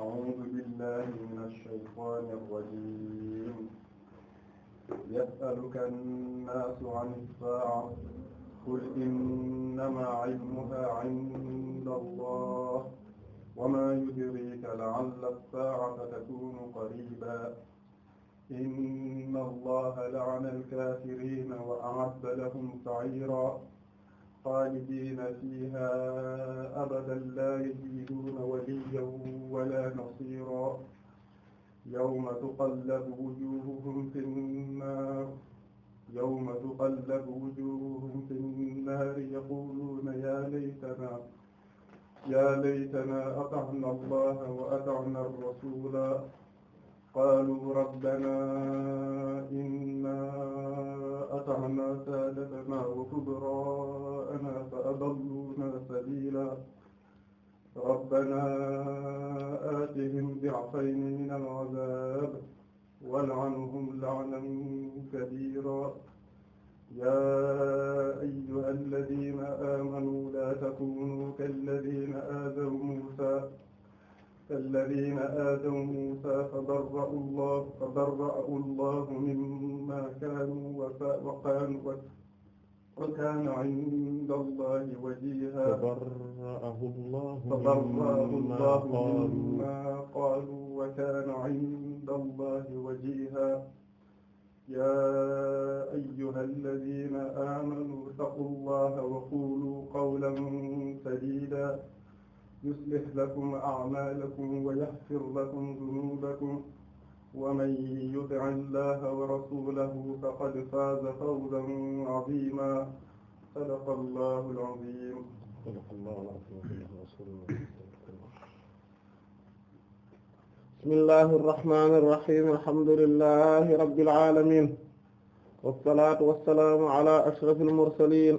أعوذ بالله من الشيطان الرجيم يسألك الناس عن الساعة قل إنما علمها عند الله وما يدريك لعل الساعة تكون قريبا إن الله لعن الكافرين وأعد لهم سعيرا xaalidiina fiihaa abadan laa yajiduuna waliyyan walaa nasiiraa yawma tuqallabu wujuuhuhum fin-naar yawma tuqallabu wujuuhuhum fin-naar yaquuluuna yaa laytanaa yaa laytanaa ata'naa allaaha wa ata'naa ar-rasuula qaaluu rabbanaa innaa رفعنا سادتنا وكبراءنا فأضلونا سبيلا ربنا آتهم ضعفين من العذاب والعنهم لعنا كبيرا يا أيها الذين آمنوا لا تكونوا كالذين آذوا موسى الذين آذوا موسى فبرأوا الله فبرأوا الله مما كانوا وكانوا وكان عند الله وجيها فبرأه الله فبرأه الله مما قالوا وكان عند الله وجيها يا أيها الذين آمنوا اتقوا الله وقولوا قولا سديدا يصلح لكم أعمالكم ويغفر لكم ذنوبكم ومن يطع الله ورسوله فقد فاز فوزا عظيما صدق الله العظيم صدق الله العظيم بسم الله الرحمن الرحيم الحمد لله رب العالمين والصلاة والسلام على أشرف المرسلين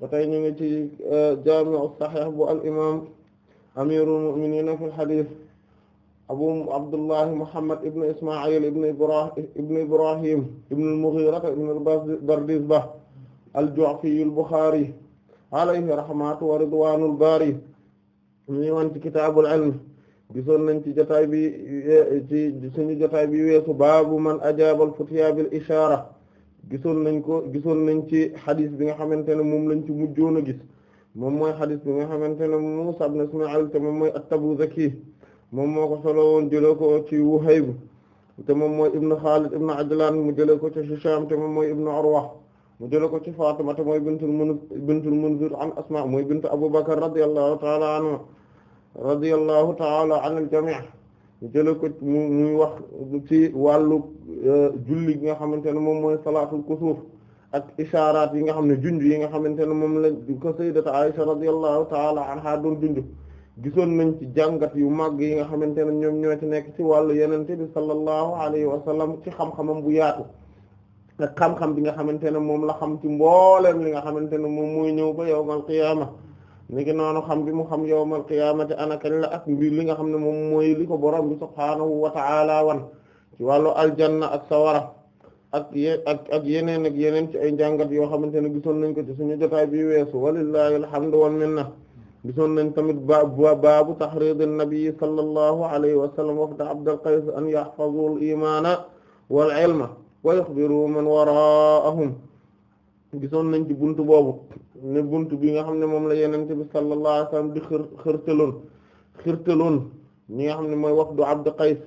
ba tey ñu ngi ci e, jaami'u sahih bu al imam amirul mu'minin fil hadith abu abdullah muhammad ibn isma'il ibn ibrahim ibn ibrahim ibn al-mughira ibn al-bardizbah al-ju'fi al-bukhari alayhi rahmatu wa ridwanul bari ñu woon ci kitaabul ilm gisoon nañ ci jotaay bi e, ci suñu jotaay bi weesu baabu man ajaaba al-futya bil ishaara gisoon nañ ko gisoon nañ ci xadis bi nga xamante ne moom lañ ci mujjoon a gis moom mooy xadis bi nga xamante ne Muusaa ibn Ismaayil te moom mooy at-Tabuzaki moom moo ko solo woon jëlee ko ci Wuhayb te moom mooy ibnu Xaalid ibnu Ajlaan mu jëlee ko ci Hishaam te moom mooy ibnu Urwa mu jëlee ko ci Faatima te mooy bintul mun bintul Munzir an Asmaa mooy bintu Abubakar radiyallahu ta'ala anhu radiyallahu ta'ala anil jamii' jële ko mu muy wax ci wàllu euh, julli gi nga xamante ne moom mooy salaatul kusuuf ak ishaaraat yi nga xam ne junj yi nga xamante ne moom la ko sayyidata Aisha radiyallahu ta'ala anha doon junj gisoon nañ ci jàngat yu màgg yi nga xamante ne ñoom ñoo ci nekk ci wàllu yenente bi sallallahu alayhi wa sallam ci xam bu yaatu ak xam bi nga xamante ne moom la xam ci mbooleem li nga xamante ne moom muy ñëw ba yawmal qiyaama ni ngi noonu xam bi mu xam yawmal qiyaamati ana kañ la ak mbir li nga xam ne moom mooy li ko borom bi subhaanahu wa ta'ala wan ci wàllu aljanna ak sawara ak ye ak ak yeneen ak yeneen ci ay njàngat yoo xamante ne gisoon nañ ko ci suñu jotaay bi weesu walillahi alhamdu wal minna gisoon nañ tamit ba baabu tahrid an-nabi sallallahu alayhi wa sallam wafda Abdul Qays an yahfazu al-imaana wal ilma wa yukhbiru man waraahum gisoon nañ ci buntu boobu ne bunt bi nga xam ne moom la yenente bi sallallahu alayhi wasallam di xër xërtaloon xërtaloon ñi nga xam ne mooy wafdu Abd Qays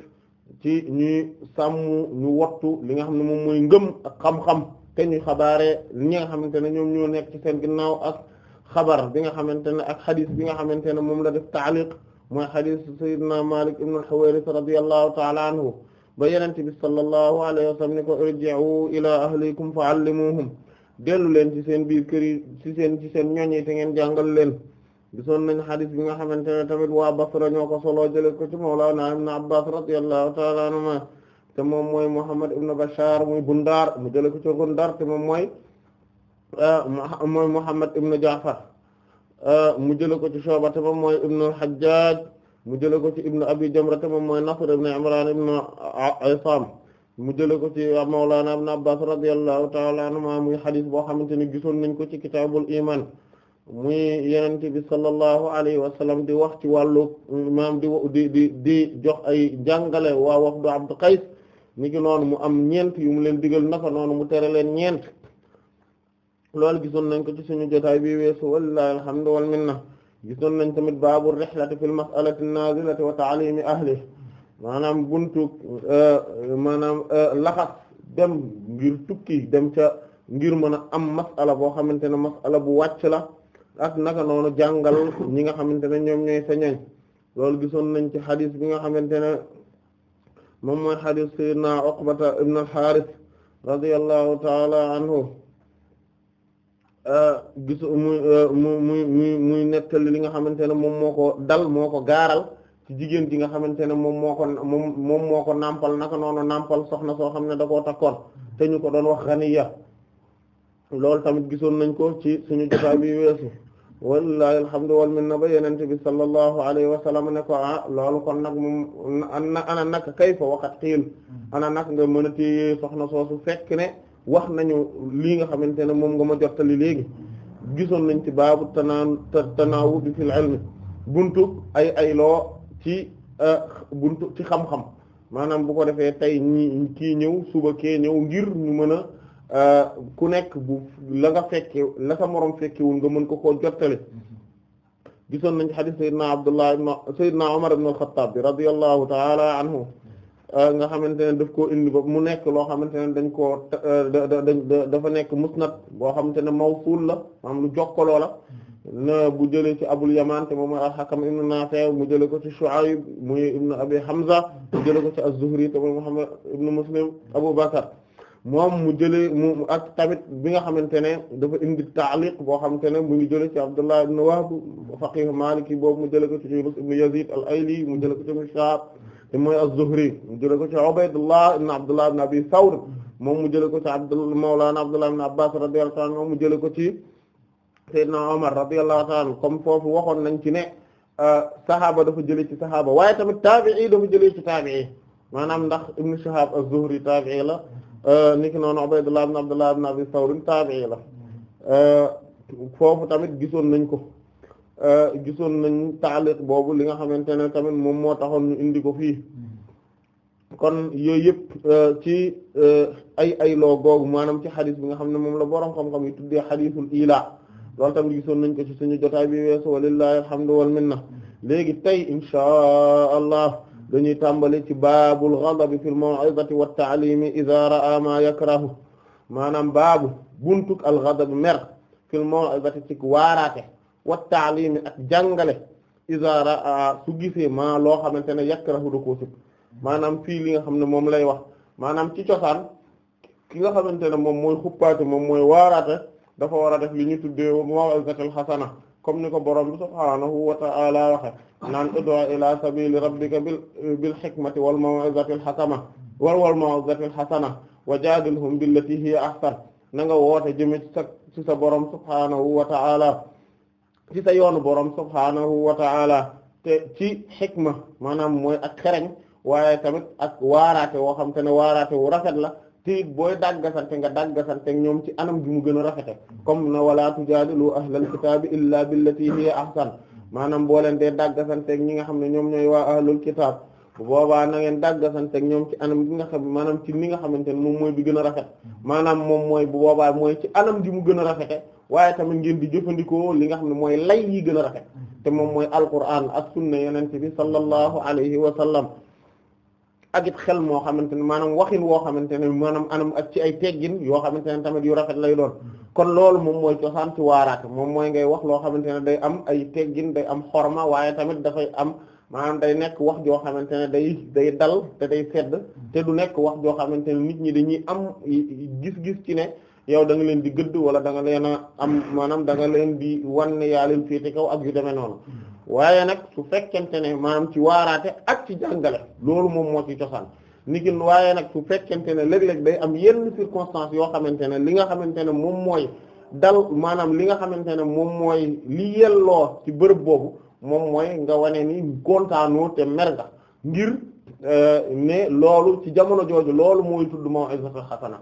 ci ñuy sàmm ñu wattu li nga xam ne moom mooy ngëm ak xam-xam te ñuy xabaare li nga xamante ne ñoom ñoo nekk ci seen ginnaaw ak xabar bi nga xamante ne ak xadis bi nga xamante ne moom la def taaliq mooy xadis sayidna Malik ibn al-Huwayris radiyallahu ta'ala anhu ba yenente bi sallallahu alayhi wasallam ni ko irji'u ila ahlikum fa'allimuhum dellu leen ci seen biir kër yi ci seen ci seen ñoñ yi te ngeen jàngal leen gisoon nañ xadis bi nga xamante ne tamit waa a ñoo ko solo jëlee ko ci laa Mawlana Ibn Abbas radiyallahu ta'ala ma te moom mooy Muhammad ibn Bashar muy Bundaar mu jëlee ko ci Bundaar te moom mooy ah, mooy Muhammad ibn Ja'far ah, mu jëlee ko ci Shu'ba te moom mooy ibn al mu jële ko ci ibn Abi Jamra te moom mooy Nasr ibn Imran ibn Aysam mu jële ko ci mawlana ibn abbas radiyallahu ta'ala anhuma muy xadis boo xamante ne gisoon nañ ko ci kitaabul iman muy yenente bi sallallahu alayhi wa sallam di wax ci wàllu maam di di di di jox ay jàngale waa wafdu abdu qays ni ki noonu mu am ñeent yu mu leen digal naka noonu mu tere leen ñeent loolu gisoon nañ ko ci suñu jotaay bi weesu wallahi alhamdu wal minna gisoon nañ tamit baabu rihlati fil mas'alati an-nazilati wa ta'limi ahlihi maanaam buntu euh, maanaam euh, laxas dem ngir tukki dem ca ngir mën a am masala boo xamante ne masala bu wàcc la ak naka noonu jàngal ñi nga xamante ne ñoom ñooy sa ñoñ loolu gisoon nañ ci xadis bi nga xamante ne moom mooy xadis sayyidina Uqbata ibn al-Harith radiyallahu ta'ala anhu euh, muy muy nettali li nga xamante ne moom moo ko dal moo ko gaaral jigéen ji nga xamante ne moom moo ko moom moom moo ko nàmpal naka noonu nàmpal soxna soo xam ne da koo takkoon te ñu ko doon wax xaniya loolu tamit gisoon nañ ko ci suñu jotaay bi weesu wallahi alhamdu wal minna ba yenente bi sallallahu alayhi wa sallam ne ko ah loolu kon nag moom ana ana nag kayfa waqat xiil ana nag nga mën a téye soxna soosu fekk ne wax nañu lii nga xamante ne moom nga ma jottali léegi gisoon nañ ci baabu tanaan tanaawudi fil ilmi buntu ay ay loo ci euh, buntu ci xam-xam maanaam bu ko defee tey ñi kii ñëw suba kee ñëw ngir ñu mën a euh, ku nekk bu la nga fekke la sa moroom fekkewul nga mën ko koo jottale mm-hmm. gisoon nañ xadis sayyidina Abdullah ibn sayyidina Umar ibn al-Khattab bi radiyallahu ta'ala anhu Euh, nga xamante ne daf koo indi ba mu nekk loo xamante ne dañ koo euh, dafa nekk musnad boo xamante ne mawsul la maanaam lu jokkaloo la na bu jëlee ci Abul Yaman te moom mooy mu jële ko ci Shu'ayb muy ibn Abi Hamza mu jëlee ko ci az-Zuhri mu moom Muhammad ibn Muslim Abu Bakr moom mu jëlee mu ak tamit bi nga xamante ne dafa indi ta'liq boo xamante ne mu ngi jëlee ci Abdullah ibn Wahb faqih Maliki boobu mu jële ko ci Yunus ibn al-Ayli mu jëlee ko ci Mus'ab te mooy az-Zuhri mu jëlee ko ci Ubaydullah ibn Abdullah ibn Abi Thawr moom mu jëlee ko ci Abdul Mawlana Abdullah ibn Abbas radiyallahu ta'ala anhu mu jëlee ko ci Seydina Omar radiyallahu ta'ala comme foofu waxoon nañ ci ne euh, saxaaba dafa jëlee ci saxaaba waaye tamit taabi'i dafa jëlee ci taabi'i maanaam ndax Ibn Shihab az-Zuhri taabi'i la euh, niki noonu Ubaydullah ibn Abdullah ibn Abi Thawr taabi'i la euh, foofu tamit gisoon nañ ko. Euh, gisoon nañ taaliq boobu li nga xamante ne tamit moom moo taxoon ñu indi ko fii kon yooyu yëpp euh, ci euh, ay ay loo googu maanaam ci xadis bi nga xam ne moom la boroom xam-xam yi tuddee xadisul ilaa loolu tamit gisoon nañ ko ci suñu jotaay bi weesu walillahi alhamdu wal minna léegi tey inchaa allah dañuy tàmbali ci baabul ghadabi fil maw'izati wat ta'limi idha ra'a ma yakrahu maanaam baabu buntuk al ghadab mer fil maw'izati ci waaraate wa taalimi ak jàngale isaara a maa loo xamante ne yakrahu da ko sib maanaam fii li nga xam ne moom lay wax maanaam ci cosaan ki nga xamante ne moom mooy xuppaate moom mooy waaraate dafa war a def li ñu tuddee mawazatul xasana comme ni ko borom bi subhaanahu wa ta'ala waxe naan ud'a ila sabili rabbika bil bil hikmati wal mawazatil xasana wal wal mawazatil xasana wa jaadilhum billati hiya ahsan na nga woote jëme ci sa ci sa borom subhaanahu wa ta'ala ci sa yoonu borom subhaanahu wa ta'ala te ci xikma maanaam mooy ak xereñ waaye tamit ak waaraate woo xam te ne waaraate wu rafet la te it booy daggasante nga daggasante ñoom ci anam gi mu gën a rafete comme na wala tujaadilu ahlal kitaabi illaa billati hiya ahsan maanaam boo leen dee daggasante ñi nga xam ne ñoom ñooy waa ahlul kitaab bu boobaa na ngeen dàggasante ak ñoom ci anam bi nga xam maanaam ci ni nga xamante ne moom mooy bi gën a rafet maanaam moom mooy bu boobaa mooy ci anam ji mu gën a rafete waaye tamit ngeen jëfandikoo li nga xam ne mooy lay yi gën a rafet te moom mooy alquran ak sunna yenente bi sallallahu alayhi wa sallam ak it xel moo xamante ne maanaam waxin woo xamante ne maanaam anam ak ci ay teggin yoo xamante ne tamit yu rafet lay doon kon loolu moom mooy cosaan ci waaraate moom mooy ngay wax loo xamante ne day am ay teggin day am xorma waaye tamit dafay am maanaam day nekk wax joo xamante ne day day dal te day sedd te du nekk wax joo xamante ne nit ñi dañuy am gis-gis ci ne yow da nga leen di gëdd wala danga nga leen am maanaam danga nga leen di wan ne yaa leen féete kaw ak yu demee noonu hmm. waaye nag su fekkente ne maanaam ci waaraate ak ci jàngale loolu moom moo ci cosaan nikin waaye nag su fekkente ne léeg-léeg day am yenn circonstances yoo xamante ne li nga xamante ne moom mooy dal maanaam li nga xamante ne moom mooy li yelloo ci bërëb boobu moom mooy nga wane ni kontaanoo te mer nga ngir euh, ne loolu ci jamono jooju loolu mooy tudd a hasana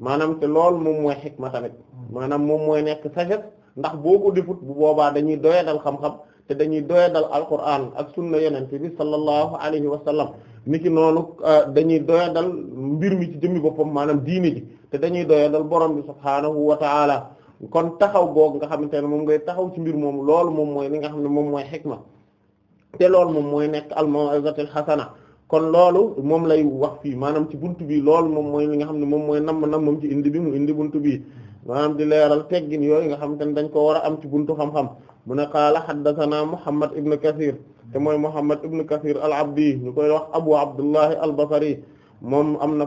maanaam te lool moom mooy xikma tamit maanaam moom mooy nekk sagesse ndax boo ko defut bu boobaa dañuy doyadal xam-xam te dañuy doyadal alquran ak sunna yonent bi sallallahu alayhi wa ni ki noonu euh, dañuy doyadal mbir mi ci jëmmi boppam maanaam diini ji te dañuy doyadal borom bi subhaanahu wa ta'ala kon taxaw googu nga xamante ne moom ngay taxaw ci mbir moomu loolu moom mooy li nga xam ne moom mooy xikma te loolu moom mooy nekk al mawizatul xasana kon loolu moom lay wax fii maanaam ci buntu bi loolu moom mooy li nga xam ne moom mooy nam nam moom ci indi bi mu indi buntu bi maanaam di leeral teggin yooyu nga xamante ne dañ ko war am ci buntu xam-xam mu ne qaala xaddathana muhammad ibn kathir te mooy muhammad ibn kathir al abdi ñu koy wax abu abdullahi al basri moom am na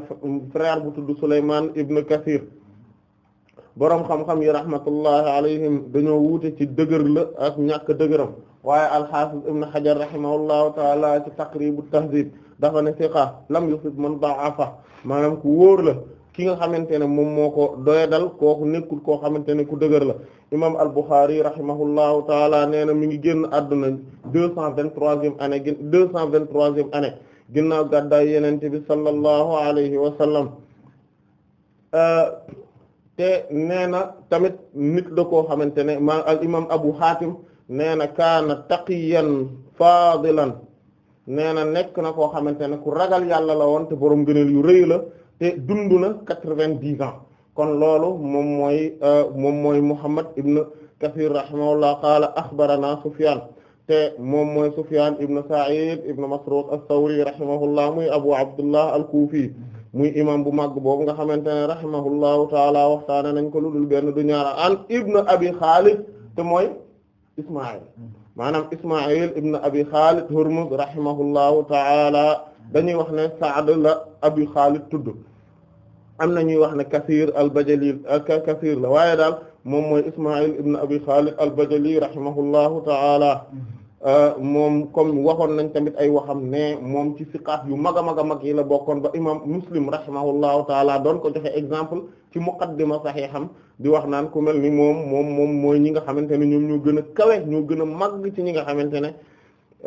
frère bu tudd suleyman ibn kathir boroom xam-xam yi rahmatullahi alayhim dañoo wuute ci dëgër la ak ñàkk dëgëram waaye al-Hafiz ibn Hajar rahimahullahu taala ci Taqrib at-Tahdhib dafa ne thiqa lam yufid man da'afa maanaam ku wóor la ki nga xamante ne moom moo ko doyadal kooku nekkul koo xamante ne ku dëgër la imam al-Bukhari rahimahullahu taala nee na mi ngi génn àdduna deux cent vingt-troisième année gin deux cent vingt-troisième année ginnaaw gàddaay yenente bi sallallahu alayhi wa sallam euh, te nee na tamit nit la koo xamante ne ma al imam Abu Hatim nee na kaana taqiyan fadilan nee na nekk na koo xamante ne ku ragal yàlla la woon te borom gëneel yu rëy la te dund na quatre-vingt-dix ans kon loolu moom mooy euh, moom mooy Muhammad ibn Kathir rahimahullah qaala axbarana Sufyaan te moom mooy Sufyaan ibn Sa'id ibn Masruq as-Sawri rahimahullah muy Abu Abdullah al-Kufi muy imam bu mag boobu nga xamante ne rahimahullahu taala waxtaane nañ ko lu ludul benn du ñaara an ibnu abi xaalid te mooy ismail maanaam ismail ibnu abi xaalid hurmuz rahimahullahu taala dañuy wax ne saad la abi xaalid tudd am na ñuy wax ne kasir al-Bajali kasir la waaye daal moom mooy ismail ibnu abi xaalid al-Bajali rahimahullahu taala Euh, moom comme waxoon nañ tamit ay waxam ne moom ci siqaat yu mag a mag a mag yi la bokkoon ba imam muslim rahimahullahu taala doon ko joxe exemple ci muqaddima xam di wax naan ku mel ni moom moom moom mooy ñi nga xamante ne ñoom ñoo gën a kawe ñoo gën a màgg ci ñi nga xamante ne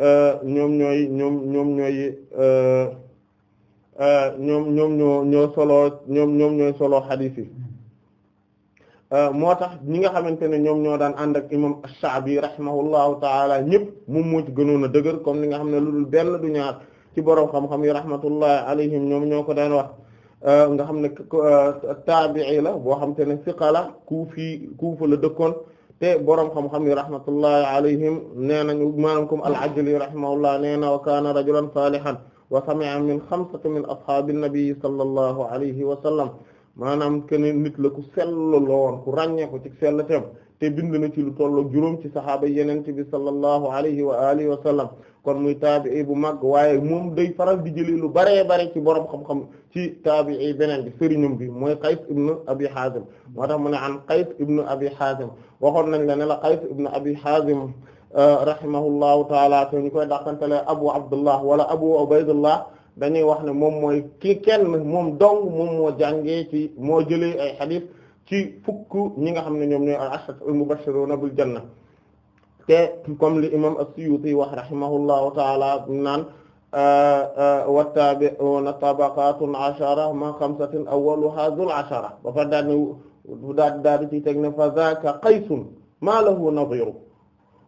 euh, ñoom ñooy ñoom ñoom ñooy euh, ñoom ñoom ñoo solo ñoom ñooy solo xadiis yi Euh, moo tax ñi nga xamante ne ñoom ñoo daan ànd ak imam Shaabi rahimahullahu taala ñëpp moom moo ci gënoon a dëgër comme ni nga xam ne lu dul benn du ñaar ci borom xam-xam yi rahmatullahi alayhim ñoom ñoo ko daan wax euh, nga xam ne euh, taabi'i la boo xam te ne siqa la kuufi kuufa la dëkkoon te borom xam-xam yi rahmatullahi alayhim nee nañu maanaam comme al-Ajli rahimahullah nee na wa kaana rajulan salihan wa sami'a min xamsati min ashaabi an-nabi sallallahu alayhi maanaam keneen nit la ku sell la woon ku ràññee ko ci sell teem te bind na ci lu tollook juróom ci saxaaba yeneen bi sallallahu alayhi wa alihi wa sallam kon muy taabii bu mag waaye moom day faral di jëlee lu baree bare ci borom xam-xam ci taabii beneen bi sëriñum bi mooy Qays ibn Abi Hazim moo tax mu ne an Qays ibn Abi Hazim waxoon nañ la ne la Qays ibn Abi Hazim euh, rahimahullahu taala te ñu koy dàqantele Abu Abdullah wala Abu Ubaydullah dañuy wax ne moom mooy ki kenn moom dong moom moo jàngee ci moo jëlee ay xadis ci fukk ñi nga xam ne ñoom ñooy al-asharatul mubashiruna bil janna te comme li imam as-Suyuti wax rahimahullahu taala naan wa tabi'una tabaqatun ashara ma xamsatin awwaluha dhul ashara ba fa daal di daal di ci teg ne fa zaaka qaysun ma lahu nadhiru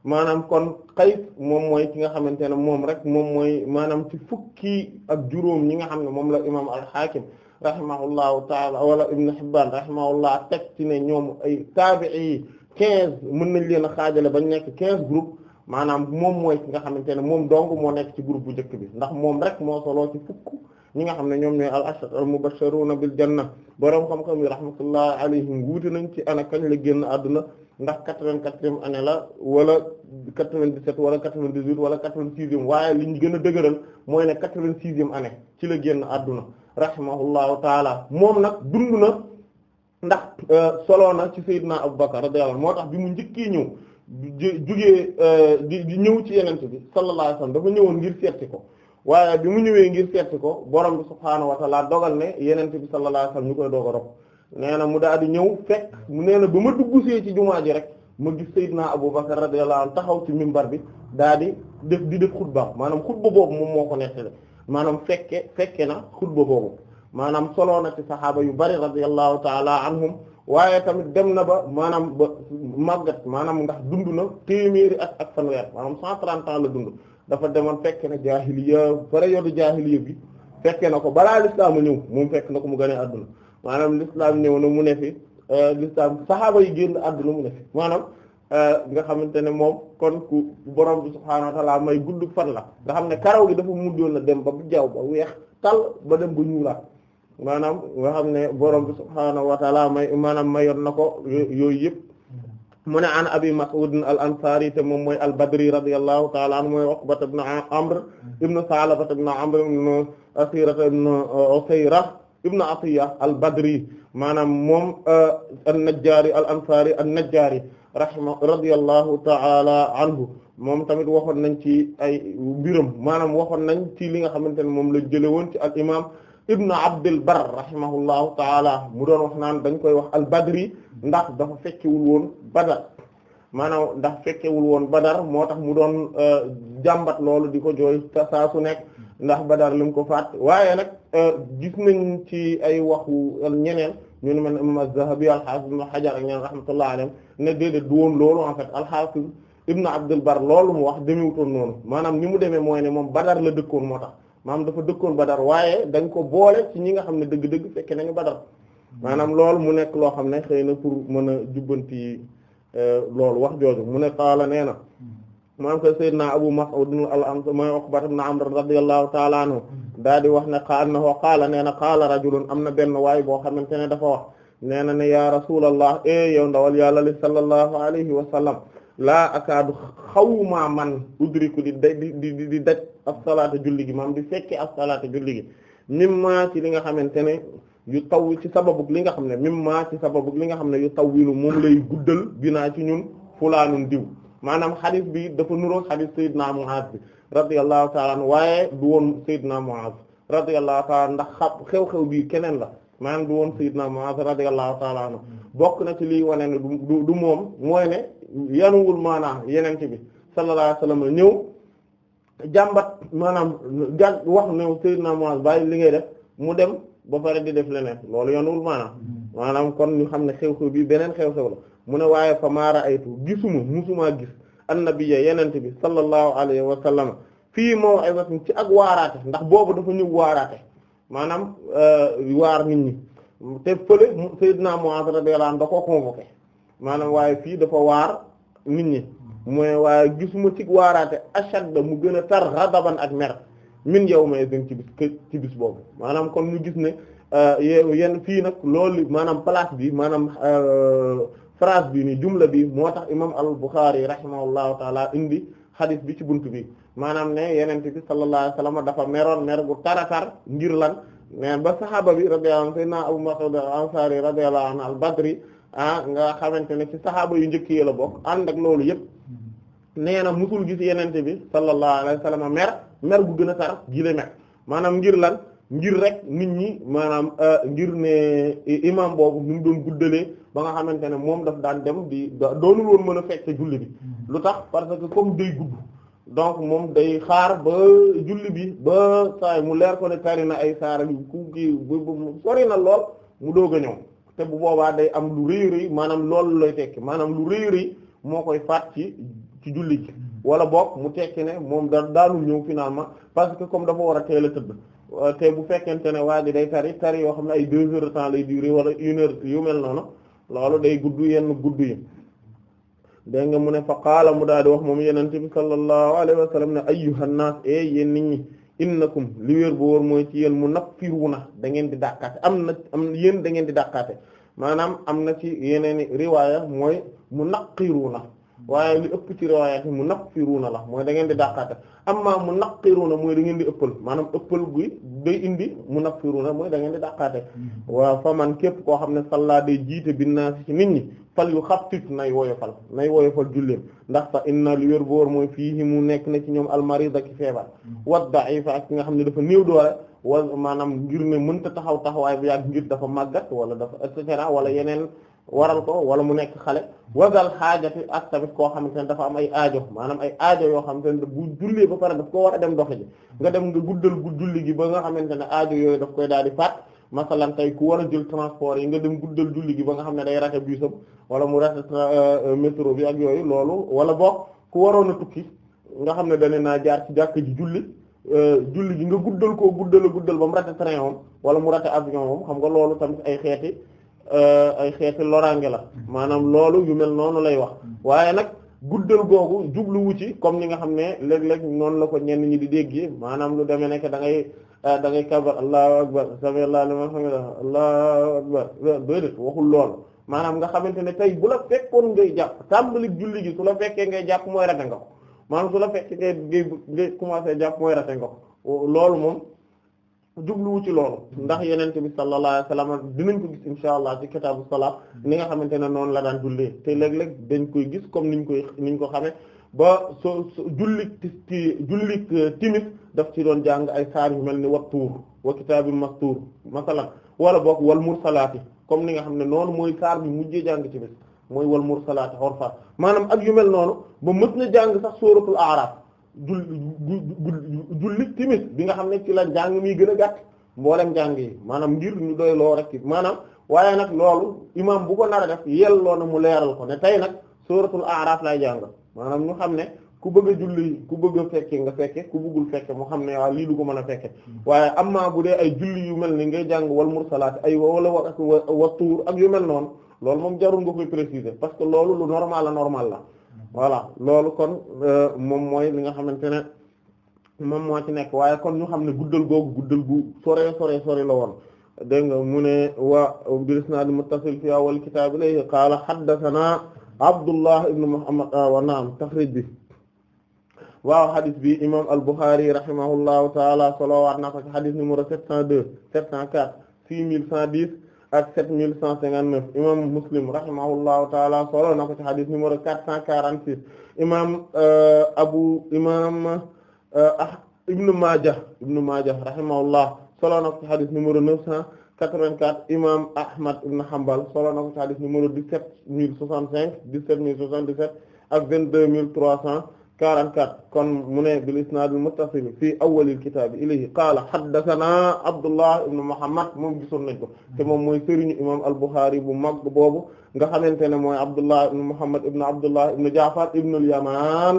maanaam kon Qays moom mooy ki nga xamante ne moom rek moom mooy maanaam ci fukki ak juróom ñi nga xam ne moom la imaam al-Hakim rahimahullahu taala wala Ibn Hibban rahimahullah teg ci ne ñoom ay taabi'i yi quinze mën nañ leen a xaajale bañ nekk quinze groupe maanaam moom mooy ki nga xamante ne moom dong moo nekk ci groupe bu njëkk bi ndax moom rek moo soloo ci fukk ñi nga xam ne ñoom ñooy al ashara al mubashiruna bil janna boroom xam-xam yi rahmatullah alayhim wuute nañ ci ana la génn adduna ndax quatre-vingt-quatrième la wala quatre vingt wala quatre vingt dix wala quatre-vingt-sixième waaye li ñu gën a dëgëral mooy ne quatre-vingt-sixième année ci la génn àdduna rahimahullahu taala moom nag dund na ndax euh, solo na ci sayyidina Abubakar radiyallahu moo tax bi mu njëkkee ñëw jugee euh, di ñëw ci yenente bi sallallahu alayhi wasallam dafa ñëwoon ngir seeti ko waaye bi mu ñëwee ngir seet ko borom bi subhaanahu wa ta'ala dogal ne yeneen bi sallallahu alayhi wasallam ñu koy doog a rob nee mu daal di ñëw fekk mu nee na ba ma dugg see ci jumaa ji rek ma gis Seydina Abubakar radiyallahu anhu taxaw ci mimbar bi daal di def di def xutba maanaam xutba boobu moom moo ko nettali maanaam fekke fekke na xutba boobu maanaam soloo na ci saxaaba yu bari radiyallahu ta'ala anhum waaye tamit dem na ba maanaam ba màggat maanaam ndax dund na téeméeri ak ak fanweer maanaam 130 ans la dund dafa demoon fekk na jaahiliya période jaahiliya bi fekke na ko balaa lislaam a ñëw moom fekk na ko mu gane adduna maanaam lislaam ñëw na mu ne fi euh, lislaam saxaaba yi génn àdduna mu ne fi maanaam euh, nga xamante ne moom kon borom bi subhaanahu wa ta'aala may gudd fan la nga xam ne karaw gi dafa mujjoon na dem ba bu jaaw ba weex tal ba dem ba ñuulaa maanaam nga xam ne borom bi subhaanahu wa ta'aala may maanaam mayoon na ko yooyu yëpp mu ne an abi mas'ud al ansari te moom mooy al badri radiyallahu ta'ala anhu mooy uqbata ibn amr ibn salaba ibn amr ibn asira ibn usayra ibn atiya al badri maanaam moom euh, an najjari al ansari an najjari rahma radiyallahu ta'ala anhu moom tamit waxoon nañ ci ay mbiram maanaam waxoon nañ ci li nga xamante ne moom la jëlee woon ci al imam ibnu abdul bar rahimahullahu taala mu doon wax naan dañ koy wax al badri ndax dafa fekkewul woon badar maanaam ndax fekkewul woon badar moo tax mu doon euh, jàmbat loolu di ko jooy saa su nekk ndax badar lim ko faat waaye nag euh, gis nañ ci ay waxu ñeneen ñu ne man imam az-zahabi al-hafiz ibn hajar ak ñeneen rahmatullah alayhim ne déedéet du woon loolu en fait al-hafiz ibnu abdul bar loolu mu wax demewutoon noonu maanaam ni mu deme mooy ne moom badar la dëkkoon moo tax maanaam dafa dëkkoon Badar waaye dañ ko boole ci ñi nga xam ne dëgg-dëgg fekke nañu Badar maanaam lool mu nekk loo xam ne xëy na pour mën a jubbanti euh, loolu wax jooju mu ne qaala nee na maanaam ko Seydina Abu Mas'ud al-Ansari mooy Uqba ibn Amr radiyallahu ta'ala anhu daal di wax ne annahu qaala nee na qaala rajulun am na benn waay boo xamante ne dafa wax nee na ne ya Rasulullah e eh, yow ndawal yàlla li sallallahu alayhi wa sallam laa akaadu xawma man udriku di da di di di daj as julli gi maam di fekke as-salaata julli gi mimma ci li nga xamante ne yu taw ci sababu li nga xam ne mimma ci sababu li nga xam ne yu tawwilu moom lay guddal dinaa ci ñun fulaanun diw maanaam xadis bi dafa nuroog xadis Seydina Muaz bi radiyallahu ta'ala waaye du woon Seydina Muaz radiyallahu ta'ala ndax xa xew-xew bii keneen la maanaam du woon Seydina Muaz radiyallahu ta'ala anhu bokk na ci liy wane moom yanuwul maanaam yeneen bi sallallahu alayhi wasallam ñëw jàmbat maanaam gàll wax ne Seydina Muaz bàyyi li ngay def mu dem ba pare di def leneen loolu yanuwul maanaam hmm. maanaam kon ñu xam ne xew-xew bi beneen xew-xew la mu ne waaye fa maara aytu gisuma musuma gis annabiya yeneen bi sallallahu alayhi wasallam fii maw'izatin ci ak waaraate ndax boobu dafa ñëw waaraate maanaam euh, waar nit ñi te fële Seydina Muaz radiyallahu anhu da koo convoqué. maanaam waaye fii dafa waar nit ñi mo waaye gisuma ci waaraate ashadda mu gën a tar ghadaban ak mer min yawma izin ci boobu maanaam kon ñu gis ne euh, yenn fii nag loolu maanaam place bi maanaam euh, phrase bi ni jumla bi moo tax imam al-Bukhari rahimahullahu taala indi xadis bi ci bunt bi maanaam ne yenente bi sallallahu alayhi wasallam dafa meroon mer gu taratar ngir lan mais ba sahaaba bi radiyallahu anhu sayyidina Abu Mas'ud al-Ansari radiyallahu anhu al-Badri ah nga xamante ne ci saxaaba yu njëkk yi la bokk ànd ak loolu yëpp nee na musul gis yenente bi sallallahu alayhi wa sallam mer mer bu gën a tar jile mer maanaam ngir lan ngir rek nit ñi maanaam euh, ngir ne imam boobu nu mu doon guddalee ba nga xamante ne moom daf daan dem di doonul woon mën a fekk julli bi mm-hmm. lu tax parce que comme day gudd donc moom day xaar ba julli bi ba saay mu leer ko ne tari na ay saara bi ku kii bu na lool mu doog a ñëw te bu boobaa day am lu rëy rëy maanaam loolu lay tekki maanaam lu rëy rëy moo koy faat ci ci julli gi wala boog mu tekki ne moom da daanul ñëw ma parce que comme dafa war a teel a tëdd euh, te bu fekkente ne waa ji day tari tari yoo xam ne ay deux heures temps lay durer wala une yu mel noonu loolu day gudd yenn gudd yi dégg nga mu ne fa qaala mu daal di wax moom yenente bi sallallahu alayhi wa sallam ne ayyuhan nas e eh yéen nit ñi innakum li wér bu wor mooy ci yéen mu nag firu na da di dàqaate am na am yéen da ngeen di dàqaate maanaam am na ci yeneeni riwaaya mooy mu naq firu na waaye li ëpp ci riwaaya mu naq firu na la mooy da ngeen di dàqaate amma mu naqiruna mooy da ngeen di ëppal maanaam ëppal guy day indi mu naqiruna mooy da ngeen di dàqaate mm-hmm. waaw fa man képp koo xam ne salla day jiite binnaasi ci nit ñi fal yu xaftif nay woyofal nay woyofal julleem ndax fa inna li wér boor mooy fii mu nekk na ci ñoom almarida ki feebar mm-hmm. wat da'ifa ak ki nga xam ne dafa néew doole wala maanaam ngir ne mënta taxaw taxawaay bi yàgg ngir dafa màggat wala dafa et cetera wala yeneen waral ko wala mu nekk xale wagal xaajati ak tamit koo xamante ne dafa am ay aajo maanaam ay aajo yoo xamante ne bu jullee ba pare daf ko war a dem doxe ji nga dem nga guddal gu julli gi ba nga xamante ne aajo yooyu koy daal di faat masalan ku war jël transport yi nga dem guddal julli gi ba nga xam ne day rate busam wala mu rate euh, métro bi ak yooyu loolu wala boog ku waroon a nga xam ne dane naa jaar ci ji julli euh, julli gi nga guddal koo guddal a guddal ba mu wala mu rate avion moom xam nga loolu tamit ay xeeti Euh, ay xeeti loraange la mm-hmm. maanaam loolu yu mel noonu lay wax mm-hmm. waaye nag guddal googu jubluwu ci comme ni nga xam ne léeg-léeg noonu la ko ñenn ñi di dégg maanaam lu demee nekk da ngay euh, da ngay kabar allahu akbar sami allah liman hamida allahu akbar déedéet maanaam nga xamante ne tey bu la fekkoon ngay jàpp tàmbali julli gi su la fekkee ngay jàpp mooy rate nga ko maanaam su la fekkee ngay ngay commencé jàpp mooy rate nga ko loolu moom jubluwu ci loolu ndax yeneen bi sallallahu alayhi wasallam dinañ ko gis insha allah ci kitaabu salaat ni nga xamante ne noonu la daan jullee te léeg-léeg dañ koy gis comme niñ koy niñ ko xame ba so jullik ti jullik euh, timis daf ci doon jàng ay saar yu mel ni wattuur wa kitaabi mastuur masalan wala boog wal mursalaati comme ni nga xam ne noonu mooy saar bi mujjee jàng timis mooy wal mursalaati fa maanaam ak yu mel noonu ba mës na jàng sax suratul a'raf julli julli timis bi nga xam ne ci la njàng mi gën a gàtt mboolem njàng yi maanaam ngir ñu doy loo rek maanaam waaye nag loolu imaam bu ko nar a def yelloo na mu leeral ko ne tey nag suratul a'raf lay jàng maanaam ñu xam ne ku bëgg a julli ku bëgg a fekke nga fekke ku bëggul fekke mu xam ne waaw lii du ko mën a fekke waaye amma bu dee ay julli yu mel ni ngay jàng wal mursalaat ay wala wa wa tuur ak yu mel noonu loolu moom jarul nga koy préciser parce que loolu lu normal la normal la voilà loolu kon euh, moom mooy li nga xamante ne moom moo ci nekk waaye kon ñu xam ne guddal googu guddal gu sore sore sore la woon dégg nga mu ne wa bil isnaad muttasil fi awwal kitaab ilayhi qaala haddathanaa Abdullah ibn Muhammad ah, wa naam taxrij bi waaw hadith bi imam al-Bukhari rahimahullahu taala solo waat na ko ci hadith numéro 702 704 6110 ak 7159 imam Muslim rahimahullahu taala solo na ko ci hadith numéro 446 imam euh, abu imam ibnu euh, Maaja ibnu Maaja rahimahullah solo na ko ci hadith numéro 984 imam Ahmad ibn Hanbal solo na ko ci hadith numéro 17065 17077 ak 22300 44 kon mu ne bil isnaadil muttasil fii awwalil kitaabi ilayhi qaala haddasanaa Abdullah ibn Muhammad moom gisoon nañ ko te moom mooy sëriñu imaam al-Bukhari bu mag boobu nga xamante ne mooy Abdullah ibn Muhammad ibn Abdullah ibn Ja'far ibn al-Yamaan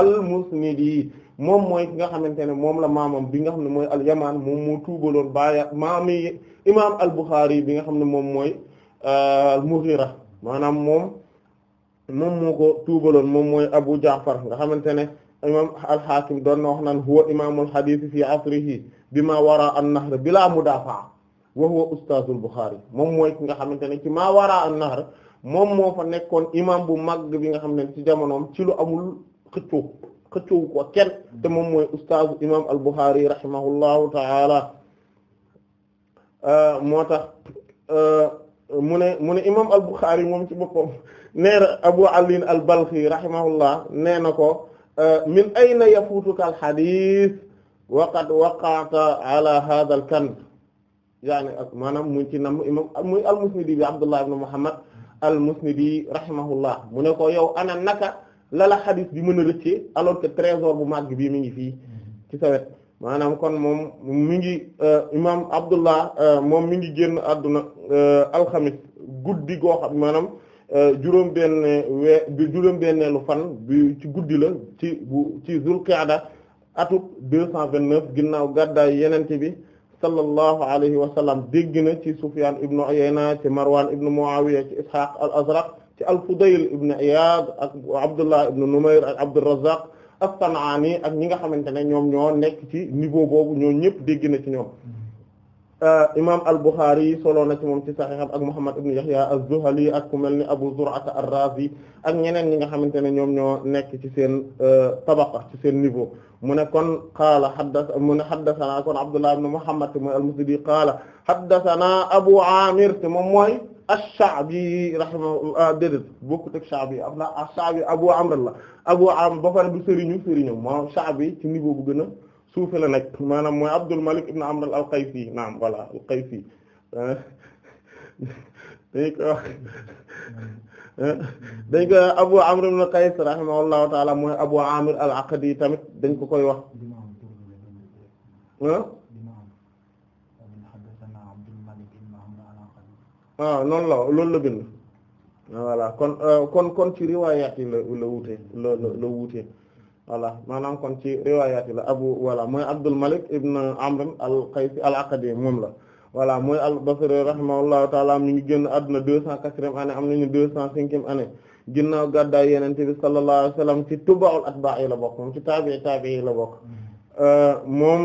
al-Musnidi moom mooy ki nga xamante ne moom la maamam bi nga xam ne mooy al-Yamaan moom moo tuubaloon baaya maami imaam al-Bukhari bi nga xam ne moom mooy euh, al-Mughira maanaam moom. moom moo ko tuubaloon moom mooy Abu Ja'far nga xamante ne imam al-Hakim doon na wax naan huwa imaamul hadith fi asrihi bima wara an-nahr bila mudafa wa huwa ustaazul Bukhari moom mooy ki nga xamante ne ci maa wara an-nahr moom moo fa nekkoon imam bu mag bi nga xam ne ci jamonoom ci lu amul xëccoo xëccoo ko kenn te moom mooy ustaazu imam al-Bukhari rahimahullahu ta'ala moo tax. mu ne mu ne imam al-Bukhari moom ci boppam nee na Abu Ali al-Balkhi rahimahullah nee na ko euh, min ayna yafuutuka al-hadith wa qad waqa'ta ala hadha al-kanz yaani ak maanaam mu ci nam imam muy al-Musnidi bi Abdullah ibn Muhammad al-Musnidi rahimahullah mu ne ko yow ana naka lala hadith bi mën a rëcce alors que trésor bu màgg bii mi ngi fii ci sa wet maanaam kon moom mi ngi euh, imaam Abdullah euh, moom mi ngi génn àdduna euh, alxamis guddi goo xam maanaam juróom benn wee juróom benneelu fan bi ci guddi la ci bu ci zulqaada atub deux cent vingt ginnaaw gàddaay yenente bi sallallahu alayhi wa sallam dégg ci Sufyaan ibnu Uyayna ci Marwaan ibnu Muawiya ci Isxaaq al-Azraq ci al-Fudayl ibnu Iyaad Abdullah ibnu Numayr ak Abdurrazzaq as-San'aani ak ñi nga xamante ne ñoom ñoo nekk ci niveau boobu ñoo ñëpp dégg na ci ñoom euh, imaam al-Bukhari solo na ci moom ci saxiixam ak Muhammad ibn Yahya az-Zuhali ak ku mel ni Abu Zur'ata ar-Razi ak ñeneen ñi nga xamante ne ñoom ñoo nekk ci seen euh, tabaqa ci seen niveau mu ne kon qaala haddatha mu ne haddathana kon Abdullah ibn Muhammad mooy al-Musnadi qaala haddathana Abu Amir te moom mooy. Ash-Sha'bi rahimahullah ah, déedéet bokkut ak ah, Abu Amr la Abu Amr ba pare du sëriñu sëriñu maanaam Sha'bi ci niveau bu gën a suufe la nekk maanaam mooy Abdul Malik ibn Amr al-Qaysi naam voilà al-Qaysi dañ ko Abu Amr ibn Qays rahimahullahu ta'ala mooy Abu Amir al-Aqdi tamit dañ ko koy wax ah noonu la loolu la bind voilà kon euh, kon kon ci riwaayaat yi la la wuute la la wuute voilà maanaam kon ci riwaayaat la abu voilà mooy Abdul Malik ibn Amr al-Qaysi al-Aqadi moom la voilà mooy al-Basri rahimahullahu taala mi ngi génn àdduna deux cent quatrième année am nañu deux cent cinquième année ginnaaw gàddaay Yonent bi sallallahu alayhi wa sallam ci tubaa'ul atbaa'i la bokk moom ci taabi'i taabi'i la bokk euh, moom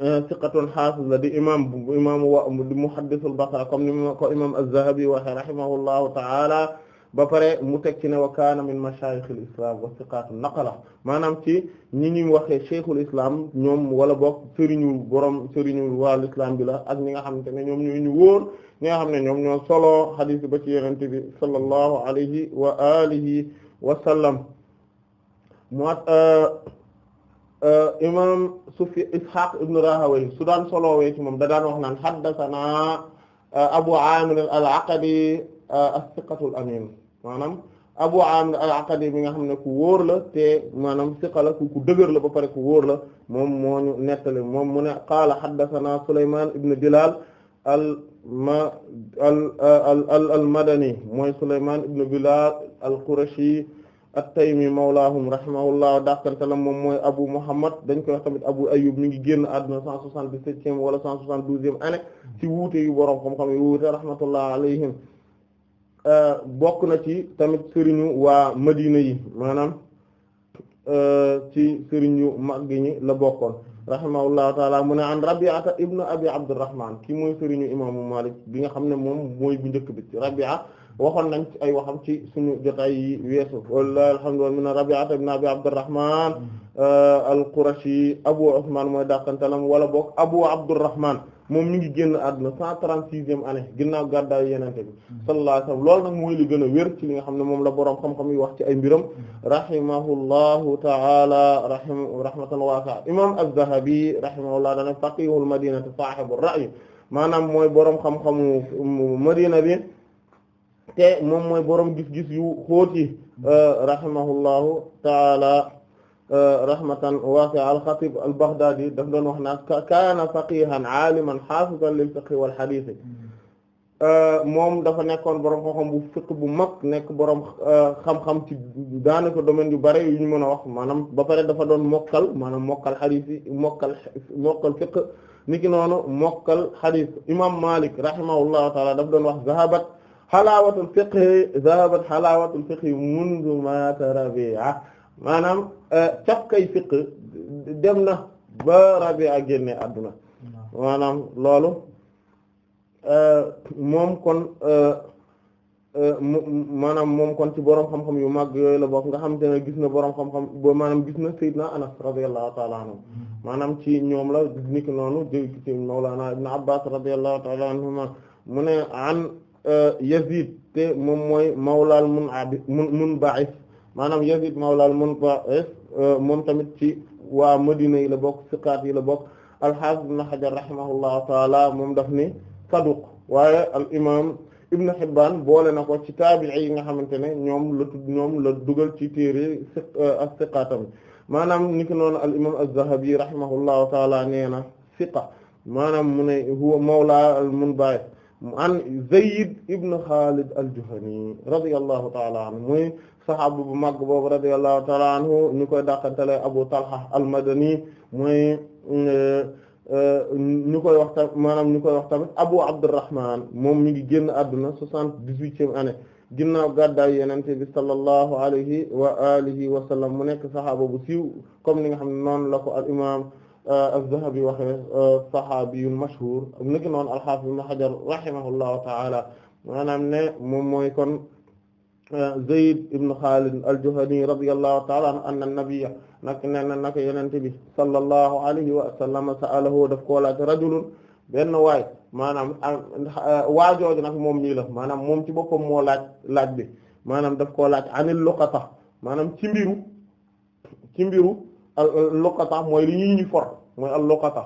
siqatun euh, xaafis la di imam imam wa di muhaddisul basra comme ni ma ko imam az-Zahabi waxee rahimahullahu ta'ala ba pare mu teg ci ne wa kaana min mashayikhil islam wa siqatu naqala maanaam ci ñi ñuy waxee cheikhul islam ñoom wala bokk sëriñu borom sëriñu wàllu islam bi la ak ñi nga xamante ne ñoom ñooy ñu wóor ñi nga xam ne ñoom ñoo solo xadiis ba ci yenente bi sallallahu alayhi wa alihi wa sallam mu at euh, Euh, imam Sufi Ishaq ibn Rahawayh su daan solowee ci moom da daan wax naan haddathana euh, Abu Amir al-Aqadi euh, as-siqatul amin maanaam Abu Amir al-Aqadi bi nga xam ne ku wóor la te maanaam siqa la ku dëgër la ba pare ku wóor la moom moo ñu nettali moom mu ne qaala haddathana Sulayman ibn Bilal al ma al al al al madani mooy Sulayman ibn Bilal al-Qurashi at-Taymi mawlaahum rahimahullah dàqantalam moom mooy Abu Muhammad dañ koy wax tamit Abu Ayyub mi ngi génn àdduna cent soixante-dix-septième wala cent soixante-douzième année ci wuute yu borom xam-xam yi wuute rahmatullah alayhim euh, bokk na ci tamit sëriñu waa Madina yi maanaam Euh, ci sëriñ yu mag ñi la bokkoon rahimahullahu taala mu ne an rabiata ibnu abi abdurrahman kii mooy sëriñu imaamu malik bi nga xam ne moom mooy bu njëkk bi ci rabia waxoon nañ ci ay waxam ci suñu jotaay ay weesu wala alhamdulillah mu ne rabiata ibnu abi abdurrahman mm. euh, al qurashi abu usman mooy dàqantalam wala boog abu abdurrahman moom mi ngi génn àdduna cent trente-sixième année ginnaaw gàddaayu yenente bi lool alayhi wasallam loolu nag mooy li gën a wér nga xam ne moom la boroom xam-xam yi wax ci ay mbiram rahimahullahu taala rahim rahmatan waasa imam az-Zahabi rahimahullah dana faqihul madinati sahibu ra'yi maanaam mooy borom xam-xamu madina bi te moom mooy boroom gis-gis yu xóot yi rahimahullahu taala Euh, rahmatan waasi'a al-Xatiib al-Baghdaadi daf doon wax naa kaana faqihan aaliman haafizan lil fiqhi wal hadiis euh, moom dafa nekkoon borom xam-xam bu fiqh bu mag nekk borom euh, xam-xam ci daanaka domaine yu bare yu ñu mën a wax maanaam ba pare dafa doon mokkal maanaam mokkal hadiis yi mokkal mokkal fiqh niki noonu mokkal hadiis imaam Maalik rahimahullahu ta'aala daf doon wax zahabat halaawatul fiqhi zahabat halaawatul fiqhi mundu maa tarabi'a maanaam cafkay euh, fiq dem na ba Rabi'a génne àdduna maanaam loolu euh, moom kon euh, maanaam moom kon ci boroom xam-xam yu mag yooyu la bokk nga xamante ne gis na boroom xam-xam ba maanaam gis na Seydina Anas radiyallahu ta'ala anhu hmm. maanaam ci ñoom la niki noonu jëg ci Mawlana Ibn Abbas radiyallahu ta'ala anhuma mu ne an Yazid te moom mooy mawlaal mun abi mun mun maanaam Yazid mawla al-Munqa'is eh, eh, moom tamit ci waa Madina yi la bokk siqaat yi la bokk al-Hafiz ibn Hajar rahimahullahu taala moom daf ni saduq waaye al imaam Ibn Hibban boole na ko ci taabi'i yi nga xamante ne ñoom la tudd ñoom la dugal ci téere eh, ak siqaatam maanaam ni ki noonu al imaam az-Zahabi rahimahullahu taala nee na siqa maanaam mu ne huwa mawla al-Munba'is an Zayd ibn Khalid al-Juhani radiyallahu taala anhu mooy saxaabu bu mag boobu radiyallahu ta'ala anhu ñu koy dàqantale Abu Talha al-Madani mooy euh, ñu koy wax tamit maanaam ñu koy wax tamit Abu Abdurrahman moom mi ngi génn àdduna soixante-dix-huitième année ginnaaw gàddaay Yonent bi sallallahu alayhi wa alihi wa sallam mu nekk saxaaba bu siiw comme li nga xam ne noonu la ko al imaam euh, az-Zahabi waxee euh, saxaabiyun mashhuur niki noonu al-Haafiz Ibn Hajar rahimahullahu ta'ala maanaam ne moom mooy kon. Zayd ibn Khalid al-Juhani radiyallahu ta'ala anhu anna nabiyya nak ne na naka yenente bi sallallahu alayhi wa sallam sa'alahu daf koo laaj rajulun benn waay maanaam ah, waajooju nag moom nii la maanaam moom ci boppam moo laaj laaj bi maanaam daf koo laaj anil luqata maanaam ci mbiru ci mbiru luqata mooy li ñuy ñuy for mooy al luqata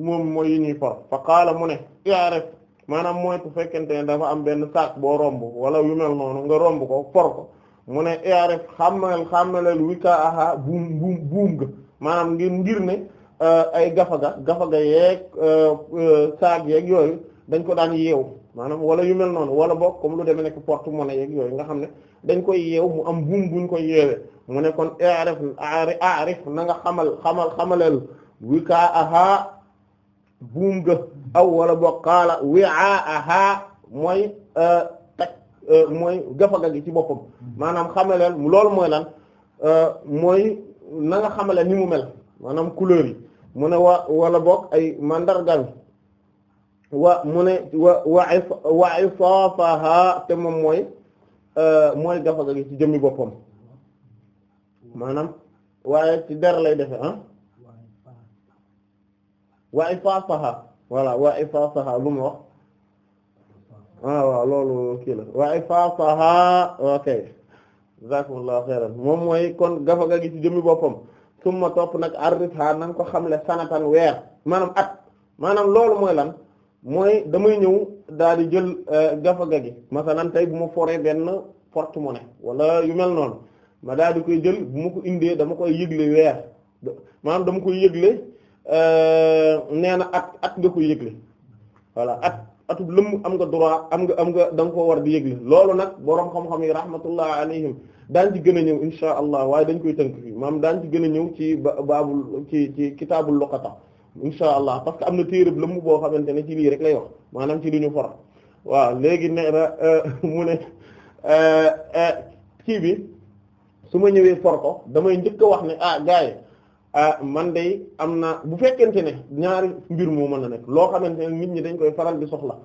moom mooy yi ñuy for fa qaala mu ne i'rif maanaam mooy su fekkente ne dafa am benn sac boo romb wala yu mel noonu nga romb ko for ko mu ne aref xammal xammaleel wika aha buum buum ga maanaam ngir ngir ne euh, ay gafaga gafaga yeeg euh, euh, saag yeeg yooyu dañ ko daan yeew maanaam wala yu mel noonu wala boog comme lu demee nekk porte-monnaie yeeg yooyu nga xam ne dañ koy yeew mu am buum buñ koy yeewee mu ne kon aref aref na nga xamal xamal xamaleel wika aha buum ga aw wala boo qaala wi'aaha mooy euh, tak euh, mooy gafaga gi ci boppam maanaam xamaleel loolu mooy lan euh, mooy na nga ni mu mel maanaam couleur yi mu ne wa wala bokk ay mandargal wa mu ne wa wa wa isaafaha te moom mooy mooy gafaga gi ci jëmmi boppam maanaam waaye ci der lay defe ah wa ifaasaha voilà wa ifaasaha lu mu wax ah, waaw loolu kii la wa ifaasaha ok jazakumullahu xayran moom mooy kon gafa gi ci jëmmi boppam summa topp nag arrifha na nga ko xamle sanatan weer maanaam at maanaam loolu mooy lan mooy damay ñëw daal di jël eh, gafa ga gi masalan tey bu ma foree benn porte-monnaie wala yu mel noonu ma daal di koy jël bu ma ko indee dama koy yëgle weer maanaam dama koy yëgle Euh, nee na at at nga koy yëgle voilà at atub lëmm am nga droit am nga am nga da nga koo war di yëgle loolu nag boroom xam-xam yi rahmatullah alayhim daan ci gën a ñëw insha allah waaye dañ koy tënk fii maam daan ci gën a ñëw ci baabul ci ci kitaabul luqata insha allah parce que am na téereb lëmm boo xamante ne ci lii rek lay wax maanaam ci li ñu for waaw léegi nee na euh, mu ne euh, kii bi su ma ñëwee for ko damay njëkk a wax ne ah gars Ah, man day am na bu fekkente ne ñaari mbir moo mën a nekk loo xamante ne nit ñi dañ koy faral di soxla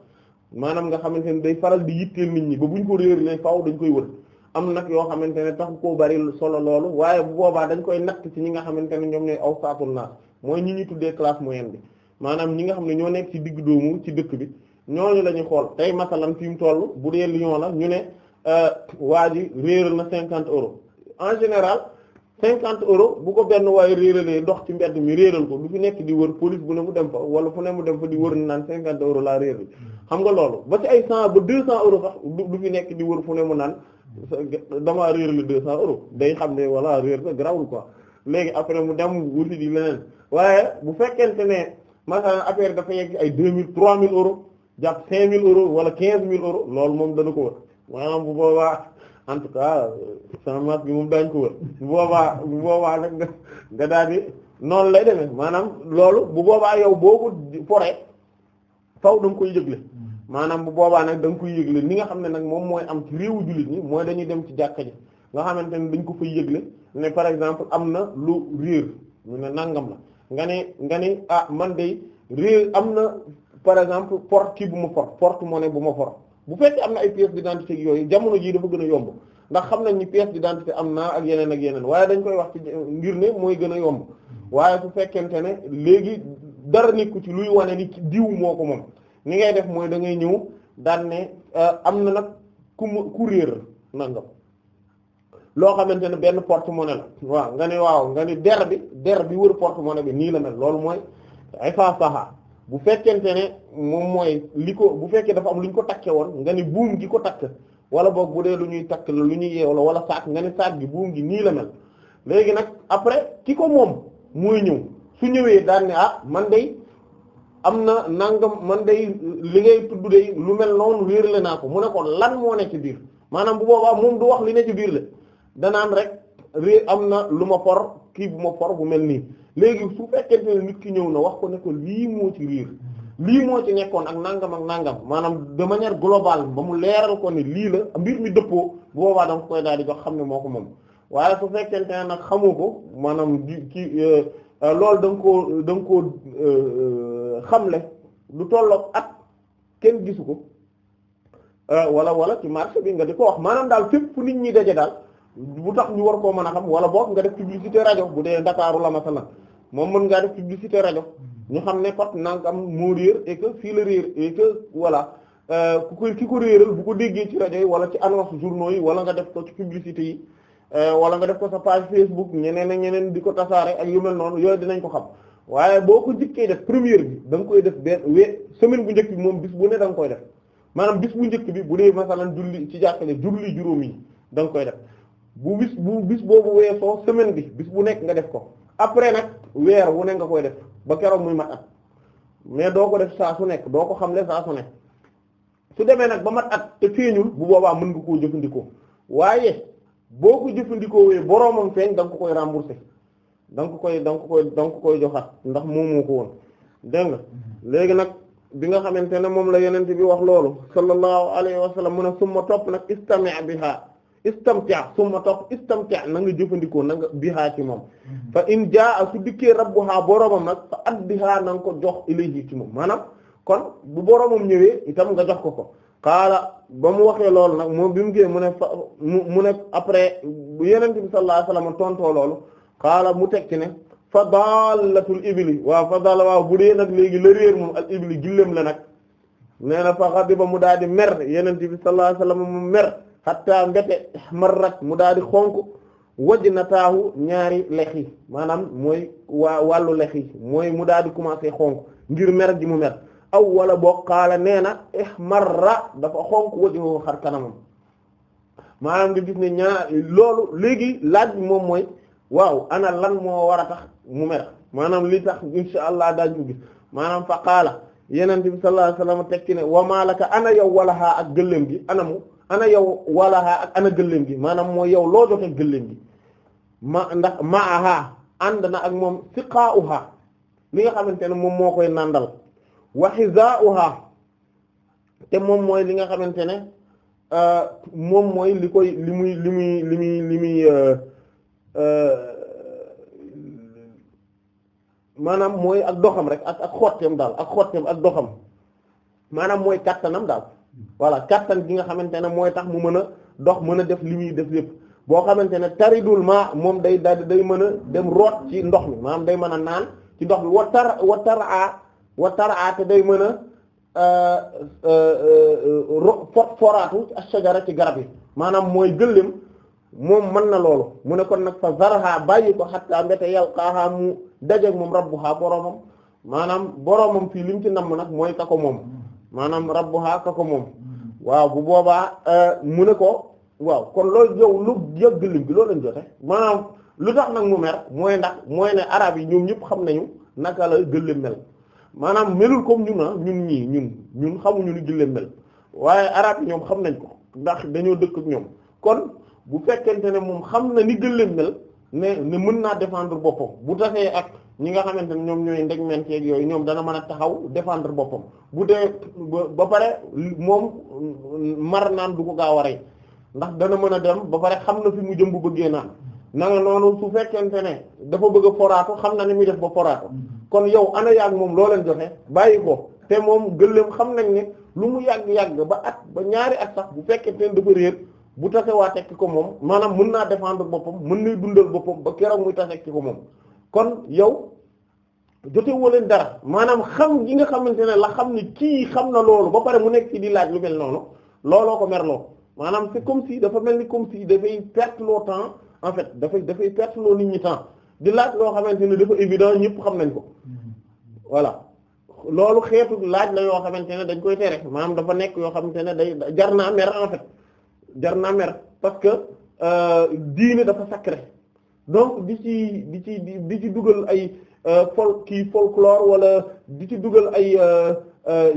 maanaam nga xamante ne day faral di yitteel nit ñi ba buñ ko réer leen faaw dañ koy wër am nag yoo xamante ne tax koo bari solo loolu waaye bu boobaa dañ koy natt ci ñi nga xamante ne ñoom ñooy aw saatul naas mooy ñi ñuy tuddee classe moyenne bi maanaam ñi nga xam ne ñoo nekk ci digg doomu ci dëkk bi ñooñu la ñuy xool tey masalan fi ñu toll bu dee lion la ñu ne ah, waa ji réeral na cinquante euros en général cinquante euros bu ko benn waaye réeralee dox ci mbedd mi réeral ko du fi nekk di wër police bu ne mu dem fa wala fu ne mu dem fa di wër naan cinquante euros laa nekk di wër mu naan damaa réerale deux cent euros day xam ne wala réer sa grawul quoi léegi après mu dem wuti di leneen waaye bu fekkente ne masalan affaire dafa yegg ay deux mille trois mille euros jàpp cinq mille euros wala quinze mille euros loolu moom dana ko wër en tout cas sama maas bi moom daañ ko wër bu boobaa bu boobaa nag nga daal di noonu lay demee maanaam loolu bu boobaa yow boo ko foree faw da koy yëgle mm-hmm. maanaam bu boobaa nag da nga koy yëgle ni nga xam ne nag moom mooy am ci réewu jullit ñi mooy dañuy dem ci jàkka ji nga xamante ne dañ ko fay yëgle ne par exemple am na lu réer ñu ne nangam la nga ne nga ni ah man de réer am na par exemple porte kii bu ma for porte monnaie bu ma for bu fekkee am na ay di pièces d'identité yooyu jamono jii dafa gën a yomb ndax xam nañ ni pièce d'identité am na ak yeneen ak yeneen waaye dañ koy wax ci ngir ne mooy gën a yomb waaye su fekkente ne léegi dara nekku ci luy wane ni diw moo ko moom ni ngay def mooy da ngay ñëw daan ne euh, am na nag ku ku réer nangam loo xamante ne benn porte-monnaie la waaw nga ne waaw nga ne der bi der bi wër porte-monnaie bi nii la mel loolu mooy ay fa saxaa bu fekkente ne moom mooy li ko bu fekkee dafa am lu ñu ko takke woon nga ni buum gi ko takk wala boog bu dee lu ñuy takk la lu ñuy yeew la wala saak nga ni saak gi buum gi nii la mel léegi nag après ki ko moom mooy ñëw su ñëwee daan ah man day am na nangam man day li ngay tudd day lu mel noonu wéerle naa ko mu nekkoon ko lan moo ne ci biir maanaam bu boobaa moom du wax li ne ci biir la danaan rek ré am na lu ma por kii bu ma for bu mel nii léegi su fekkee nit ki ñëw na wax ko ne lii moo ci riir lii moo ci nekkoon ak nangam ak nangam maanaam de manière globale ba mu leeral ko ne lii la mbir mi dëppoo bu boobaa da nga koy daal jox xam ne moo ko moom waaye su fekkente ne nag xamoo ko maanaam di kii euh, lool da nga koo da nga koo euh, xamle lu tolloog at kenn gisu ko euh, wala wala ci marché bi nga di ko wax maanaam daal fépp fu nit ñi daje daal. bu tax ñu war koo mën a xam wala boog nga def publicité rajo bu dee Ndakaaru la masalan moom mën ngaa def publicité rajo ñu xam ne kot nangam moo réer et fii la réer et que euh, ku ko ki ko réeral bu ko déggee ci rajo yi wala ci annonce journaux yi wala nga def ko ci publicité yi euh, wala nga def ko sa page Facebook ñeneen ak ñeneen di ko tasaare ak yu mel noonu yooyu dinañ ko xam waaye boo ko jikkee def première bi danga koy def benn we semaine bu njëkk bi moom bis bu ne da koy def maanaam bis bu njëkk bi bu dee masalan julli ci jàkkale julli juróom yi da nga koy def bu bis bu bis boobu weesoo semaine bi bis bu nekk nga def ko après nag weer wu ne nga koy def ba keroog muy mat at mais doo ko def saa su nekk doo ko xam xamle saa su nekk su demee nag ba mat at te feeñul bu boobaa mën nga koo jëfandikoo waaye boo ko jëfandikoo wee boroomam feeñ da nga ko koy rembourser da nga ko koy da koy da koy joxaat ndax moomoo ko woon dégg nga mm-hmm. léegi nag bi nga xamante ne moom la yenente bi wax loolu sallallahu alayhi wa sallam mun a summa topp nag istami' biha istamtia summa topp istamtia na nga jëfandikoo na nga bihaa ci moom fa in jaa su dikkee rabbuha boromam nag fa addiha na nga ko jox ilayhi ci moom maanaam kon bu boromam ñëwee itam nga jox ko ko xaala ba mu waxee loolu nag moom bi mu génn mu ne fa mu ne après bu yeneen bi sallallahu alayhi wasallam tontoo loolu xaala mu teg ci ne fa dallatul ibli waaw fa dalla waaw bu dee nag léegi la réer moom al ibli gillem la nag nee na fa xadiba mu daal di mer yeneen bi sallallahu alayhi xatta mbete marrat mu daal di xonk wajnataahu ñaari lex yi maanaam mooy waa wàllu lex yi mooy mu daal di commencé xonk ngir mer ji mu mer aw walla boo kaala nee na ihmarra eh, dafa xonk wajhu xar kanamam maanaam nga gis ne ñaar loolu léegi laaj bi moom mooy waaw ana lan moo war a tax mu mer maanaam li tax insha allah daañu ko gis maanaam fa qaala yenente bi sallallahu alayhi wasallam tekki ne wa malaka ana yow walahaa ak gëléem gi anamu ana yow walaha ak ana gëléem gi maanaam mooy yow loo joxe gëléem gi ma ndax ma ànd na ak moom siqaa'uha li nga xamante ne moom moo koy nàndal wa hizaa'uha te moom mooy li nga xamante ne euh, moom mooy li koy li muy li muy li muy li muy euh, euh, maanaam mooy ak doxam rek ak ak xotteem daal ak xotteem ak doxam maanaam mooy kattanam daal voilà kattan gi nga xamante ne mooy tax mu mën a dox mën a def li muy def lépp boo xamante ne taridul maa moom day da day mën a dem root ci ndox mi maanaam day mën a naan ci ndox mi wa tar wa taraa wa taraa te mën a euh, euh, euh, ro foraatu ci garab yi maanaam mooy gëléem moom mën na loolu mu ne kon nag fa zarha bàyyi ko xattaa mbéte yalqaaha mu dajeeg moom rabbuha boromam maanaam boromam fii li mu ci namm nag mooy ka ko moom maanaam rabbuha ka ko moom waaw bu boobaa euh, mu ne ko waaw kon loolu yow lu yëgg lim bi loolu lañ jote maanaam lu tax nag mu mer mooy ndax mooy ne arab yi ñoom ñëpp xam nañu naka la gëléem mel maanaam melul comme ñun ah ñun ñii ñun ñun xamuñu ni gëléem mel waaye arab yi ñoom xam nañ ko ndax dañoo dëkk ak ñoom kon bu fekkente ne moom xam na ni gëléem mel ne ne mën naa défendre boppam bu tasee ak ñi nga xamante ne ñoom ñooy ndeg menteeg yooyu ñoom dana mën a taxaw defendre boppam bu dee ba ba pare moom mar naan du ko gaaw a rey ndax dana mën a dem ba pare xam na fi mu jëm bu bëggee naan na nga noonu su fekkente ne dafa bëgg a foraatu xam na ni muy def ba foraatu kon yow ana yàgg moom loo leen joxe bàyyi ko te moom gëléem xam nañ nit lu mu yàgg-yàgg ba at ba ñaari at sax bu fekkente ne dafa réer bu tasewaa tekki ko moom maanaam mën naa défendre boppam mun nay dundal boppam ba keroog muy tase ki ko moom kon yow jote woo leen dara maanaam xam gi nga xamante ne la xam ni kii xam na loolu ba pare mu nekk ci di laaj lu mel noonu looloo ko merloo maanaam c'est comme si dafa mel ni comme si dafay perte loo temps en fait dafay dafay perte loo nit ñi temps di laaj loo xamante ni dafa évident ñëpp xam nañ ko voilà loolu xeetu laaj la yoo xamante ne dañ koy tere maanaam dafa nekk yoo xamante ne day jar naa mer en jar naa parce que euh, diine dafa sacré donc di ci di ci di ci dugal ay euh, fol kii folklore wala di ci dugal ay euh,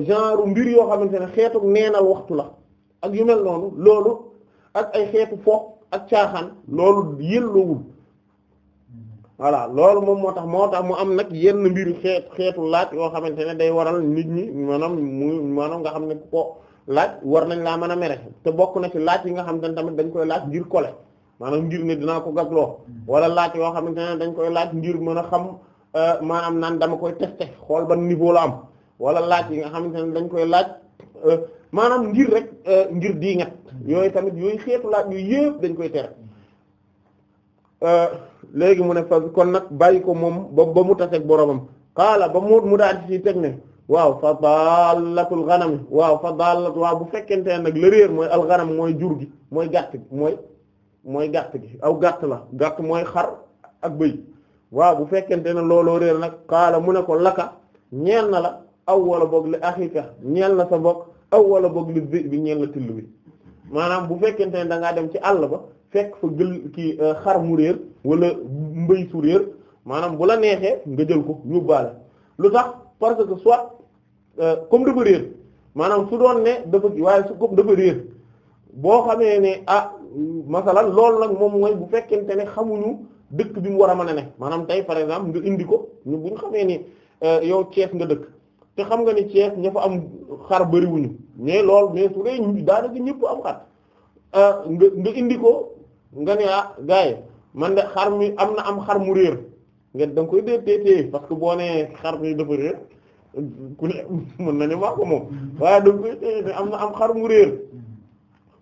genre mbir yoo xamante ne xeetu neenal waxtu la ak yu mel noonu loolu ak ay xeetu foofu ak caaxaan loolu yëlloowul voilà loolu moom moo tax moo tax mu am nag yenn mbiru xeetu xeetu laaj yoo xamante ne day waral nit ñi maanaam mu maanaam nga xam ne ko laaj war nañ laa mën a mere te bokk na ci laaj yi nga xam ne tamit dañ koy laaj ngir kole maanaam ngir ne dinaa ko gagloo hmm. wala yoo xamante ne dañ koy laaj ngir mën a xam euh, maanaam naan dama koy tester xool ba niveau la am wala laaj yi nga xamante ne dañ koy laaj euh, maanaam ngir rek euh, ngir di ngat hmm. yooyu tamit yooyu xeetu laaj yooyu yëpp dañ koy tere léegi mu ne fa kon nag bàyyi ko moom ba ba mu taseeg boromam xaala ba mu mu daal ci teg ne waaw fa dallatul ghanam waaw fa dallat waaw bu fekkente ne nag la réer mooy alxanam mooy jur gi mooy gàtt gi mooy mooy gàtt gi aw gàtt la gàtt mooy xar ak bëy waaw bu fekkente ne looloo réer nag kaala mu ne ko laka ñeel na la aw wala boog li axika ñeel na sa bokk aw wala boog li bi ñeel la till bi maanaam bu fekkente ne da ngaa dem ci àll ba fekk fa gël ki euh, xar mu réer walla mbëy su réer maanaam bu la neexee nga jël ko yóbbaale lu tax parce que Euh, comme dafa réer maanaam su doon ne dafa waaye su comme dafa réer boo xamee ne ah masalan loolu nag moom mooy bu fekkente ne xamuñu dëkk bi mu war a mën a ne maanaam tey par exemple nga indi ko ñu bu xamee ni euh, yow Thiès nga dëkk te xam nga ni Thiès ña fa xar bariwuñu mais loolu mais su dee ñëpp am xar euh, nga nga indi ko nga ne ah gars man de xar mi am na am xar mu réer ngeen da koy dee téye parce que boo nee xar mi dafa réer. ku ne mën na ne maa ko moom waaye da koy am na am xar mu réer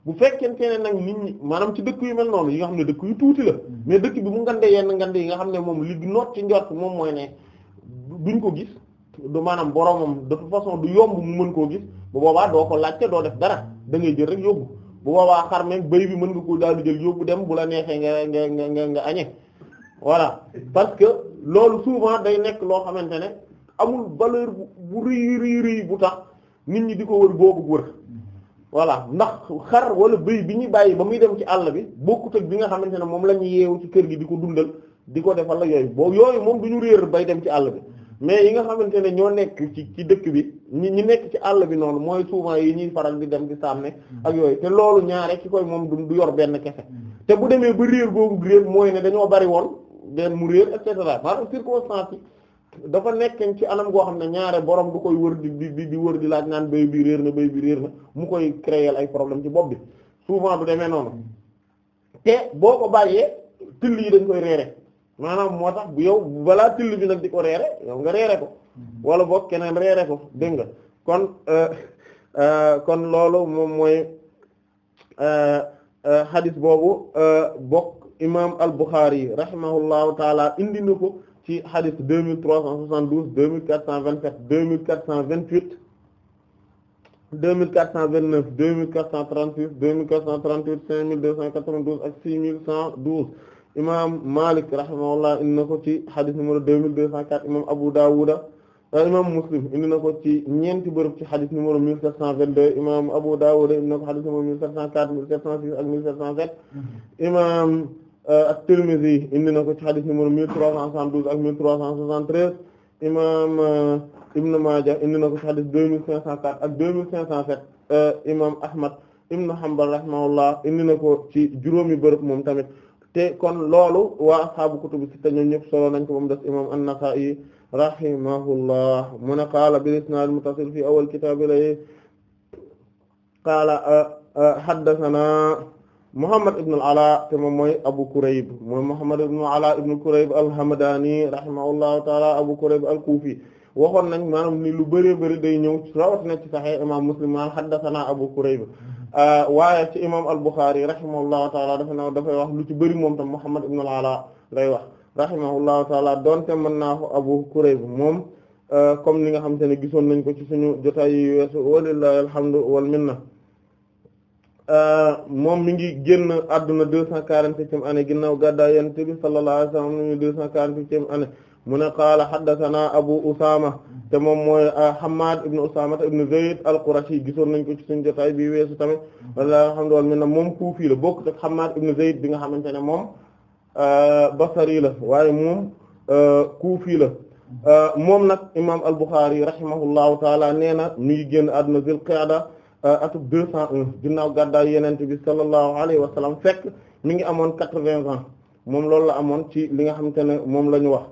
bu fekkente ne nag nit ñi maanaam ci dëkk yu mel noonu yi nga xam ne dëkk yu tuuti la mais dëkk bi mu ngande yenn ngande yi nga xam ne moom li du noot ci njort moom mooy ne duñ ko gis du maanaam boromam de toute façon du yomb mu mën koo gis bu doo ko laajte doo def dara da ngay jël rek yóbbu bu boobaa xar meeg béy bi mën nga ko daal di jël yóbbu dem bu la neexee nga nga nga nga nga añee voilà parce que loolu souvent day nekk loo xamante ne amul valeur bu rëy bu tax nit ñi di ko wër boobu wër voilà ndax xar wala bëy bi ñuy bàyyi ba muy dem ci àll bi bokkut ak bi nga xamante ne moom la ñu yeewu ci kër gi di ko dundal di ko defal la yooyu boobu yooyu moom du ñu réer bay dem ci àll bi mais yi nga xamante ne ñoo nekk ci ci dëkk bi ñi ñi nekk ci àll bi noonu mooy souvent yi ñuy faral di dem di sàmme ak yooyu te loolu ñaaree ki koy moom du yor benn kese te bu demee ba réer boobu réer mooy ne dañoo bari woon benn mu réer et cetera yi dafa nekk ci anam goo xam ne ñaare borom du koy wër di di di wër di laaj naan béy bi réer na béy bi réer na mu koy créer ay problème ci bopp bi souvent du demee noonu te boo ko bàyyee till yi dañ koy reere maanaam moo tax bu yow balaa till bi nag di ko reere yow nga reere ko wala boog keneen reere ko dégg nga kon euh, euh, kon loolu moom mooy euh, hadith boobu bokk imaam al Bukhari rahimahullahu taala indi na ko. ci xadis deux mille trois cent soixante douze deux mille quatre cent vingt quatre deux mille quatre cent vingt huit deux mille quatre cent vingt neuf deux mille quatre cent trente huit cinq mille deux cent quatre vingt douze ak six mille cent douze imaam Malik rahimahullah indi ci xadis numéro deux mille deux cent quatre imaam Abu Dawuda euh, imaam Muslim indi ci ñeenti bërëb ci xadis numéro mille sept cent vingt deux imaam Abu Dawuda indi na ko xadis sept cent Euh, ak Tirmidhi indi na ko ci xadis numéro 1372 ak 1373 imaam euh, Ibn Maaja indi na ko ci xadis 2504 ak 2507 euh, imaam Ahmad Ibn Hanbal rahimahullah indi na ko ci juróomi bërëb moom tamit te kon loolu waa ashaabu kutubu sitta ñoom ñëpp solo nañ ko moom des imaam An-Nasa'i rahimahullah mu ne qaala bil isnaad muttasil fi awwal kitaab ilay qaala haddathana Muhammad ibn al-Ala te moom mooy Abu Kurayb mooy Muhammad ibn al-Ala ibn Kurayb al-Hamdani rahimahullahu ta'ala Abu Kurayb al-Kufi waxoon nañ maanaam ni lu bëree bëri day ñëw rawatina ci Sahih imam Muslim maanaam haddathana Abu Kurayb uh, waaye ci imam al-Bukhari rahimahullahu ta'ala dafa na dafay wax lu ci bëri moom tam Muhammad ibn lay wax rahimahullahu ta'ala donte mën naa ko Abu Kurayb moom uh, comme ni nga xam te ne gisoon nañ ko ci suñu jotaay yu weesu walillahi alhamdu wal minna Euh, moom mi ngi génn adduna deux cent quarante-septième année ginnaaw gàddaay Yonent bi sallallahu alayhi wa sallam deux cent quarante-huitième année mu ne qaala haddathana Abu Usama te moom mooy euh, Hammad ibn Usama ibn Zayd al-Qurashi gisoon nañ ko ci suñu jotaay bi weesu tamit wallaahi alhamdulillah moom Kufi la bokk te Hammad ibn Zayd bi nga xamante ne moom euh, Basri la waaye moom Kufi la moom nag imaam al-Bukhari rahimahullahu taala nee na mi ngi génn adduna Zul Qa'da Euh, atub deux cent un ginnaaw gàddaay yenente bi sallallahu alayhi wa sallam fekk mi ngi amoon quatre-vingts ans moom loolu la amoon ci li nga xamante ne moom la ñu wax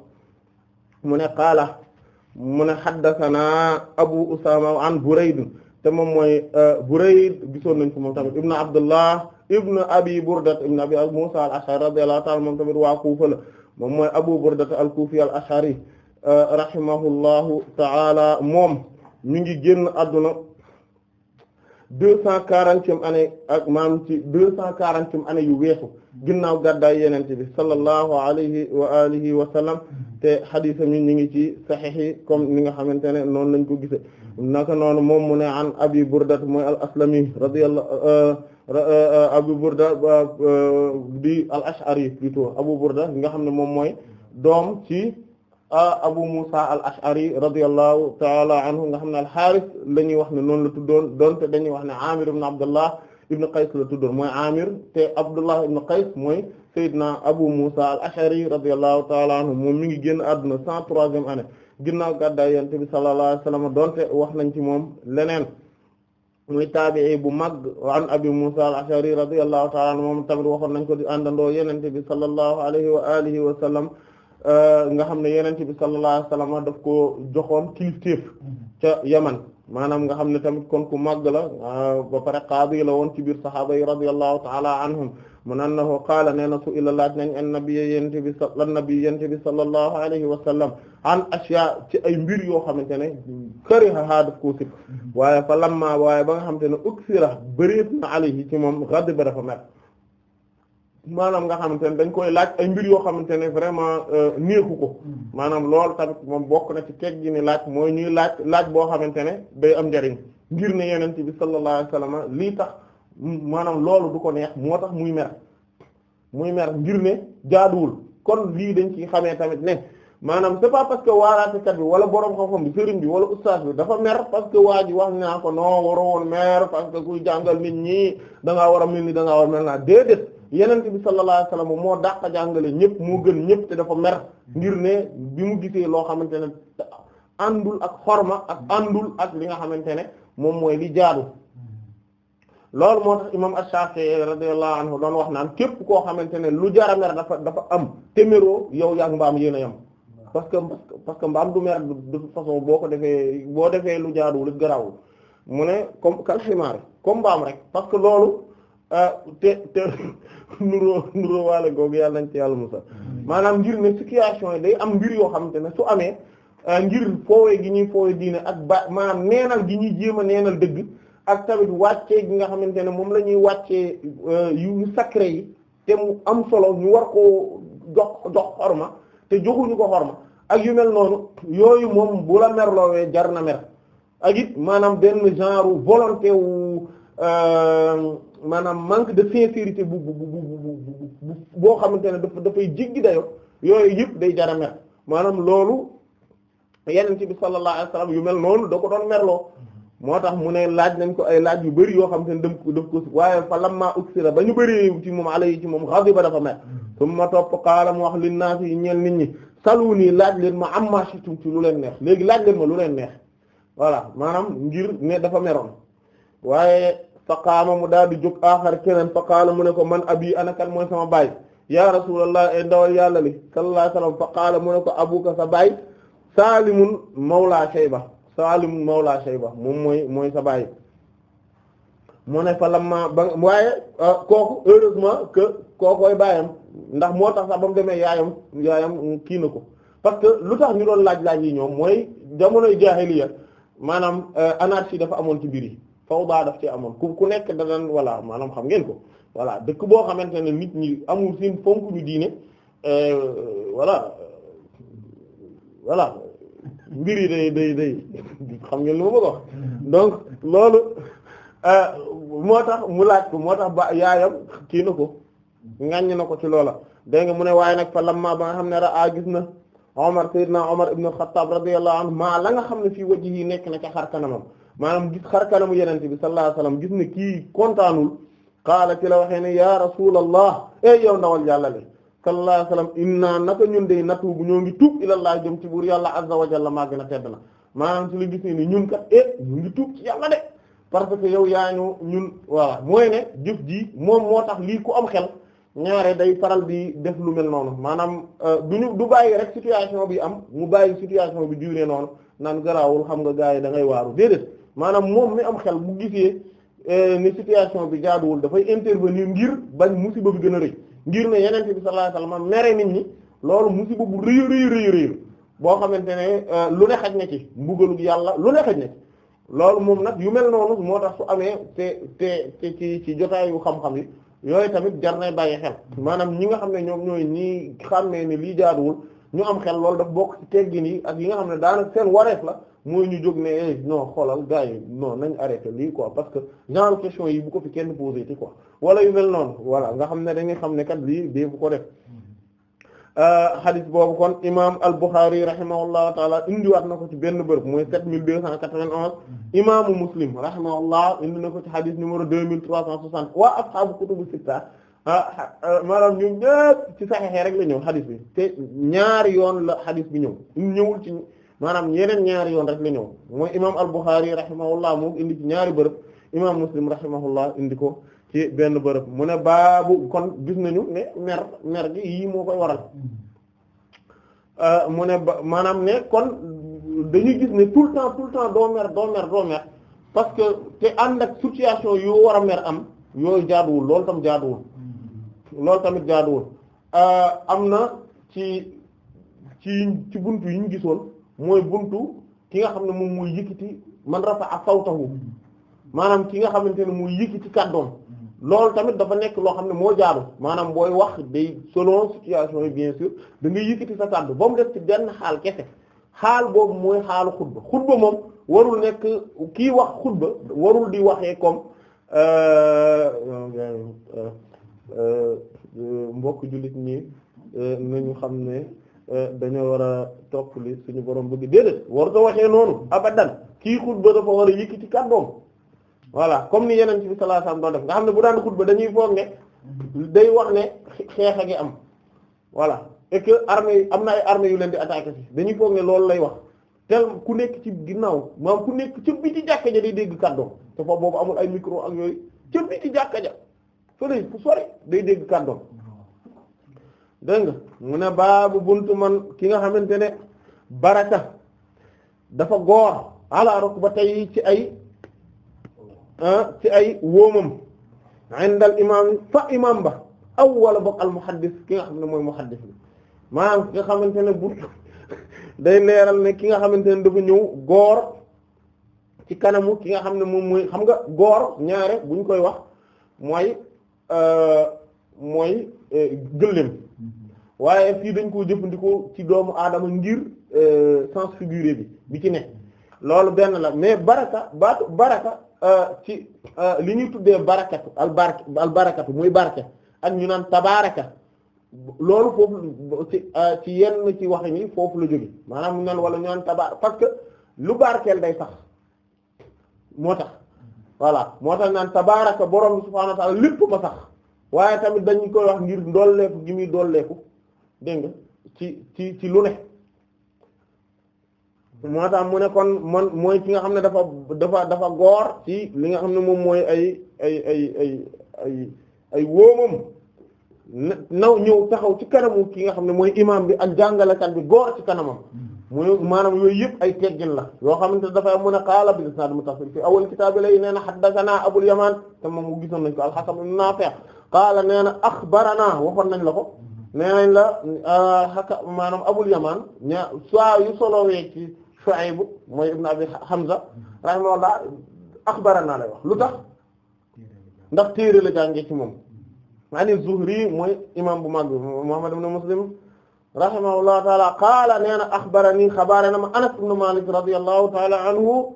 mu ne qaala mu ne haddathana abu usama an burayd te moom mooy euh, burayd gisoon nañ ko moom tamit ibnu abdullah ibnu abi burdat ibnu abi musa al ashari radiyallahu ta'ala moom tamit waa kuufa la moom mooy abu burdat al kuufi al ashari euh, rahimahullahu ta'ala moom mi ngi génn adduna deux cent quarantième année ak maam ci deux cent quarantième année yu weesu ginnaaw gàddaay yenente bi sallallahu alayhi wa alihi wa sallam te xadisa mi ñi ngi ci saxiix yi comme ni nga xamante ne noonu lañ ko gise naka noonu moom mu ne an abi burda mooy al aslami radiyallahu euh, euh, euh, abu burda di al ash'ari plutôt abu burda nga xam ne moom mooy doom ci Abu Musa al-Ash'ari radiyallahu ta'ala anhu nga xam ne al-Harith la ñuy wax ne noonu la tuddoon donte dañuy wax ne Amir ibn Abdullah ibn Qays la tuddoon mooy Amir te Abdullah ibn Qays mooy Seydina Abu Musa al-Ash'ari radiyallahu ta'ala anhu moom mi ngi génn àdduna cent troisième année ginnaaw gàddaay Yonent bi sallallahu alayhi wa sallam donte wax nañ ci moom leneen muy taabi'i bu mag an Abi Musa al-Ash'ari radiyallahu ta'ala anhu moom tamit waxoon nañ ko di àndandoo Yonent bi sallallahu alayhi wa alihi Euh, nga xam ne yenente bi sallallahu alayhi wasallam daf ko joxoon kilifteef ca yaman maanaam nga xam ne tamit kon ku màgg la euh, ba pare qaadi la woon ci biir sahaaba yi radiyallahu taala anhum mun annahu qaala nee na su ila laaj nañ an nabiy yente bi lan nabi yente bi sallallahu alayhi wa sallam an ashya ci ay mbir yoo xamante ne karihahaa daf koo sib mm-hmm. waaye fa lamma waaye ba nga xamante ne uksira bëreet na alayhi ci moom ghadiba dafa mer maanaam nga xamante ne dañ koy laaj ay mbir yoo xamante ne vraiment euh, néexu ko mm. maanaam loolu tamit moom bokk na ci teg gi ni laaj mooy ñuy laaj laaj boo xamante ne day am njariñ ngir ne yenente bi sallallahu alayhi wasallam lii tax maanaam loolu du ko neex moo tax muy mer muy mer ngir ne jaaduwul kon lii dañ ci xamee tamit ne maanaam c'est pas parce que waaraatekat bi wala borom xam-xam bi wala ustaas bi dafa mer parce que waa ji wax naa ko non waroon mer parce que kuy jàngal nit ñi da ngaa war a mel ni danga ngaa war mel naa déedéet yenente bi sallallahu alayhi wasallam moo dàq jàngale ñëpp moo gën ñëpp te dafa mer ngir ne bi mu gisee loo xamante ne àndul ak xorma ak àndul ak li nga xamante ne moom mooy li jaadu loolu moo tax imam Ash-Shafi'i radiyallahu anhu doon wax naan képp koo xamante ne lu jara mer dafa dafa am téméro yow yaag mbaam yéen a yam parce que parce que mbaam du mer de façon boo ko defee boo defee lu jaaduwul garaawul mu ne comme kal comme mbaam rek parce loolu Ah, te te nuroo nuroo waale googu yàlla nañ ci yàlla musa maanaam ngir ne situation yi day am mbir yoo xamante ne su amee ah, ngir foowee gi ñuy foowee diine ak ba maanaam neenal gi ñuy jéem a neenal dëgg ak tamit wàccee gi nga xamante ne moom la ñuy wàccee ah, yu sacré yi te mu am solo ñu war ko jox jox xorma te joxuñu ko ma ak yu mel noonu yooyu moom bu la merloowee jar na mer ak it maanaam benn genre volonté wu maanaam manque de sincérité bu bu bu bu boo xamante ne dafa dafay jéggi dayo yooyu yëpp day jara maanaam loolu yeneen ci bi sallallahu alayhi wasallam yu mel noonu da ko doon merloo moo tax mu ne laaj nañ ko ay laaj yu bëri yoo xam te ne daf ko daf ko waaye fa lamma uksira ba ñu bëri ci moom alayhi ci moom ghadiba dafa mer su ma topp qaala mu wax lin naas yi ñeel nit ñi salu nii laaj leen ma amma shitum ci lu leen neex léegi laaj leen ma lu leen neex voilà maanaam ngir ne dafa meroon waaye fa qaama mu daal di jóg aaxar keneen fa qaala mu ne ko man abi ana kan mooy sama baay ya rasulullah ay e ndawal yàlla li sallallahu alayhi wasallam fa qaala mu ne ko abuka sa baay saalimun mawla shayba saalimun mawla shayba moom mooy mooy sa baay mu ne fa lamma ba waaye ah, kooku heureusement que kookooy baayam ndax moo tax sax ba mu demee yaayam yaayam kii na ko parce que lu tax ñu doon laaj laaj yi ñoom mooy jamonoy jaahiliya maanaam eh, anarchie dafa amoon ci biir yi fawda daf ci amoon ku ku nekk da daan voilà maanaam xam ngeen ko voilà dëkk boo xamante ne nit ñi amul seen fonk ñu diine euh, voilà voilà mbir yi day day xam ngeen lu ma bëgg donc loolu euh, moo tax mu laaj ko moo tax ba yaayam kii na ko ŋàññ na ko ci loola dégg nga mu ne waaye nag fa lamma ba nga xam ne ra a gis na Omar Seydina Omar ibn Khattab radiyallahu anhu maa la nga xam ne fii wajhi yi nekk na ca xar kanamam maanaam gis xar kanamu yenente bi sallallahu alayhi wasallam gis ne kii kontaanul xaala ci la waxee ne ya rasulallah ey yow ndawal yàlla le sallallahu alayhi wasallam inna naka ñun de nattu bu ñoo ngi tuub ilallah jëm ci buur yàlla azza wa jalla maa a tedd na maanaam ci la gis ne ñun kat e ñu ngi tuub ci yàlla de parce que yow yaa ñu ñun voilà mooy ne jëf ji moom moo tax lii ko am xel ñaare day paral bi def lu mel noonu maanaam euh, du ñu du bàyyi rek situation bi am mu bàyyi situation bi duré noonu naan garaawul xam nga yi da ngay waaru déedéet maanaam moom mi am xel bu gisee eh, ne situation bi jaaduwul dafay intervenir ngir bañ musiba bi gën a rëy ngir ne yeneen bi sallallahu alayhi wasallam mere nit ñi loolu musiba bu rëy rëy rëy boo xamante ne eh, lu ne xaj na ci mbugalug yàlla lu ne xaj na ci loolu moom nag yu mel noonu moo tax su amee te te te ci ci jotaayu xam-xam yi yooyu tamit jar na bàyyi xel maanaam ñi nga xam ne ñoom ñooy ñii xàmmee ne lii jaaduwul ñu am xel loolu daf bokk ci teggin yi ak yi nga xam ne daanaka seen wareef la mooy ñu jóg ne eh, non xoolal gars yi non nañ arrêté lii quoi parce que genre question yi bu ko fi kenn posé ci quoi wala yu mel noonu voilà nga xam ne dañuy xam ne kat lii dee bu ko def xadis mm-hmm. euh, boobu kon imaam al Bukhari rahimahullahu taala indiwaat na ko ci benn bërëb mooy 7291 mm-hmm. imaamu muslim la indi na ko ci xadis numéro 2360 waa ashaabu kutubu sitta ah, euh, maanaam ñoom ñëpp ci saxexe rek la ñëw xadis bi te ñaari yoon la xadis bi ñëw maanaam yeneen ñaari yoon rek la ñëw mooy imaam al-Bukhari rahimahullah moom indi ñaari bërëb imam Muslim rahimahullah indi ko ci benn bërëb mu ne baabu kon gis nañu ne mer mer gi yii moo koy waral euh, mu ne ba maanaam ne kon dañuy gis ne tout le temps tout temps doo mer doo mer parce que te ànd ak situation yu war a mer am yooyu jaaduwul loolu tam jaaduwul loolu tamit jaaduwul euh, am na ci ci ci buntu yi ñu gisoon mooy buntu ki nga xam ne moom mooy yëkkati man rafa'a sawtahu maanaam ki nga xamante ne mooy yëkkati kàddoom loolu tamit dafa nekk loo xam ne moo jaadu maanaam booy wax day selon situation yi bien sûr da ngay yëkkati sa kàddu ba mu def ci benn xaal kese xaal boobu mooy xaalu xutba xutba moom warul nekk kii wax xutba warul di waxee comme euh, euh, euh, mbokk jullit ñi nañu xam ne Eh, dañoo war a topp li suñu borom bëgg déedéet warut a waxee noonu abadan kii xutba dafa war a ci kàddoom voilà comme ni yeneen bi sallallahu alayhi def nga xam ne bu daan xutba dañuy foog ne day wax ne xeex a ngi am voilà et que am na ay armée yu leen di attaquer ci dañuy foog ne loolu lay wax tel ku nekk ci ginnaaw maam ku nekk bi ci biti jàkka ja day dégg kàddoom te foofu boobu amul ay micro ak yooyu ci biti jàkka ja fële fu sori day dégg kàddoom. dégg nga mu ne baabu buntu man ki nga xamante ne baraka dafa goor ba rukbatayhi ci ay ah, ci ay wóomam indal imaam fa imaam ba aw wala boog al muhaddis ki nga xam ne mooy muhaddis bi maanaam ki nga xamante ne bu day leeral ne ki nga xamante ne dafa ñëw góor ci kanamu ki nga xam ne moom mooy xam nga góor ñaare buñ koy wax mooy euh, mooy E, gëléem waaye fii dañ koo jëfandikoo ci doomu aadama ngir e, sens figuré bi bi ci ne loolu benn la mais baraka baatu baraka e, ci li ñuy tuddee barakatu al barke al barakatu muy barke ak ñu naan tabaraka loolu foofu ci ci yenn ci wax ni foofu la jóge maanaam ñu naan wala ñu naan parce que lu barkeel day sax moo tax voilà moo tax naan tabaraka borom subhaanahu wa ta'ala sax waaye tamit dañ koy wax ngir dolleeku gi muy dolleeku dégg ci ci ci lu ne moo tax mu ne kon man mooy ki nga xam ne dafa dafa dafa goor ci li nga xam ne moom mooy ay ay ay ay ay ay wóomam naw ñëw taxaw ci kanamu ki nga xam ne mooy imam bi ak jàngalekat bi góor ci kanamam muy maanaam yooyu yëpp ay teggin la yoo xamante dafay mun a qaala bil isnaad muttasil fi awwal kitaab lay nee na haddathana Abul Yamaan te moom mu gisoon nañ ko al-Hasan ibn Naafi' qaala nee na axbarana waxoon nañ la ko nee nañ la xaka euh, maanaam Abul Yamaan ña saa yu solowee ci Shu'ayb mooy ibn Abi Hamza rahimahullah axbarana lay wax lu tax ndax téere la jàngee ci moom an az-Zuhri mooy imam bu mag Muhammad ibn Muslim rahimahullahu taala qaala nee na axbarani xabaare na ma Anas ibn Malik radiyallahu taala anhu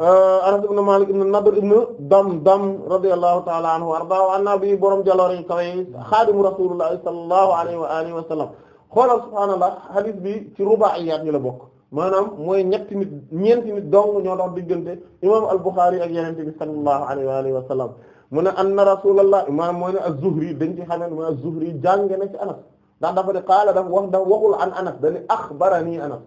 euh, Anas ibn Malik ibn Nadr ibn Damdam radiyallahu taala anhu arda wa anna bi borom jaloor yi kawe xaadimu Rasulullah sallallahu alayhi wa alihi wa sallam xoolal subhaanallah hadith bi ci rubaa'iyaat ñu la bokk maanaam mooy ñetti nit ñeenti nit dong ñoo dox diggante imam al-Bukhari ak yenente bi sallallahu alayhi wa alihi wa sallam mu ne anna rasulullah maanaam mooy ne az-Zuhri dañ ci xamee mooy az-Zuhri jànge na ci Anas ndax dafa ne qaala dafa wax dafa waxul an Anas dañu axbarani Anas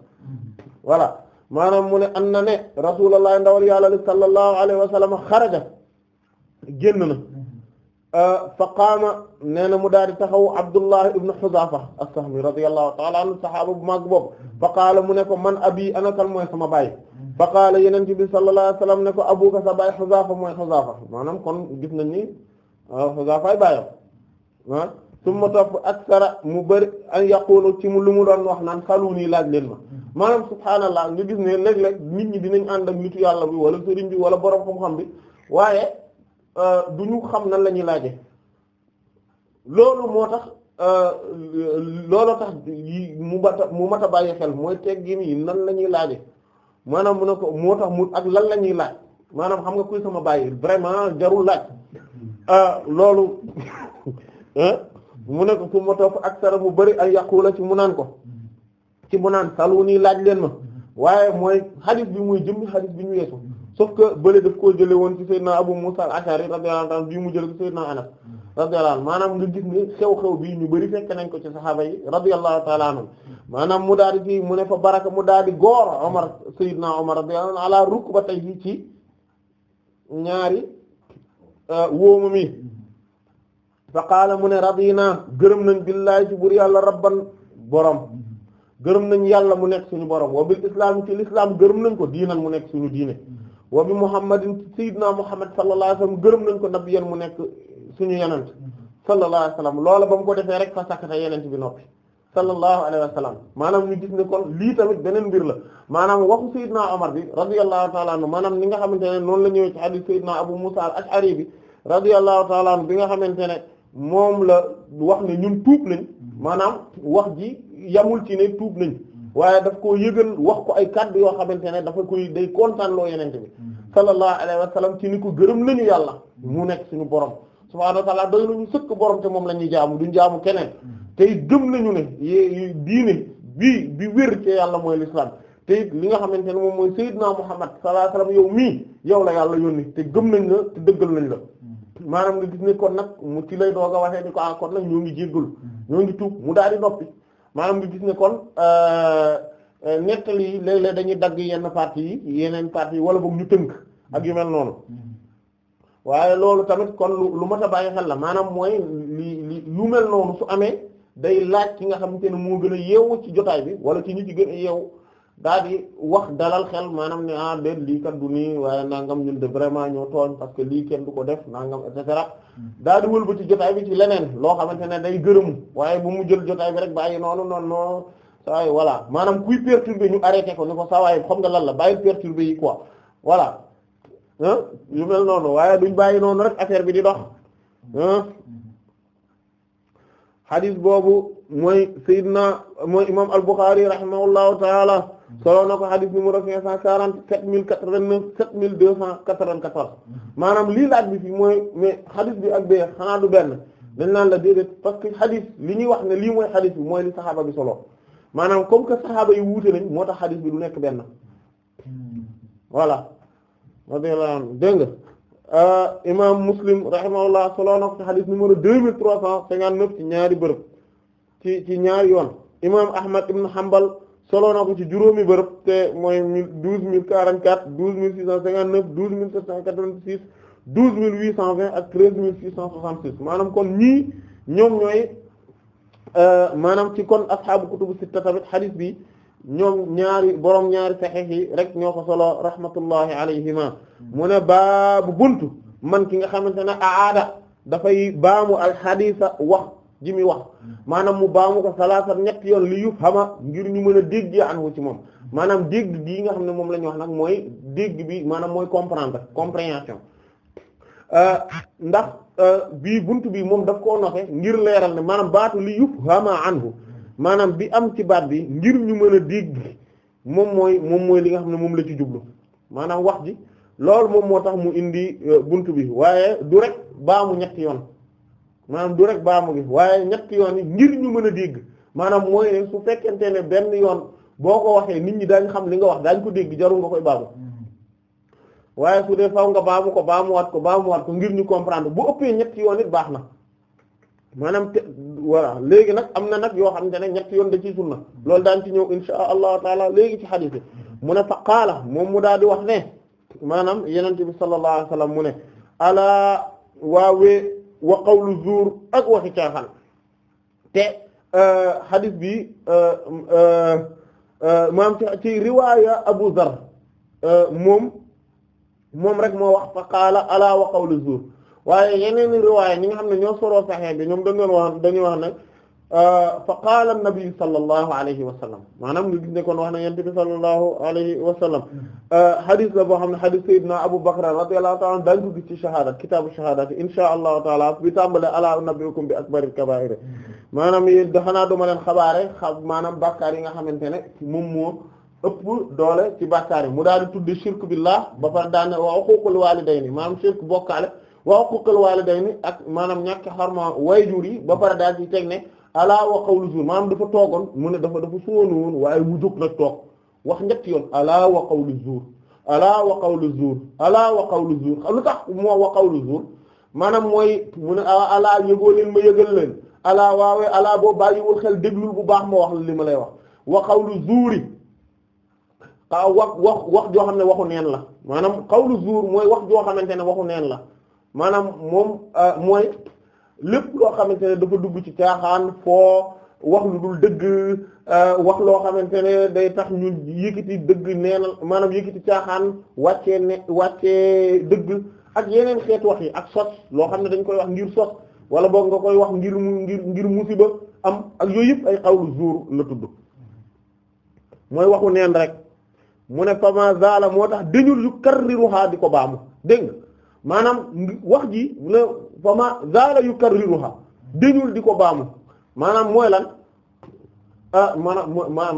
voilà maanaam mu ne anna ne rasulullah ndawal yàlla li sallallahu alayhi wa sallam xaraja génn na euh, fa qaama nee na mu daal di taxaw Abdullah ibn Huzafa as-Sahmi radiyallahu ta'ala anhu sahaaba bu mag boobu fa qaala mu ne ko man abi ana kan mooy sama baay fa qaala yenente bi sallallahu alayhi wasallam ne ko abuka sa baay xuzaafa mooy xuzaafa maanaam kon gis nañ ni ah, xuzaafaay baayam ah mu bëri an yaqulu lu mu doon wax naan xalu nii laaj leen ma maanaam subhaanallah nga gis ne léeg-léeg ñi dinañ ànd ak nitu yàlla bi wala sëriñ bi wala borom xam-xam bi waaye ah, du ñu xam nan la ñuy laaje loolu moo tax ah, looloo tax mu mata mu mat a bàyyi xel mooy teggin yi nan la ñuy laaje maanaam mu ne ko moo tax mu ak lan la ñuy laaj maanaam xam nga kuy sama bàyyi vraiment jarul laaj ah, loolu ah, mu ne ko ku ma topp ak sara mu bari ay yàqula ci mu naan ko ci mu naan salu nii laaj leen ma waaye mooy xadis bi muy jëm xadis bi ñu weesu sauf que bële daf koo jële woon ci Seydina Abu Musa al-Ash'ari radiyallahu anhu bii mu jël ci Seydina Anas radiyallahu maanaam nga gis ne xew-xew bii ñu bari fekk nañ ko ci saxaaba yi radiyallahu ta'ala maanaam mu daal di ci mu ne fa baraka mu daal di góor Omar Seydina Omar radiyallahu anhu ala rukbatayhi ci ñaari euh, wóomu mi fa qaala mu ne radina gërëm nañ billaahi ci buur yàlla rabban borom gërëm nañ yàlla mu nekk suñu borom wa bil islam ci l'islam gërëm nañ ko diinan mu nekk suñu diine wa bi muhammadin sayyidina muhammad sallallahu alayhi wasallam gërëm nañ ko nabiyyan mu nekk suñu yenent sallallahu alayhi wasallam loola ba mu ko defee rek fa sakata yenent bi noppi sallallahu alayhi wasallam maanaam ñu gis ne lii tamit beneen mbir la maanaam waxu sayyidina Umar bi radiyallahu ta'ala anhu maanaam ni nga xamante ne noonu la ñëwee ci hadith sayyidina Abu Musa al-Ash'ari bi radiyallahu ta'ala anhu bi nga xamante ne moom la wax ne ñun tuub nañ maanaam wax ji yamul ci ne tuub nañ waaye daf koo yëgal wax ko ay kàddu yoo xamante ne dafa koy day kontaan loo yenente bi mm-hmm. sallallahu alayhi wa sallam ci ni ko gërëm nañu yàlla mu nekk suñu borom subhaanahu wa ta'ala doy sëkk borom te moom la ñuy jaamu duñ jaamu keneen mm-hmm. tey gëm nañu ne y diine bii bi wér ci mooy l'islam te it li nga xamante ne moom mooy sayyidna Muhammad sallallahu alayhi wa sallam yow mii yow la yàlla yónni te gëm nañ la te dëggal nañ la mm-hmm. maanaam nga gis ne kon nag mu ci lay doog a waxee ni ko ah kon nag ñoo ngi jéggul ñoo ngi tuub mu daal di noppi maanaam bi gis ne kon euh, euh, nettali yi léeg dañuy dagg yenn parties yi yeneen parties yi wala boog ñu tënk ak yu mel noonu waaye loolu tamit kon lu lu mat a bàyyi xel la maanaam mooy li li lu mel noonu su amee day laaj ki nga xamante ne moo gën a yeewu ci jotaay bi wala ci ñi ci gën a yeewu daa di wax dalal xel maanaam ne ah déet lii kat waaye nangam ñun de vraiment ñoo tooñ parce que lii kenn du ko def nangam et cetera mm. daa di wëlbati jotaay bi ci leneen loo xamante ne day gërëmu waaye bu mu jël jotaay bi rek bàyyi noonu noonu noonu saa voilà maanaam kuy bi ñu arrêté ko ni ko saa waaye xam nga lan la bàyyi perturber yi quoi voilà yu mel noonu waaye duñ bàyyi noonu rek affaire bi di dox hadith boobu mooy Seydina mooy imam al-Bukhari rahimahullahu solo na ko xadis numéro cinq cent quarante sept mille quatre neuf sept mille deux cent quatre-vingt-quatorze maanaam lii laaj bi fi mooy mais xadis bi ak bee xanaa du benn la déedéet parce que xadis li ñuy wax ne lii mooy xadis bi mooy li saxaaba bi solo maanaam comme que saxaaba yi wuute nañ moo tax xadis bi du nekk benn voilà radiyallahu anhu dégg nga euh, imam Muslim rahimahullah solo na ko ci xadis deux mille trois cent cinquante-neuf ci ñaari bërëb ci ci ñaari yoon imam Ahmad ibn Hanbal solo na ko ci juróomi bërëb te mooy mille douze mille quarante quatre douze mille six cent cinquante neuf douze mille sept cent quatre vingt six douze mille huit cent vingt ak treize mille six cent soixante six maanaam kon ñii ñoom ñooy euh, maanaam ci kon ashaabu kutubu sitta tamit xadis bi ñoom ñaari borom ñaari saxiix yi rek ñoo ko solo rahmatullahi alayhima moo ne baabu buntu man ki nga xamante ne aada dafay baamu alxadisa wax ji muy wax maanaam mu baamu ko salaasan ñetti yoon li yu xama ngir ñu mën a dégg anhu ci moom maanaam dégg gii nga xam ne moom la ñu wax nag mooy dégg bi maanaam mooy comprendre compréhension euh, ndax euh, bii bunt bi moom daf koo noxe ngir leeral ne maanaam baatu li yu xama anhu maanaam bi am ci baat bi ngir ñu mën a dégg moom mooy moom mooy li nga xam ne moom la ci jublu maanaam wax ji loolu moom moo tax mu indi euh, bunt bi waaye du rek baamu ñetti yoon maanaam du rek baamu gi waaye ñetti yoon yi ngir ñu mën a dégg maanaam mooy ne su fekkente ne benn yoon boo ko waxee nit ñi daañ xam li nga wax daañ ko dégg jarul nga koy baamu mm-hmm. waaye su dee nga baamu ko baamuwaat ko baamuwaat ko ngir ñu comprendre bu ëppee ñetti yoon it baax na maanaam te léegi nag am na nag yoo xamante ne ñetti yoon da ciy sunna loolu daan ci ñëw insha allahu taala léegi ci xadiis mu ne fa qaala moom mu daal di wax ne maanaam yenente bi sallallahu alayhi wasallam mu ne alaa waawee wa qawlu zuur ak waxi caaxaan te euh, hadith bi euh, euh, maam ci riwaaya Abu Zar moom moom rek moo wax fa qaala alaa wa qawlu zuur waaye yeneen riwaaya ñi nga xam ne ñoo soroo saxee bi ñoom dañu doon wax dañuy wax na fa qaala an-nabi sallallahu alayhi wa maanaam nga gis ne kon wax na yonent bi alayhi wa sallam hadith la boo xam ne hadith sayyidina Abu Bakr radiyallahu ta'ala gis ci shahada kitaabu shahada insha allahu taala bi tàmbale ala unabbi'ukum bi akbaril kabaa'ir maanaam yéen dafanaa duma leen xabaare xam maanaam bàkkaar yi nga xamante ne moom moo ëpp doole ci bàkkaar yi mu daal di tudde shirk billah ba pare daan ne wa uquuqul waalidayni maanaam shirk bokkaale wa uquuqul waalidayni ak maanaam ñàkk ba pare daal ci teg alaa wa qawlu zuur maanaam dafa toogoon mu ne dafa dafa sóonu woon waaye mu jóg toog wax ñetti yoon alaa wa qawlu zuur alaa wa qawlu zuur alaa wa qawlu zuur lu tax moo wa qawlu maanaam mooy mu ne alaa yëgoo leen ma yëgal leen alaa waawee alaa boo bàyyiwul xel déglul bu baax ma wax li ma lay wax wa qawlu zuuri a wax wax joo xam ne waxu neen la maanaam qawlu zuur mooy wax joo xamante ne waxu neen la maanaam moom ah, mooy lépp loo xamante ne dafa dugg ci caaxaan foo wax lu dul dëgg euh, wax loo xamante ne day tax ñu yëkkati dëgg neenal maanaam yëkkati caaxaan wàcce ne wàcce dëgg ak yeneen xeetu wax yi ak sos loo xam ne dañ koy wax ngir sos wala boog nga koy wax ngir mu ngir ngir musiba am ak yooyu yëpp ay xawlu zuur la tudd mooy waxu neen rek mu ne fama zala moo tax dañul yu karriruha di ko baamu dégg nga maanaam wax ji la fa ma zaala yukarriruha dañul di ko baamu maanaam mooy lan a ah, maanaam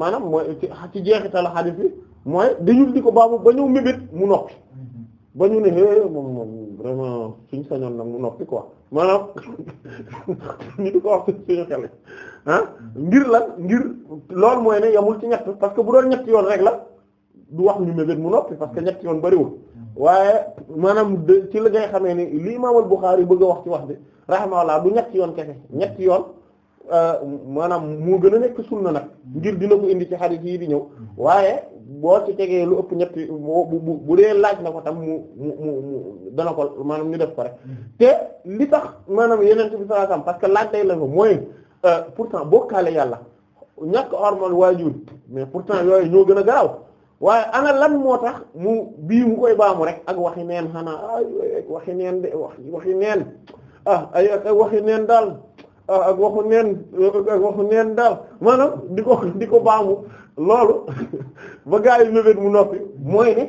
maanaam mooy ci jeexital xadiis bi mooy dañul di ko baamu ba ñëw mébét mu noppi ba ñu ne é moom moom vraiment suñ sañoon nag mu noppi quoi maanaam ñu di ko wax suñu xel ah ngir lan ngir loolu mooy ne yamul ci ñett parce que bu doon ñett yoon rek la du wax nu mébét mu noppi parce que ñett yoon bariwul waaye maanaam de ci la ngay xamee ni li imaam al-Bukhari bëgg a wax ci wax bi rahimahullah du ñett yoon kese ñett yoon euh, maanaam moo gën a nekk sunna nag ngir dina ko indi ci hadith yi di ñëw waaye boo ci tegee lu ëpp ñetti bu bu dee laaj na ko tam mu mu mu dana ko maanaam ñu def ko rek mm-hmm. te li tax maanaam yeneen bi sallallahu alayhi parce que laaj day la ko mooy euh, pourtant bokkaale yàlla ñàkk ormal waajur mais pourtant yooyu ñoo gën a garaw waaye ana lan moo tax mu bii mu koy baamu rek ak waxi neen xanaa ay waxi neen de wax waxi neen ah ay ak waxi neen daal ah, ak waxu neen ak waxu neen daal maanaam di ko di ko baamu loolu ba gaa yi mébét mu noppi mooy ne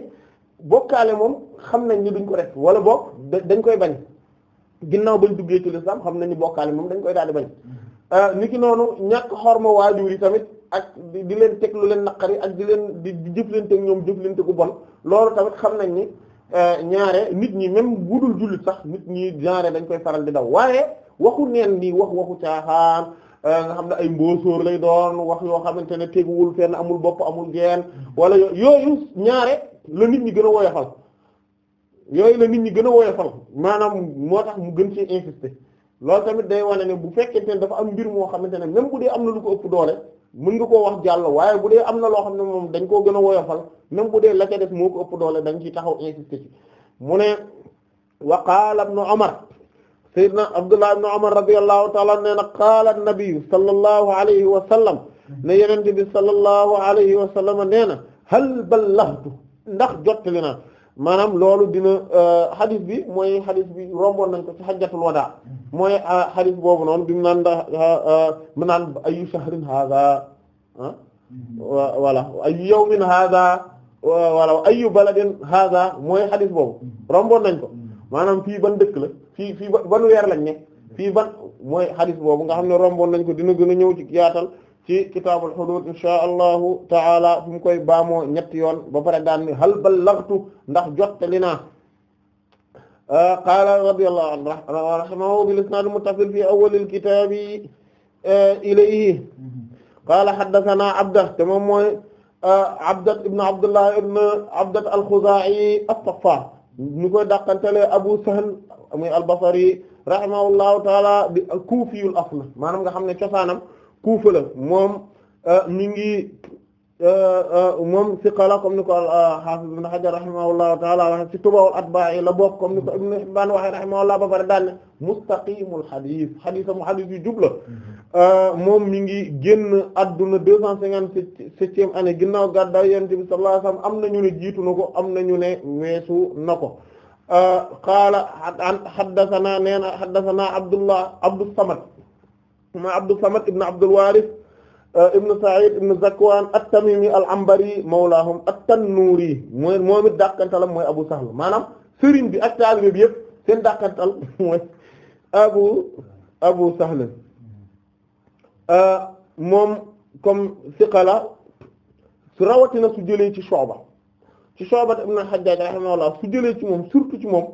bokkaale moom xam nañ ni duñ ko def wala boog dañ koy bañ ginnaaw bañ duggee ci lislaam xam nañ ni bokkaale moom dañ koy daal bañ Euh, niki noonu ñàkk xorma waajur yi tamit ak di leen teg lu leen ak di di jëflante ak ñoom jëflante gu bon loolu tamit xam nañ ni euh, ñaare nit ñi même budul jullit sax nit ñi genre dañ koy faral di daw waaye waxu neen di wax waxu caaxaan euh, nga xam ne ay mbóosóor lay doon wax yoo xamante ne teguwul fenn amul bopp amul geen wala yooyu ñaare la nit ñi gën a woyofal yooyu la nit ñi gën a woyofal maanaam moo tax mu gën ci insister loolu tamit day wane ne bu fekkee ne dafa am mbir moo xamante ne même bu dee am na lu ko ëpp doole mun nga ko wax jàll waaye bu dee am na loo xam ne moom dañ koo gën a woyofal même bu dee la ca def moo ëpp doole dañ ciy taxaw insister ci mu ne wa qaala ibnu Umar sayyidna Abdullah ibnu Umar radiyallahu ta'ala nee na qaala an-nabi sallallahu alayhi wa sallam ne yenente bi sallallahu alayhi wa sallam nee na hal ballahtu ndax jottali na maanaam loolu dina xadis euh, bi mooy xadis bi romboon nañ ko ci xajjatul wadaa mooy xadis euh, boobu noonu bi mu naan da euh, naan ayu shahrin hada ah voilà ayu yawmin hada voilà ayu baladin hada mooy xadis boobu romboon nañ ko maanaam fii ban dëkk la fii fii ban weer lañ ne fii ban mooy xadis boobu nga xam ne romboon nañ ko dina gën a ñëw ci yaatal ci kitaabul xuduud inshaa allahu taala fu mu koy baamoo ñetti yoon ba pare daan ni hal ballaghtu ndax jottali naa euh, qaala radiyallahu anhu rahimahu bil isnaad muttasil fi awwalil kitaabi euh, ilayhi qaala haddasanaa Abda te moom mooy euh, Abda ibn Abdullah ibn Abda al-Khuzaa'i as-Saffaa ñu koy dàqantele Abu Sahl muy al-Basri rahimahullahu taala di kuufiyul asl maanaam nga xam ne cosaanam. Kuufa la moom euh, mi ngi euh, euh, moom siqa la comme ni ko al-Hafiz ibn Hajar rahimahullahu ta'ala waxe ci tubaawul atbaa'i la bokk comme ni ko Ibn Hibbaan waxe rahimahullah ba pare daan ne mustaqimul xadiis xadiisam xadiis yu jub mm-hmm. moom mi ngi génn adduna deux cent cinquante-septième année ginnaaw gàddaay Yonent bi sallallahu alayhi wa am na ñu ne jiitu na ko am na ñu ne weesu na ko qaala an haddasanaa nee na haddasanaa Abdullah Abdus Samad ma Abdou Samad ibn Abdul Waaris euh, ibn Sa'id ibn Zakwan at-Tamimi al-Anbari mawlahum at-Tannuuri mooy moom it dàkkantalam mooy Abu Sahl maanaam sëriñ bi ak taalibe bi yëpp seen dàkkantal mooy Abu Abu Sahl euh, moom comme siqala su rawatina su jëlee ci Shu'ba ci Shu'ba ibn al-Hajjaj rahimahullah su jëlee ci moom surtout ci moom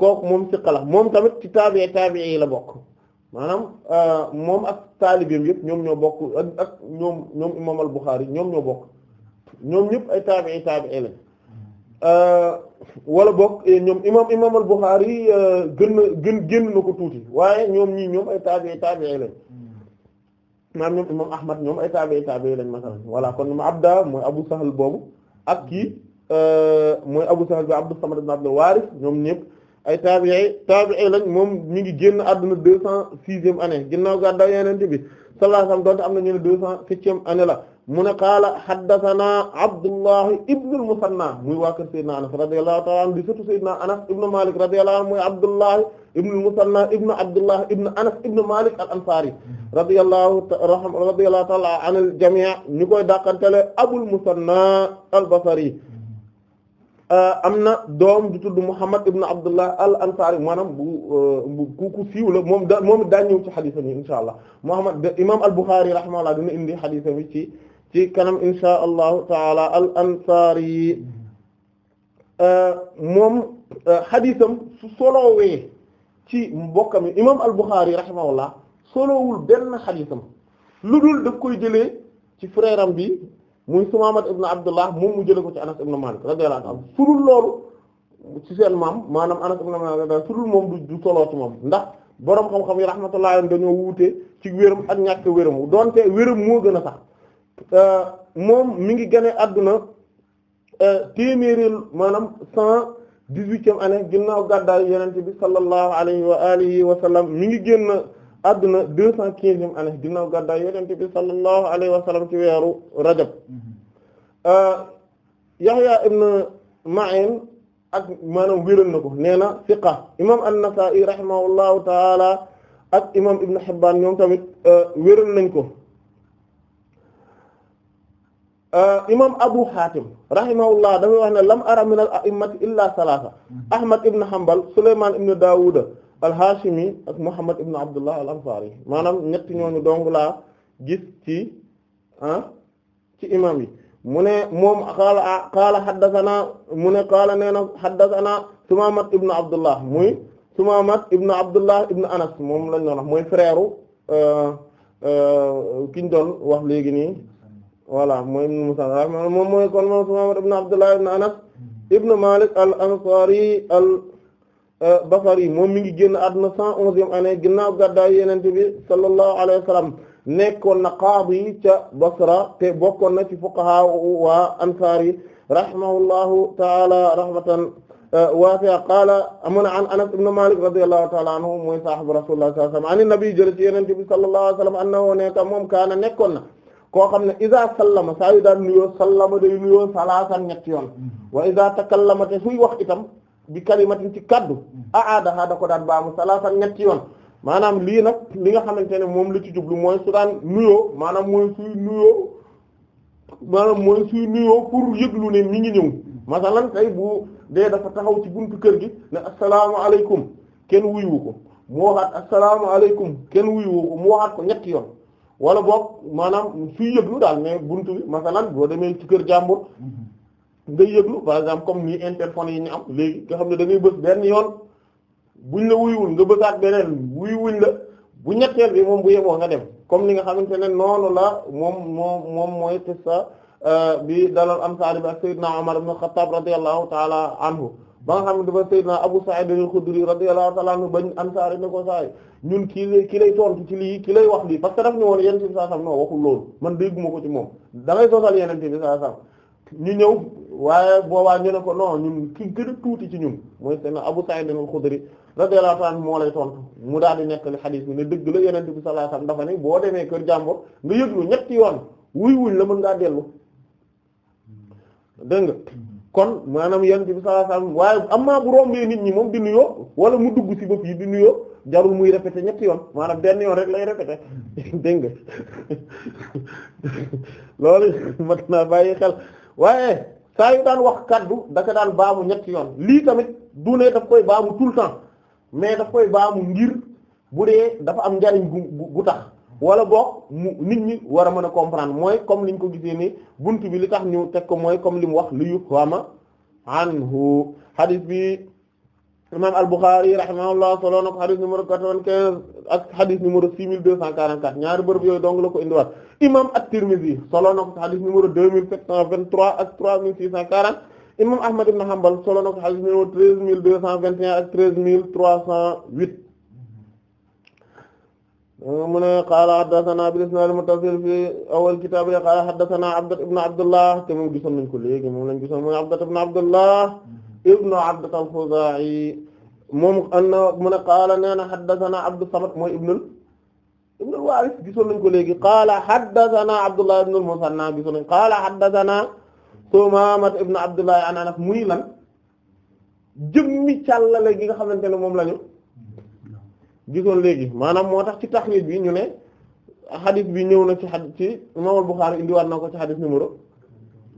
kooku moom siqala moom tamit ci taabi'i taabi'i la bokk maanaam euh, moom ak taalibeem yëpp ñoom ñoo bokk ak ak ñoom ñoom imam al-Bukhari ñoom ñoo bokk ñoom ñëpp ay taabi'i taabi'i lañ euh, wala bokk eh, ñoom imam imam al-Bukhari euh, gën na gën génn na ko tuuti waaye ñoom ñii ñoom ay taabi'i taabi'i lañ maanaam ñoom imam Ahmad ñoom ay taabi'i taabi'i lañ masalan voilà kon ma Abda mooy Abu Sahl boobu ak kii mooy Abu Sahl bi Abdus Samad ibn Abdul Waris ñoom ñëpp ay taabi'i taabi'i lañ moom mi ngi génn àdduna deux cent sixième année ginnaaw gàddaay Yonent bi sallallahu alayhi wa am na ñu ne deux cent septième année la mu ne qaala haddathana Abdullahi ibn al-Musanna muy waa kër Seydina Anas radiyallahu ta'ala anhu di surtout Seydina Anas ibn Malik radiyallahu anhu muy Abdullahi ibn al-Musanna ibn Abdullahi ibn Anas ibn Malik al-Ansari radiyallahu radiyallahu ta'ala anil jami' ñu koy dàqantele Abul Musanna al-Basri Euh, am na doom ju tudd Muhammad ibn Abdullah al maanaam euh, bu ku ku siiw la moom da moom ci xadisam yi insha allah Muhammad imam al Bukhari rahimahullah dina indi xadisam yi ci ci kanam insha allahu taala al Ansari euh, moom xadisam su ci mbokkam yi imam solowul benn xadisam lu dul daf koy jëlee ci frère bi muy Sumaamat ibn Abdullah moom mu jële ko ci Anas ibn Malik radiyallahu anhu su dul loolu ci seen maam maanaam Anas ibn Malik su dul moom du du tolloo ci moom ndax boroom xam-xam yi rahmatullahi dañoo wuute ci wéram ak ñàkk wéram donte wéram moo gën a sax euh, moom mi ngi gane adduna euh, téeméeri maanaam cent dix-huitième année ginnaaw gàddaay Yonent bi sallallahu alayhi wa alihi wa sallam mi ngi génn. adduna deux cent quinzième année ginnaaw gàddaay yonent alayhi wa ci weeru rajab mm-hmm. euh, Yahya ibn Ma'in ak maanaam wéral na ko nee na siqa imam an-Nasa'i rahimahullahu taala ak imam Ibn Hibban ñoom tamit euh, wéral nañ ko euh, imam Abu Hatim rahimahullah dafay wax ne lam ara min al a'immati mm-hmm. Ahmad ibn Hanbal Sulayman ibn Dawud al-Hashimi ak Muhammad ibn Abdullah al-Ansari maanaam ñett ñooñu dong laa ci ah ci imam yi mu ne moom ne qaala nee na haddathana Sumamat ibn Abdullah muy Sumamat ibn Abdullah ibn Anas moom lañ doon wax mooy frère euh, euh, ki ñu doon wax nii voilà mooy Abdullah ibn Anas ibn Malik al-Ansari al Euh, Basri moom mi ngi génn àdduna cent onzième année ginnaaw gàddaay Yonent bi sallallahu alayhi wa sallam nekkoon na qaadi ca Basra te bokkoon na ci fuqaha waa Ansaar yi rahimahullahu ta'ala rahmatan euh, waasi'a qaala amoon an Anas ibn Malik radiyallahu ta'ala anhu mooy saahibu Rasulullah sallallahu alayhi wa sallam ani nabi jële ci Yonent bi sallallahu alayhi wa sallam annahu nekka moom kaana nekkoon na koo xam ne isa sallama saa yu daan nuyoo sallama day nuyoo salaasan ñetti yoon wa isa takallama te suy wax itam bi kalimatin ci kaddu hmm. aadaha da ko daan baamu salaasan ñetti yoon maanaam lii nag li nga xamante ne moom la ci jublu mooy su nuyoo maanaam mooy suy nuyoo maanaam mooy suy nuyoo pour yëglu ne mi ngi ñëw hmm. masalan tey bu dee dafa taxaw ci buntu kër gi ne assalaamu alaykum kenn wuyuwu ko mu waxaat assalaamu alaykum kenn wuyuwu ko mu waxaat ko ñetti yoon wala boog maanaam suy yëglu daal ne buntu bi masalan demee ci kër jàmbur hmm. ngay yëglu par exemple comme ni interphone yi ñu am léegi nga xam ne da ngay bës benn yoon buñ la wuyuwul nga bësaat beneen wuñ la bu ñetteel bi moom bu yemoo nga dem comme ni nga xamante ne noonu la moom moom moom mooy qissa euh, bi dalal ansaari bi ak sayyidna Umar ibn Khattab radiyallahu ta'ala anhu ba nga xam ne dafa sayyidna Abu Sa'id al-Khudri radiyallahu ta'ala anhu bañ ansaari ne ko saay ñun kii lay kii lay tontu ci lii kii lay wax lii parce que daf ñu woon yeneen ci saa sam non waxul loolu man dégguma ko ci moom da ngay soosal yeneen ñëw waaye boobaa ñu ne ko non ñun ki gën tuuti ci ñun mooy seen Abu Sa'id al-Khudri la anhu moo lay tontu mu daal di nekkali xadiis bi ne dëgg la Yonent di sallallahu alayhi wasallam dafa ne boo demee kër jàmbur nga yëglu ñetti yoon wuy wuñ la mën ngaa dellu dégg nga kon maanaam Yonent bi sallallahu alayhi wasallam waaye amaa bu rombee nit ñi moom di nuyoo wala mu dugg ci bopp yi di nuyoo jarul muy répété ñetti yoon maanaam denn yoon rek lay répété dégg nga loolu mat naa bàyyi saa yu daan wax kaddu dafa daan baamu ñett yoon lii tamit du ne daf koy baamu tout le temps mais daf koy baamu ngir bu dee dafa am njariñ gu gu tax wala boog mu nit ñi war a mën a comprendre mooy comme liñ ko gisee nii bunt bi li tax ñu teg ko mooy comme li mu wax li yu xama anhu hadith bi imam al-Bukhari rahimahullah solo na ko xadis numéro quatre-vingt-quinze ak xadis numéro six mille deux cent quarante-quatre ñaari bërëb yooyu dong la ko indiwaat imam at-Tirmidhi solo na ko xadis numéro deux mille sept cent vingt-trois ak trois mille six cent quarante imam Ahmad ibn Hanbal solo na ko xadis numéro treize mille deux cent vingt et un ak treize mille trois cent huit euh, mu ne qaala haddathana bil-isnaad al-muttasil fii awwal kitaab qaala haddathana Abd ibn Abdullah ko léegi moom lañ gisoon mooy ibnu Abd al-Khuzaa'i moom anna mu ne qaala nee na haddathana Abdus Samad mooy ibnul ibnul Waaris gisoon nañ ko léegi qaala haddathana Abdullah ibnul Musanna gisoon nañ qaala haddathana Sumaamah ibnu Abdullah an Anas muy lan jëmmi càllale gi nga xamante ne moom lañu gisoon léegi maanaam moo tax ci taxriij bi ñu ne xadis bi ñëw na ci xadis ci Imaam Buxaari indiwaat na ko ci xadis numéro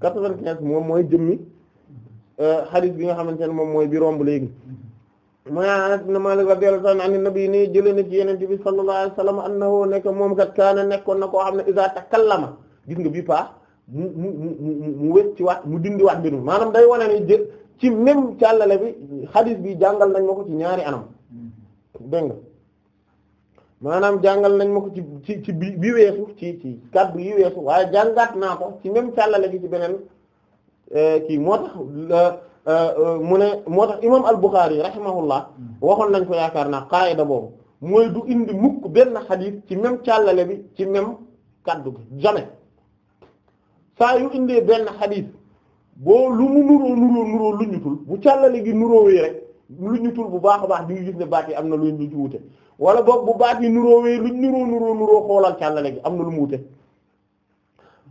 quatre vingt moom mooy jëmmi xadis euh, bi nga xamante ne moom mooy bi romb léegi mooy Anas ibn Malik radiyallahu anhu an nabi nii jëlee na ci yenente bi sallallahu alayhi wasallam annahu nekk moom ka kaana nekkoon na ko xam ne iza takallama gis nga bi paax mu mu mu mu wét ci waat mu dindi waat mbir mi maanaam day wane jël ci même càllale bi xadis bi jàngal nañ ma ko ci ñaari anam dégg maanaam jàngal nañ ma ko ci ci ci bi weesu ci ci kàddu yi weesu waaye jàngaat naa ko ci même càllale bi ci beneen Eh, kii moo tax eh, eh, mu ne moo tax imam al-Bukhari rahimahullah waxoon nañ ko yaakaar naa qaayida boobu mooy du indi mukk benn xadis ci même càllale bi ci même kaddu gi jamais saa yu indee benn xadis boo lu mu nuroo nuroo nuroo lu ñutul bu càllale gi nuróowee rek lu ñu ñutul bu baax a baax di nga gis ne baat yi am na lu ñu wute wala boog bu baat yi nuróowee luñ nuroo nuroo nuroo xoolal càllale gi am na lu mu wute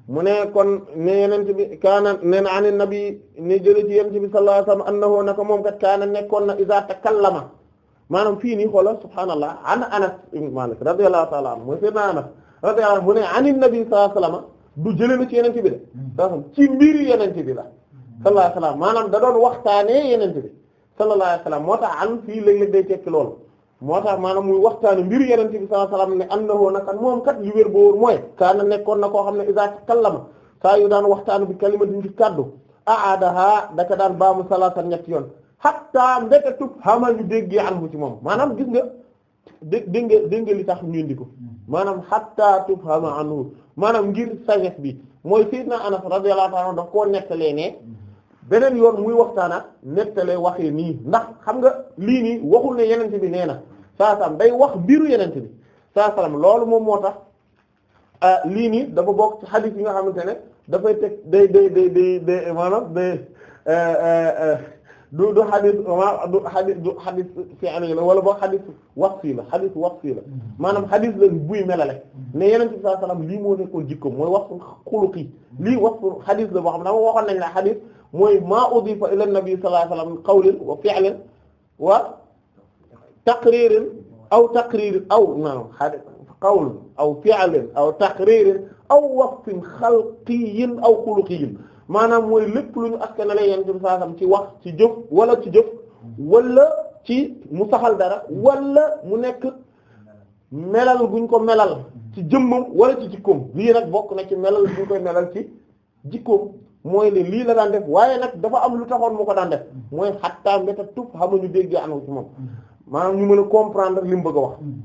mu ne kon ne yenent bi kaana ne na an nabi ne jële ci yenent bi sallallahu alayhi wasallam annahu naka moom kat kaana nekkoon na iza takallama maanaam fii nii xoola subhaanallah an anas ibn malik radiyallahu ta'ala anhu mooy sayyidina anas radiyallahu anhu bu ne an nabi sallallahu alayhi wasallam du jële na ci yenent bi de hmm. sallallahu ci mbiri yenent bi la sallallahu alayhi wasallam maanaam da doon waxtaane yenent bi sallallahu alayhi wasallam moo tax an fii léeg-léeg day tekki loolu moo tax maanaam muy waxtaane mbiru yeneen bi sallallahu alayhi wasallam ne annahu naka moom kat li wér boo wóor mooy kaana nekkoon na ko xam ne iza kallama saa yu daan waxtaan bi kalimatin ci kaddu aadaha daka daan baamu salaatan ñetti yoon hatta mbéta tub xamal ñu déggee an bu ci moom maanaam gis nga dé dégg li tax ñu indi ko maanaam hatta tub xama anhu maanaam ngir sagesse bi mooy sayyidna Anas radiyallahu ta'ala daf ko nettalee ne beneen yoon muy waxtaan ak nettalee waxee nii ndax xam nga lii nii waxul ne bi nee na saa salaam day wax mbiru yenente bi saa salaam loolu moom moo tax ah, lii nii dafa bokk ci xadiis yi nga xamante ne dafay teg day day day day day maanaam day eh, eh, eh, du du xadis ma du xadis du xadis fi'li la wala boo xadis wasfi la xadis wasfi la maanaam xadis la buy melale ne yeneen bi sallallahu alayhi wasallam lii moo nekkoon jikkoom mooy wasfu xuluqi lii wasfu xadis la boo xam ne dama waxoon nañ la xadis mooy maa udifa ila nabi sallallahu alayhi wasallam qawlin wa fi'lin wa taqriirin aw taqriirin aw maanaam qawl aw fi'lin aw taqriirin aw wasfin xalqiyyin aw xuluqiyyin maanaam mooy lépp lu ñu askanale yonent bi saasam ci wax ci jëf wala ci jëf walla ci mu saxal dara wala mu nekk melal guñ ko melal ci jëmmam wala ci jikkoom lii nag bokk na ci melal buñ koy melal ci jikkoom mooy ne lii la daan def waaye nag dafa am lu taxoon mu ko daan def mooy xattaa mbéta tub xamañu déggee anu ci moom maanaam ñu mën a comprendre li mu bëgg a wax hmm.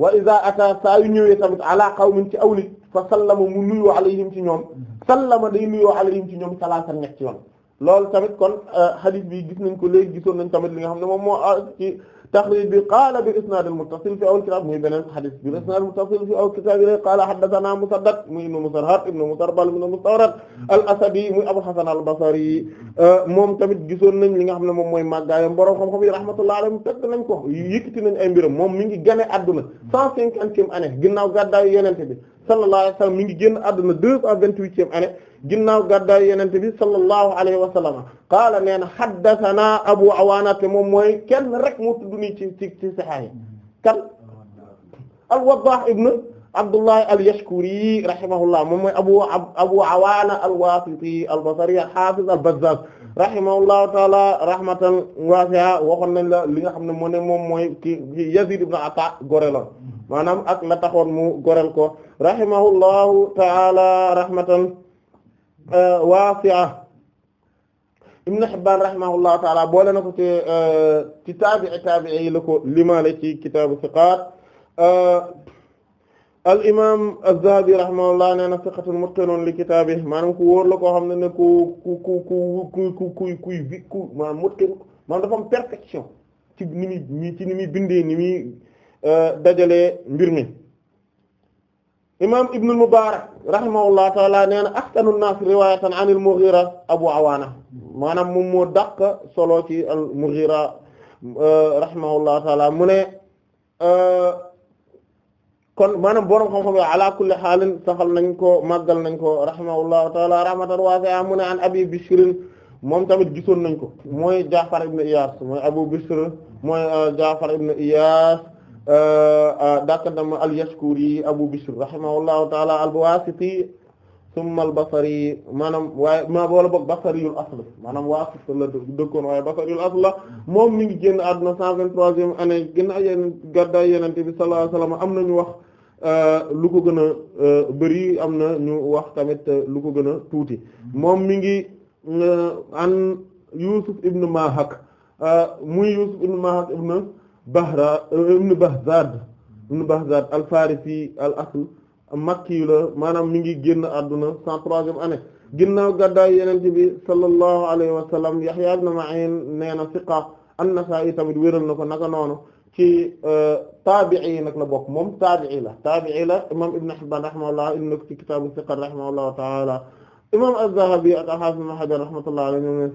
wa iza ata saa yu ñëwee tamit ala qawmin ci aw nit fa sallama mu nuyoo alayhim ci ñoom hmm. sallama day nuyoo alayhim ci ñoom salaasan ñett yoon loolu tamit kon euh, hadith bi gis nañ ko léegi gisoon nañ tamit li nga xam ne moom moo ah, ci taxrij bi qaala bi isnaad al muttasil fi awal kitaab muy beneen hadith bi isnaad al muttasil fi awal kitaab yi qaala haddathanaa Musaddad muy ibnu Musarhad ibnu Musarbal ibnu Mustawrad al asadi muy Abul Hasan al euh, moom tamit gisoon nañ li nga xam ne moom mooy màggaayam borom xam-xam yi rahmatullahi alayhim teg nañ ko yëkkati nañ ay mbiram moom mi ngi gane adduna cent cinquantième année ginnaaw gàddaayu Yonent bi sallallahu alayhi wa sallam mi ngi génn ginnaaw gàddaay yenente bi sallallahu alayhi wa sallam qaala nee na haddathana abu awaana te moom mooy kenn rek moo tudd nii ci ci ci saxaayi kan al-waddah ibn abdullah al-yashkuri rahimahullah moom mooy abu abu awaana al-wasiti al-basri al-hafiz al-bazzaz rahimahullahu taala rahmatan wasi'a waxoon nañ la li nga xam ne mu ne moom mooy ki yazid ibn ata goreloon maanaam ak la taxoon mu gorel ko rahimahullahu taala rahmatan wasi'a Ibn Hibbaan rahimahullahu ta'ala boole na ko ci ci taabi'i taabi'i yi la ko limaale ci kitaabu siqaat al imaam az-Zahabi rahimahullah nee na siqatun mutqinun li kitaabihi maanaam ku wóor la koo xam ne ne ku ku ku ku ku kuy kuy bi ku maanaam mutqin maanaam dafa am perfection ci ni muy ci ni muy bindee ni muy dajalee mbir mi. imam Ibn al-Mubarak rahimahullah taala nee na ahsanu an Abu Awana maanaam moom moo dàq solo ci al-Mughira euh, rahimahullah taala mu ne euh, kon maanaam borom xam-xam yo ala kulli haalin saxal nañ ko màggal nañ ko rahimahullahu taala rahmatan wasi'a mu ne an Abi Bishr moom tamit gisoon nañ ko mooy Jaafar ibn Iyas mooy Abu Bishr mooy euh, Jaafar ibn Iyas Euh, euh, dakantam al-Yashkuri Abu Bishr rahimahullahu ta'ala al-Wasiti thumma al-Basri maanaam waaye ma wala boog basariyul asl maanaam Wasit la dëkkoon waaye basariyul asl la moom mi ngi génn àdduna cent vingt-troisième année ginnaaw yenen gàddaay Yonent bi sallallahu alayhi wa sallam am nañu wax euh, lu ko gën a bëri am na ñu wax tamit lu ko gën a tuuti moom mi ngi an Yusuf ibn Mahak muy Yusuf ibn Mahak ibn Bahra euh, ibn Bahzad ibn Bahzad al-Farisi al-asl makki la maanaam mi ngi génn àdduna cent troisième année ginnaaw gàddaay yenente bi sallallahu alayhi wa sallam Yahya ibn Ma'in nee na siqa an-Nasa'i tamit wéral na ko naka noonu ci euh, taabi'i yi nag la bokk moom taabi'i la taabi'i la imam Ibn Hibban rahimahullah inna ko ci kitaabu siqa rahimahullahu ta'ala imam az-Zahabi ak al-Hafiz Ibn Hajar rahmatullahi alayhi ñoom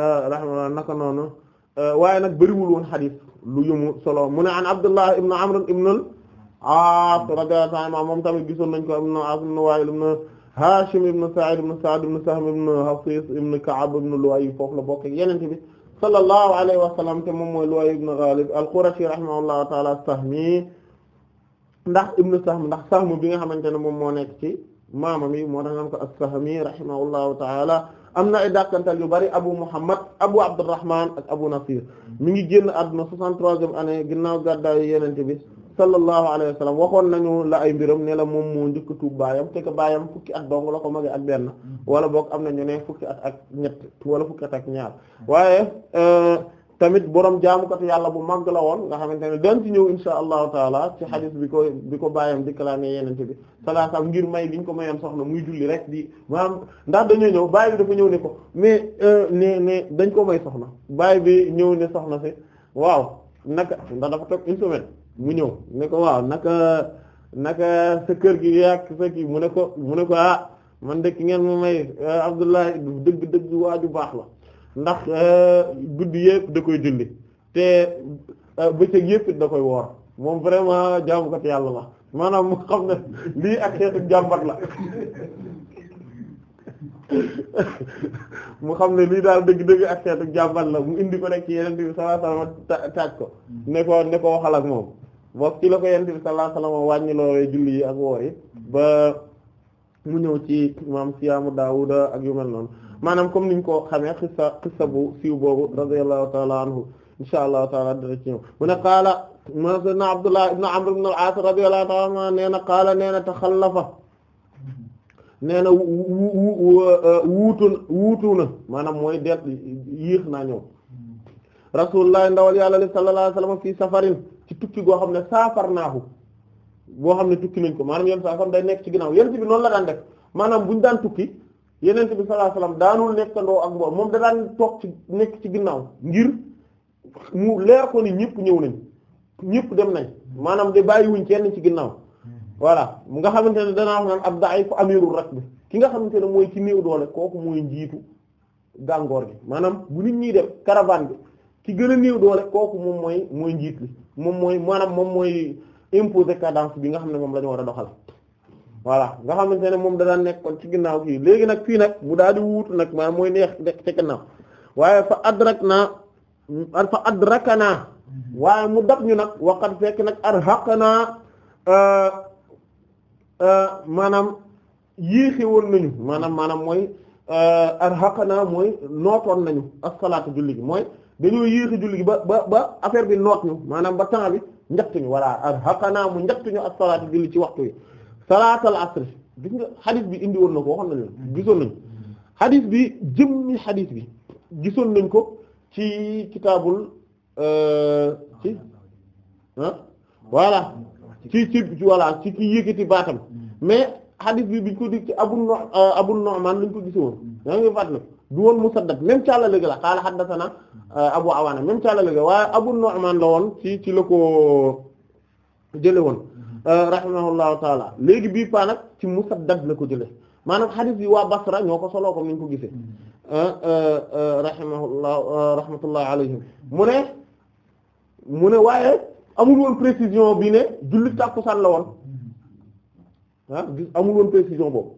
euh, noonu Euh, waaye nag bëriwul woon xadis lu yëmu solo mu ne an Abdullah ibn Amr ibn al-As radiyallahu anhu moom tamit gisoon nañ ko ibn As ibn Wa'il ibn Hashim ibn Sa'id ibn Sa'd ibn Sahm ibn Hafiz ibn Ka'b ibn Lu'ay foofu la bokk ak yeneen bi sallallahu alayhi wa sallam te moom mooy Lu'ay ibn Ghalib al-Qurashi rahimahullahu ta'ala Sahmi ndax ibn Sahm ndax Sahm bi nga xamante ne moom moo nekk ci maamam yi moo tax naan ko as-Sahmi rahimahullahu ta'ala am na ay dàkkantal yu bari abu muhammad abu abdurrahman ak abu nasir mu ngi génn àdduna 63e année ginnaaw gàddaayu yenente bi sallallahu alayhi wa sallam waxoon nañu la ay mbiram neela moom mu njëkk tuub baayam te baayam fukki at dong la ko mage ak benn wala boog am na ñu ne fukki ak ñett wala fukki at ak ñaar waaye euh, tamit borom jaamukatu yàlla bu mag la woon nga xamante ne dañ ci ñëw insha allahu taala ci xadis bi ko bi ko bàyyam dikalaane yenente bi sallallahu alayhi ngir may liñ ko mayoon soxna muy julli rek di maanaam ndax dañoo ñëw baay bi dafa ñëw ne ko mais euh, ne ne dañ ko may soxna baay bi ñëw ne soxna si waaw naka ndax dafa toog mu ñëw ne ko waaw naka naka sa kër gi yàq sa kii mu ne ko mu ne ko ah man de ngeen mu may euh, Abdullah dëgg dëgg waaju baax la ndax euh, guddi yëpp da koy julli te euh, bëccëg yëpp da koy woor moom vraiment jaamukat yàlla la maanaam mu xam ne lii ak xeetu jàmbat la mu xam ne lii daal dëgg-dëgg ak jàmbat la mu indi ko rek ci yeneen bi sallallahu alayhi wasallam ta taaj ko ne ko ne ko waxal ak moom bokk ci la ko yeneen bi sallallahu alayhi wasallam wàññi loowee julli ak woor yi ba mu ñëw ci maam siyaamu Daawuda ak yu noonu maanaam comme niñ ko xamee xissa xissa bu siiw boobu radiyallahu taala anhu insha allahu taala dara ci ñëw mu ne qaala ma sayyidna Abdullah ibn Amr ibn al-As radiyallahu taala nee na qaala nee na taxallafa nee na wuutu na maanaam mooy delt yéex naa ñëw rasulullah ndawal yàlla li sallallahu alayhi wasallam fii safarin ci tukki goo xam ne saafar naahu boo xam ne tukki nañ ko maanaam yéen saa xam day nekk ci ginnaaw yéen si bi noonu la daan def maanaam buñu daan tukki yeneen bi sallallahu alayhi wasallam daanul nekkandoo ak mbool moom danaa daan toog ci nekk ci ginnaaw ngir mu leer ko ni ñëpp ñëw nañ ñëpp dem nañ maanaam de bàyyiwuñ kenn ci ginnaaw voilà nga xamante ne danaa wax naan ab da'if amirul rakb ki nga xamante ne mooy ci néew doole kooku mooy njiitu gàngoor gi maanaam bu nit ñi dem caravane bi ki gën a kooku moom mooy mooy njiit li moom mooy maanaam moom mooy imposer cadence bi nga xam ne moom la war a doxal voilà nga xamante ne moom da daan nekkoon ci ginnaaw kii léegi nag fii nag mu daal di nag maanaam mooy neex ci ginnaaw waaye fa adrak naa fa mu dab ñu nag waqat fekk nag arhaq naa euh, euh, maanaam yéexi woon nañu maanaam maanaam mooy euh, arhaq naa mooy nootoon nañu as-salaatu julli gi mooy dañu yéexi julli gi ba ba ba affaire bi noot ñu maanaam ba temps bi njëkk ñu voilà arhaq naa mu njëkk ñu as-salaatu julli ci waxtu yi salaatal asri gis nga xadis bi indi woon na ko waxoon nañu gisoon nañu xadis bi jëmmi xadis bi gisoon nañ ko ci kitaabul euh, ci ah voilà ci ci voilà ci ki yëkkati baatam mais xadis bi biñ ko di ci abu no euh, abu nu'man lañ ko gisoon yaa ngi fàttali du woon musaddad même càlla léegi la xaala xaddasana euh, abu awaana même càlla léegi waaye abu nu'man la woon ci ci la ko jële woon Euh, rahimahullahu taala léegi bii paa nag ci musaddad la ko jëlee maanaam hadith bi waa Basra ñoo ko soloo comme ni ñu ko gisee euh, euh, rahimahullahu rahmatullahi alayhim mu ne mu ne waaye amul woon précision bi ne julli tàkkusaan la woon ah gis amul woon précision boobu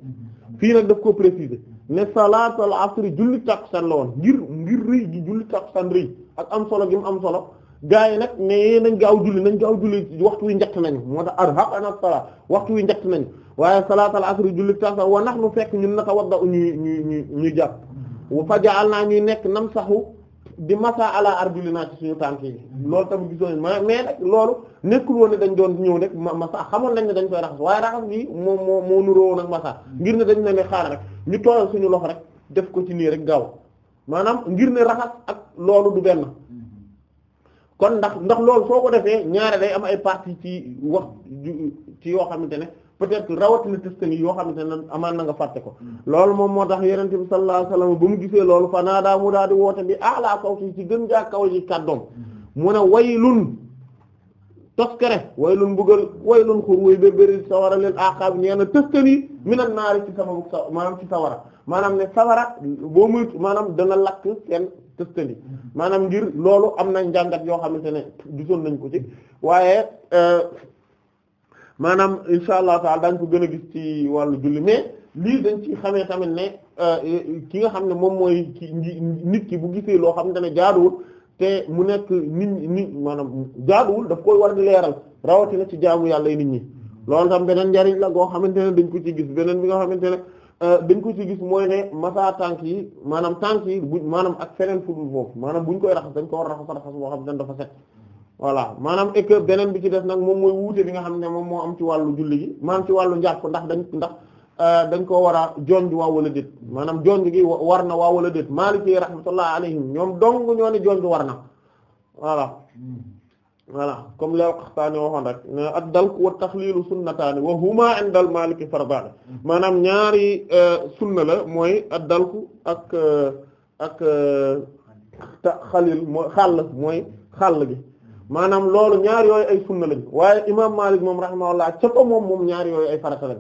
fii nag daf koo préciser ne salaatul asri julli tàkkusaan la woon ngir ngir rëy gi julli tàkkusaan rëy ak am solo gi mu am solo gaa yi nag ne yee nañ gaaw julli nañ gaaw julli waxtu wi njëkk nañu moo tax arhaqana salaa waxtu wi njëkk nañu waaye salaatal asri julli tasa wa nax nu fekk ñun naka wadda ñuy ñuy ñuy ñuy jàpp fa jaal naa ñuy nekk nam saxu di masa ala arjuli naa ci suñu tànk yi loolu tamit gisoon ma mais nag loolu nekkul woon ne dañ doon ñëw rek masa xamoon nañ ne dañ koy raxas waaye raxas gi moom moo moo nuróo nag masa ngir ne dañ ne ne xaar rek ñu tooyal suñu loxo rek def ko ci nii rek gaaw maanaam ngir ne raxas ak loolu du benn kon ndax ndax loolu soo ko defee ñaare day am ay partie ci wax ci yoo xamante ne peut-être rawatina testani yoo xamante ne amaan na nga fàtte ko hmm. loolu moom moo tax yenente bi sallallahu alayhi wasallam ba mu gisee loolu fa naa daa mu daa di woote bi ala kaw ci ci gën jaa kaw ci kàddoom hmm. mu ne waylun toskere waylun buggal waylun xur way bébéri sawara leen aqab ñee na testani minan naari ci sama maanaam ci sawara maanaam ne sawara boo muy maanaam dana lakk seen tëftali maanaam ngir loolu am na njàngat yoo xamante ne gisoon nañ ko ci waaye euh, maanaam insha allah taala dañ ko gën a gis ci wàllu julli mais lii dañ ci xamee tamit ne euh, ki nga xam ne moom mooy ki nit ki bu gisee loo xamante ne jaaduwul te mu nekk nit ñi maanaam jaaduwul daf koy war di leeral rawatina ci jaamu yàlla nit ñi loolu tam beneen njariñ la goo xamante ne dañ ko ci gis beneen bi nga xamante ne Euh, dañ ko ci gis mooy ne masa tànk yi maanaam tànk yi bu maanaam ak feneen fudul foofu maanaam buñ koy raxas dañ ko war a raxas raxas boo xam ne dafa set voilà maanaam et que beneen bi ci des nag moom mooy wuute bi nga xam ne moom moo am ci wàllu julli gi maanaam ci wàllu njàpp ndax dañ ndax euh, dañ ko war a jonj waa wala déet maanaam jonj gi war na waa wala déet Maliki rahmatullah alayhim ñoom dong ñoo ne jonj war na voilà hmm. voilà comme li al-Qaxtaani waxoon rek ad dalku wa taxliilu sunnataani wa huma inda maaliki fardaani maanaam ñaari euh, sunna la mooy ad dalku ak euh, ak euh, ta xalil mooy xal mooy xàll gi maanaam loolu ñaari yooyu ay sunna lañ waaye imaam Maalik moom rahimahullah ca ko moom moom ñaar yooyu ay farata lañ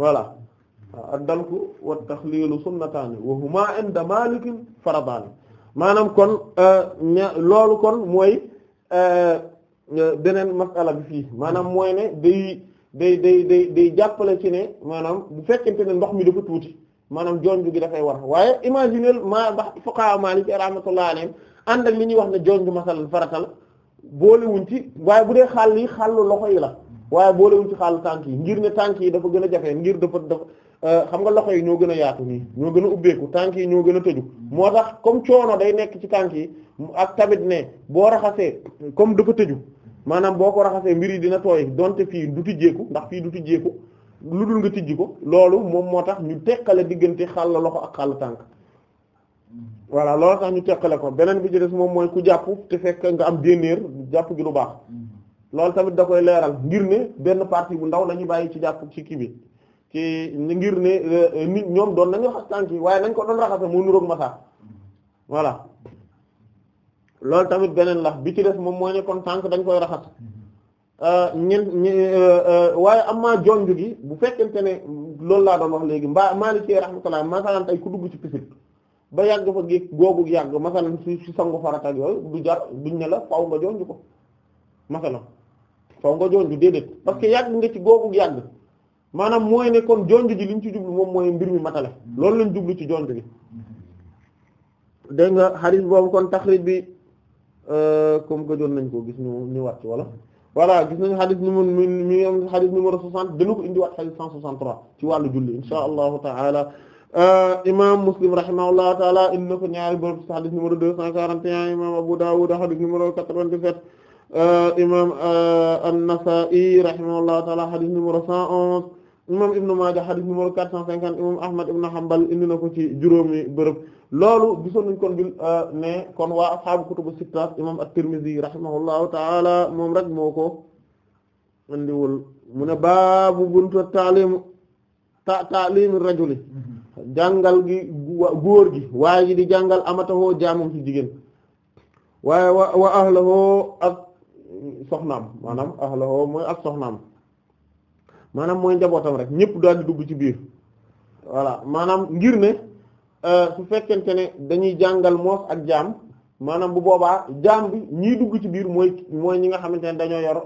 voilà ad dalku wa taxliilu sunnataani wa huma inda Maalikin fardaani maanaam kon ña loolu kon mooy Euh, euh, beneen masala bi fii maanaam mooy ne day day day day day jàppale ci ne maanaam bu fekkente ne ndox mi dafa tuuti maanaam jonj gi dafay war waaye imagineel maa ndax fuqaha Maliki rahmatullahi alayhim ànd ak li ñuy wax ne jonj masalan farata la boolewuñ ci waaye bu dee xàll yi xàllu loxo yi la waaye boolewuñ ci xàllu tànk yi ngir ne tànk yi dafa gën a jafe ngir dafa dafa Euh, xam nga loxo yi ñoo gën a yaatu nii ñoo gën a ubbeeku tànk yi ñoo gën a tëju moo tax comme coono day nekk ci tànk yi ak tamit ne boo raxasee comme dafa tëju maanaam boo ko raxasee mbir yi dina tooy donte fii du tijjeeku ndax fii du tijjeeku lu dul nga tijji ko loolu moom moo tax ñu teqale diggante xàll loxo ak xàll tànk voilà loolu tax ñu teqale beneen bi ci moom mooy ku jàpp te fekk nga am dénnéer jàpp gi lu baax mm-hmm. loolu tamit da koy leeral ngir ne benn partie bu ndaw la ñu bàyyi ci jàpp ci kii bi ci ngir ne euh, nit ñoom doon nañu raxas tànk yi waaye nañ ko doon raxasa mu nuroog masa voilà loolu tamit beneen la bi ci des moom mooy ne kon tànk dañ koy raxas euh, ñen euh, waaye am maa jonj gi bu fekkente ne loolu laa doon wax léegi mbaa maa Maalik rahmatullah masalan tey ku dugg ci piscine ba yàgg fa géeg googu yàgg masalan si si sangu farata yooyu du jar duñ ne la faw nga jonj ko masalan faw nga jonj déedéet parce que yàgg nga ci googu yàgg maanaam mooy ne kon jonj ji li ñu ci jublu moom mooy mbir mi matale loolu lañ jublu ci jonj bi dégg nga xadis boobu kon taxrij bi euh, comme que nañ ko gis ñu ñu wàcc wala voilà gis nañu xadis numéro mi mi am xadis numéro 60 dana ko indiwaat xadis 163 ci wàllu julli insha allahu taala euh, imam muslim rahimahullahu taala indi na ko ñaari bërëb ci xadis numéro 241 imam abu dawud xadis numéro 97 euh, imam an-nasa'i rahimahullahu taala xadis numéro 111 imam ibnu Maaja xadis numéro 450 imam Ahmad ibnu Hanbal indi na ko ci juróomi bërëb loolu gisoon nañ kon bi euh, ne kon waa ashaabu kutubu sitta imam at-Tirmidhi moom rek moo ko mu ne baabu buntu rajuli mhm. jàngal gi góor gi waaye ji di jàngal amatahoo jaamam ci jigéen waaye wa ahlahoo ak soxnaam maanaam ahlahoo mooy ak soxnaam maanaam mooy njabootam rek ñëpp daal di dugg ci biir voilà maanaam ngir ne euh, su fekkente ne dañuy jàngal moos ak jaam maanaam bu boobaa jaam bi ñii dugg ci biir mooy mooy ñi nga xamante ne dañoo yor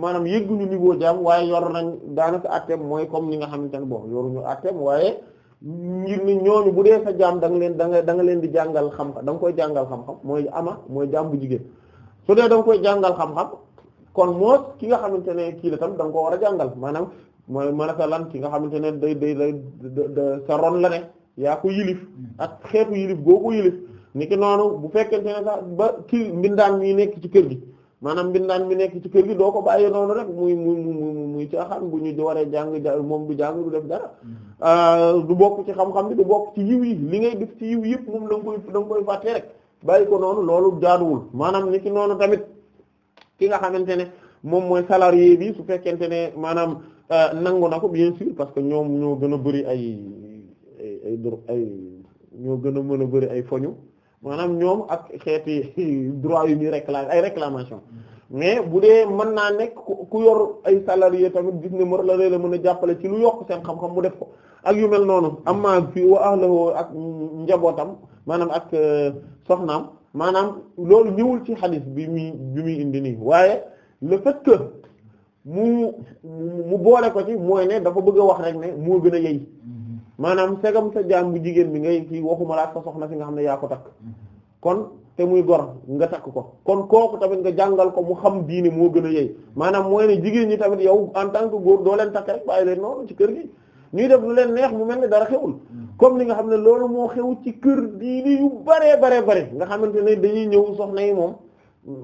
maanaam yëgguñu niveau jaam waaye yor nañ daanaka àtteem mooy comme ñi nga xamante ne bon yoruñu àtteem waaye ngir ne ñooñu bu dee sa jaam da leen da nga da leen di jàngal xam-xam da nga koy jàngal xam-xam mooy ama mooy jaam bu jigéen su dee da koy jàngal xam-xam kon moo ki nga xamante ne kii la tam da ko war a jàngal maanaam mooy masalan ki nga xamante ne day day day sa ron la ne yaa ko yilif mm. ak xeetu yilif goo ko yilif ni ki bu fekkente ne sax ba kii mbindaan mi nekk ci kër gi maanaam mbindaan mi nekk ci kër gi doo ko bàyyi noonu rek muy muy muy muy caaxaan bu ñu waree jàng moom du jàng du def dara mm. euh, du bokk ci xam-xam bi du bokk ci yiw yi li ngay def ci yiw yëpp moom da nga koy da koy fàtte rek bàyyi ko noonu loolu jaaduwul maanaam ni ki noonu tamit ki nga xamante ne moom mooy salarié bi su fekkente ne maanaam euh, nangu na ko bien sûr parce que ñoom ñoo gën a bëri ay ay ay ñoo gën a mën a bëri ay foñu maanaam ñoom ak xeeti droit yu ñuy réclame ay réclamation mais bu dee mën naa nekk ku yor ay salarié tamit gis ne mor la lay la mën a jàppale ci lu yokk seen xam-xam mu def ko ak yu mel noonu amma fi wa ahlahu ak njabootam maanaam ak euh, soxnaam maanaam loolu ñëwul ci xadis bi muy bi muy indi nii waaye le fait mu mu boole ko ci mooy ne dafa bëgg a wax rek ne moo gën a yey mm-hmm. maanaam segam sa jaam bu jigéen bi ngay ci waxuma laat sa soxna si nga xam ne yaa ko takk mm-hmm. kon te muy gor nga takk ko kon kooku tamit nga jàngal ko mu xam diine moo gën a yey maanaam mooy ne jigéen ñi tamit yow en tant que góor doo leen takk rek bàyyi leen noonu ci kër gi ñuy def lu leen neex mu mel ni dara xewul mm. comme li nga xam ne loolu moo xew ci kër diini yu bare baree bare nga xamante ne dañuy ñëw soxna yi moom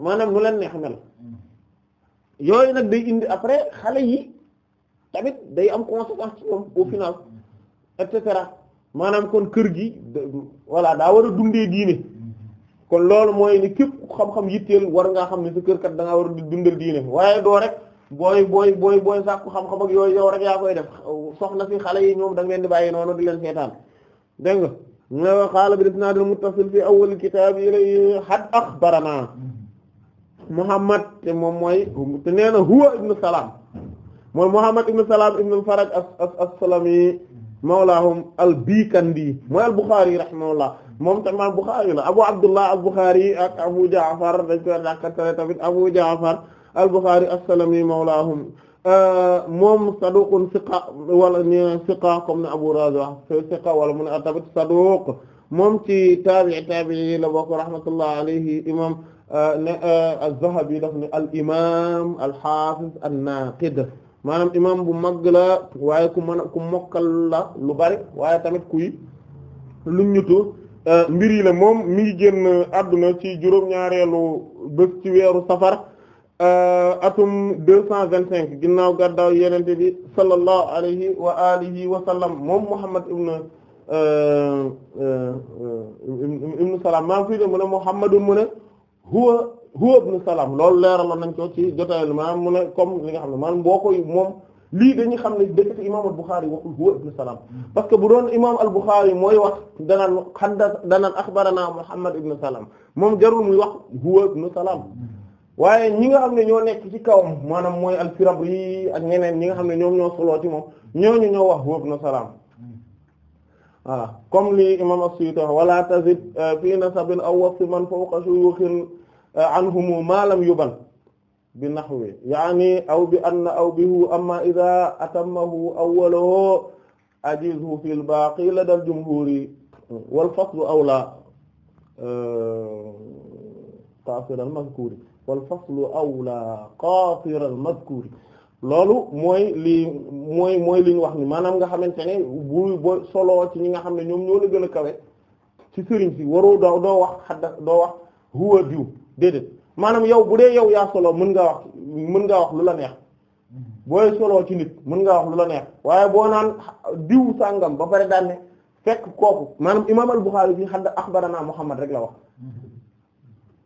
maanaam lu leen neex mel mm. yooyu nag day indi après xale yi tamit day am conséquence ci ñoom au mm. final et cetera maanaam kon kër gi voilà daa war a dundee diine kon loolu mooy ni képp xam-xam yitteel war ngaa xam ne sa kër kat da ngaa war a dundal diine waaye doo rek. booy booy booy booy sàkku xam-xam ak yooyu yow rek yaa koy def soxna si xale yi ñoom da leen di bàyyi noonu di leen seetaan dégg nga ma qaala bil isnaad al muttasil fi awwal kitaab ilay had axbarana Muhammad te moom mooy te nee na huwa ibnu Salaam mooy Muhammad ibnu Salaam ibnu al-Faraj as-Salami mawlaahum al-Bikandi mooy al-Bukhari rahimahullah moom tamit al-Bukhari la Abu Abdullah al-Bukhari ak Abu Ja'far dañ koy dàkkantale tamit Abu Ja'far al-Bukhari as-Salami mawlaahum euh, moom saduqun siqa wala ñu siqa comme ne Abu Raza siqa wala mu ne ah, tamit saduq moom ci taabi'i taabi'i la bokk rahmatullah alayhi imam euh, ne euh, az-Zahabi daf ne al imam al-hafiz an-naqid maanaam imam bu mag la waaye ku mën a ku mokkal la lu bari waaye tamit kuy lu ñutu mbir yi la moom mi ngi génn àdduna ci juróom-ñaareelu bés ci weeru safar Euh, atum deux cent vingt cinq ginnaaw gàddaaw yenente bi sallallahu alayhi wa alihi wa sallam moom Muhammad ibn euh, euh, ibn Salam maa fii de mu ne Muhammadun mu ne huwa huwa ibn Salam loolu leeraloon nañ ko ci jotaayal maanaam mu ne comme li nga xam ne maanaam boo koy moom lii dañuy xam ne dëkk imaam al huwa ibn Salam parce que bu doon imaam al-Bukhari mooy wax danaan xadda danaan axbarana Muhammad ibn Salam moom jarul muy wax huwa ibn Salam waaye ñi nga xam ne ñoo nekk ci kawam maanaam mooy al-Firabri ak ñeneen ñi nga xam ne ñoom ñoo soloo ci moom ñooñu ñoo wax woob na salaam comme li imam as-Suyuti wala tazid euh, fi nasabin aw wasfin man fawqa shuyukhin euh, anhum ma lam yuban bi nahwi yaani aw bi anna aw bihu amma idha atammahu awwaluhu ajizhu fil baaqi ladal jumhuri wal faslu awla tafsir euh, mazkuri wal lu awla qaatir al mazkuuri loolu mooy lii mooy mooy li ñu wax ni maanaam nga xamante ne bu bo solo ci ñi nga xam ne ñoom ñoo la gën a kawe ci sëriñ si waru doo doo wax xadda doo wax huwa diw déedéet maanaam yow bu dee yow yaa solo mën ngaa wax mën nga wax lu la neex booy solo ci nit mën nga wax lu la neex waaye boo naan diw sàngam ba pare daan ne fekk kooku maanaam imaam al Buxaari fi xadda axbarana Muhammad rek la wax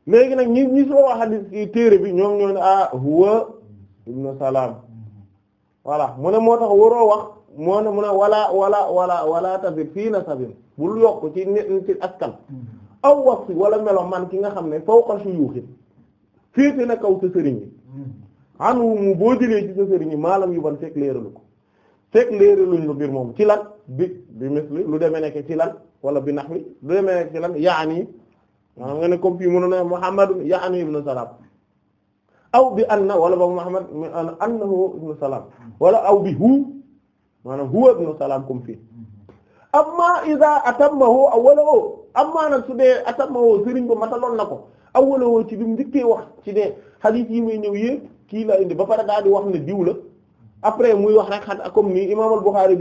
léegi nag ñi ñi soo xadis téere bi ñoom ñoo ne ah huwa ibnu salaam voilà mu ne moo tax waroo wax moo ne mu ne wala wala wala wala tabir fii nasabin bul yokk ci nit askan aw wax fi wala melo man ki nga xam ne fawqa shuyuxin féete na kaw sa sëriñ yi xanu mu boo jëlee ci sa sëriñ yi maalam yu fekk leeralu ko fekk leeraluñ lu mbir moom ci lan bi bi misli lu demee nekk ci lan wala bi nax wi lu demee nekk ci lan yaani maanaam nga ne comme fii mënoon na Muhammad yaani ibnu Salam aw bi anna wala ba Muhammad annahu ibnu Salam wala aw bi hu maanaam huwa ibnu Salam comme fii amma iza atammahu awwalahu amma nag su dee atammahu sëriñ ba mataloon na ko awwalahu ci bi mu njëkkee wax ci ne hadith yi muy ñëw yépp kii la indi ba pare daal di wax ne diw la après muy wax rek xat comme ni imaam al Bukhari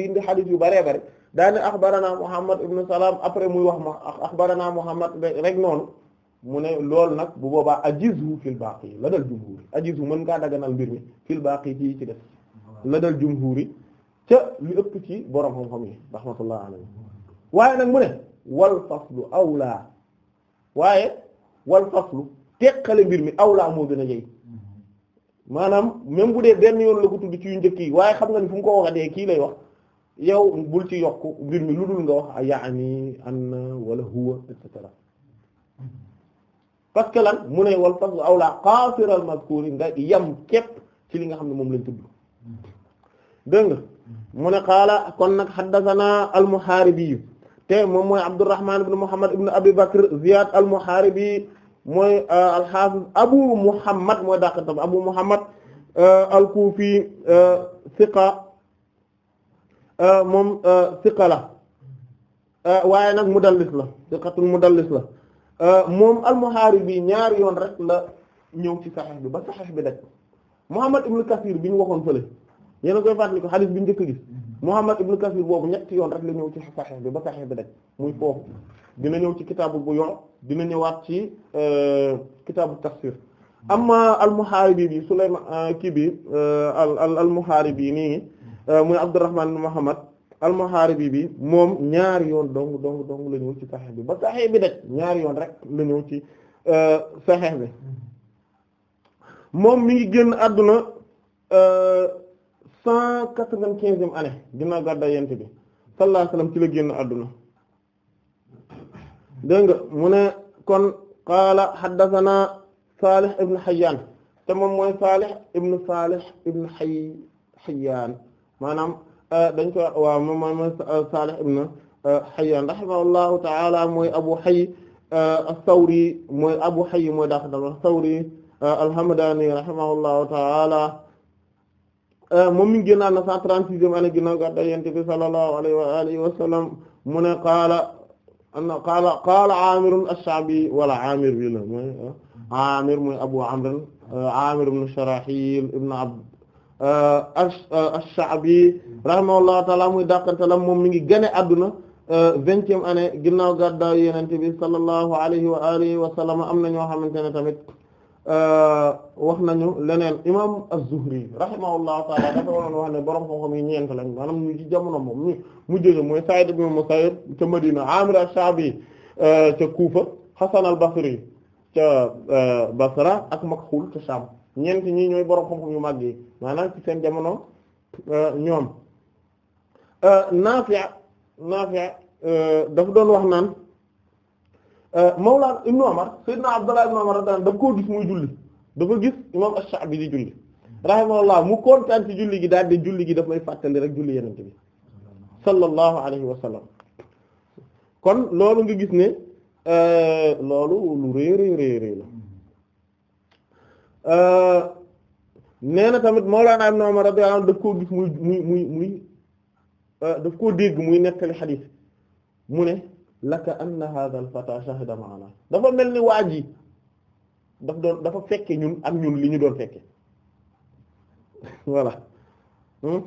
yu baree bare daa ne axbarana Muhammad ibn Salam après muy wax ma axbarana Muhammad rek noonu mu ne lool nag bu boobaa ajizu fil baaqi la dal jumhuri ajizu mën ngaa daganal mbir mi fil baaqi ci ci def la dal jumhuri ca li ëpp ci borom xam-xam yi rahmatullah alayhi waaye nag mu ne wal faslu awlaa waaye wal faslu teqale mbir mi awlaa moo gën a jëy mhm. maanaam même bu dee benn yoon la ko tudd ci yu njëkk yi waaye xam nga ni fu mu ko waxatee kii lay wax yow bul ci yokk mbir mi lu dul nga wax a yaani anna wala huwa et cetera lan mu ne wal faslu awla qasir al mazkur nga yam képp ci li nga xam ne moom lañ tudd dégg mu ne qaala kon nag haddathana al muharibi te moom mooy abdurrahman ibn muhammad ibn abi bakr ziyad al muharibi mooy euh, al hafiz abu muhammad mooy daqatam abu muhammad euh, al euh, thiqa Euh, moom euh, siqa la euh, waaye nag mudallis la siqatul mudallis la moom al-Muharibi ñaari yoon rek la ñëw ci saxiix bi ba saxiix bi daj Muhammad ibn Kathir bi ñu waxoon fële yéen a koy fàttali ko xadis bi njëkk gi Muhammad ibn Kathir boobu ñetti yoon rek la ñëw ci saxiix bi ba saxiix bi daj muy foofu dina ñëw ci kitaabu bu yoon dina ñëwaat ci kitaabu tafsir am al-Muharibi bi Sulaymaan kii bi al al al-Muharibi nii. Euh, muy Abdurrahman ibn Muhammad al-Muharibi bi moom ñaari yoon dong dong dong la ñëw ci Sahih bi ba Sahih bi daj ñaari yoon rek la ñëw ci euh, Sahih bi moom mi ngi génn àdduna euh, cent quatre-vingt-quinzième année bi sallallahu ci la génn àdduna dégg nga mu ne kon qaala haddathana Salih ibn Hayyan te moom mooy Salih ibn Salih ibn Hayyan maanaam euh, dañ ko waaw moom mooy euh, Salih ibn euh, Hayyan rahimahullahu ta'ala mooy Abu Hayy as-Sawri mooy Abu Hayy mooy daax dal as-Sawri al-Hamdani rahimahullahu ta'ala moom mi ngi génnaa na cent trente-sixième année ginnaaw gàddaa yonent bi sallallahu alayhi wa alihi wa sallam mu ne qaala ana qaala qaala Aamir ash-Sha'bi wala Aamir bi la mooy ah, Aamir mooy Abu Amr Aamir ibn Sharahil ibn Abd Euh, euh, ash-Sha'bi rahimahullahu ta'ala muy dàqantalam moom mi ngi gane adduna euh, vingtième année ginnaaw gàddaa yenente bi sallallahu alayhi wa alihi wa sallam am na ñoo xamante ne tamit wax nañu leneen imam az-Zuhri rahimahullahu ta'ala dafa waroon wax ne borom xam yi ñeent lañ maanaam ñu ci jamono moom ñu mu jóge mooy Sa'id ibn Musayyib ca Madina Amir ash-Sha'bi ca Kufa Hasan al-Basri ca Basra ak Makhul ca Sham ñeent ñi ñooy borom xam-xam yu màgg yi maanaam ci seen jamono euh, ñoom euh, Naafi' Naafi' euh, dafa doon wax naan Mawlana Ibnu Umar Seydina Abdullah Ibnu Umar daan dafa koo gis muy julli dafa gis imam Ash-Sha'bi di julli rahimahullah mu kontaan ci julli gi daal di julli gi daf may fàttali rek julli yenente bi sallallahu alayhi wa kon loolu nga gis ne loolu lu réy réy réy réy la Euh, nee na tamit Mawlana Ibn Umar radiyallahu anhu daf koo gis muy muy muy muy euh, daf koo dégg muy nettali xadiis mu ne laka anna hadha al fata ma'ana dafa mel ni waa ji daf doon dafa fekke ñun ak ñun li ñu doon fekke voilà hmm?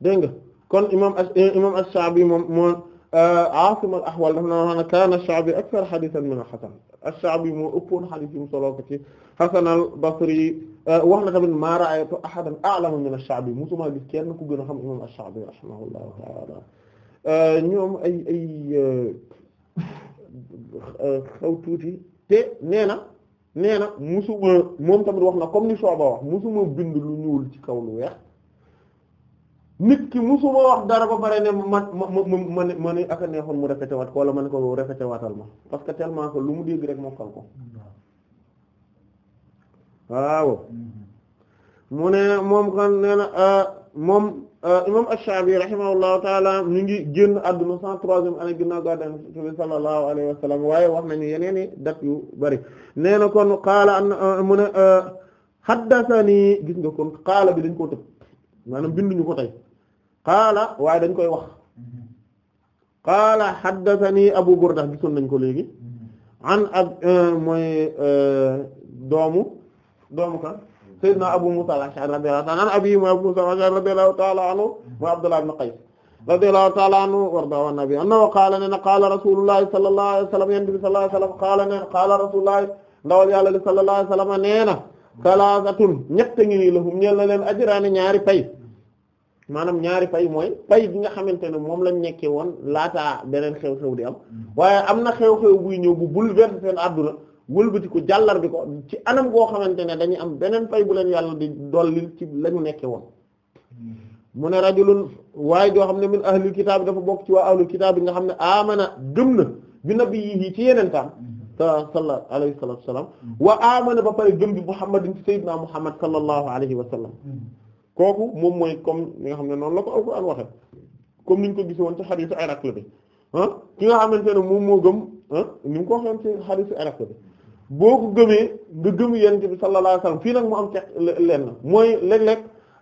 dégg nga kon imam imam Ash-Sha'bi moom Aasim al-Ahwal daf na wax kaana ash-Sha'bi akthara hadiisan min al-Hasan ash-Sha'bi moo ëppoon hadiis yi mu solo ko ci Hasan al-Basri wax na tamit maa ra'aytu ahadan a'lama min ash-Sha'bi musuma gis kenn ku gën a xam imaam ash-Sha'bi rahimahullahu ta'ala ñoom ay ay xaw tuuti te nee na nee na musuma moom tamit wax na comme ni Shu'ba wax musuma bind lu ñuul ci kaw lu weex nit ki musuma wax dara ba pare ne ma ma ma ma ne aka neexoon mu répété waat ko wala ma ne ko répété waatal ma parce que tellement que lu mu dégg rek mokkal ko waaw mu ne moom kon nee na euh, moom euh, imam Ash-Sha'bi rahimahullahu taala ñu ngi génn àdduna cent troisième année ginnaaw gàddaay Yonent bi sallallahu alayhi waaye wax nañu yeneeni dat yu bari nee na kon qaala an mu ne euh, haddathani gis nga kon qaala bi dañ koo tëb maanaam binduñu ko tey qaala waaye dañ koy wax qaala haddathani abu burda gisoon nañ ko léegi an ab euh, euh, doomu doomu kan sayyidina abu musa al-ash'ari radiyallahu ta'ala an abi mooy abu musa al-ash'ari radiyallahu ta'ala anhu mooy abdullah ibn qais radiyallahu wa nabi annahu qaala ne na qaala rasulullahi sallallahu alayhi wa sallam wa sallam qaala ne ndawal yàlla li sallallahu wa sallam nee salaasatun ñett ngi nii lahum ñeel na leen ajraani ñaari pay maanaam ñaari pay mooy pay bi nga xamante ne moom lañu nekkee woon laataa beneen xew-xew di am waaye am na xew-xew buy ñëw bu bouleverse seen àdduna wëlbati ko jàllar ko ci anam goo xamante ne dañu am beneen pay bu leen yàlla di dollil ci lañu nekkee woon mu ne rajulun waaye joo xam ne min ahlul kitaab dafa bokk ci waa ahlul kitaab bi nga xam ne amana gëm na bi nabi yi ci yeneen tam sallallahu alayhi wa sallam wa amana ba pare gëm bi muhammadin ci sayyidina muhammad sallallahu alayhi wa sallam hmm. kooku moom mooy comme li nga xam ne noonu la ko alquran waxe comme niñ ko gis woon ci xadiisu Iraql bi ah ki nga xamante ne moom moo gëm ah ko waxee ci xadiisu boo gëmee nga gëm yonent bi sallallahu alayhi wa sallam fii nag mu am ceq lenn mooy léeg-léeg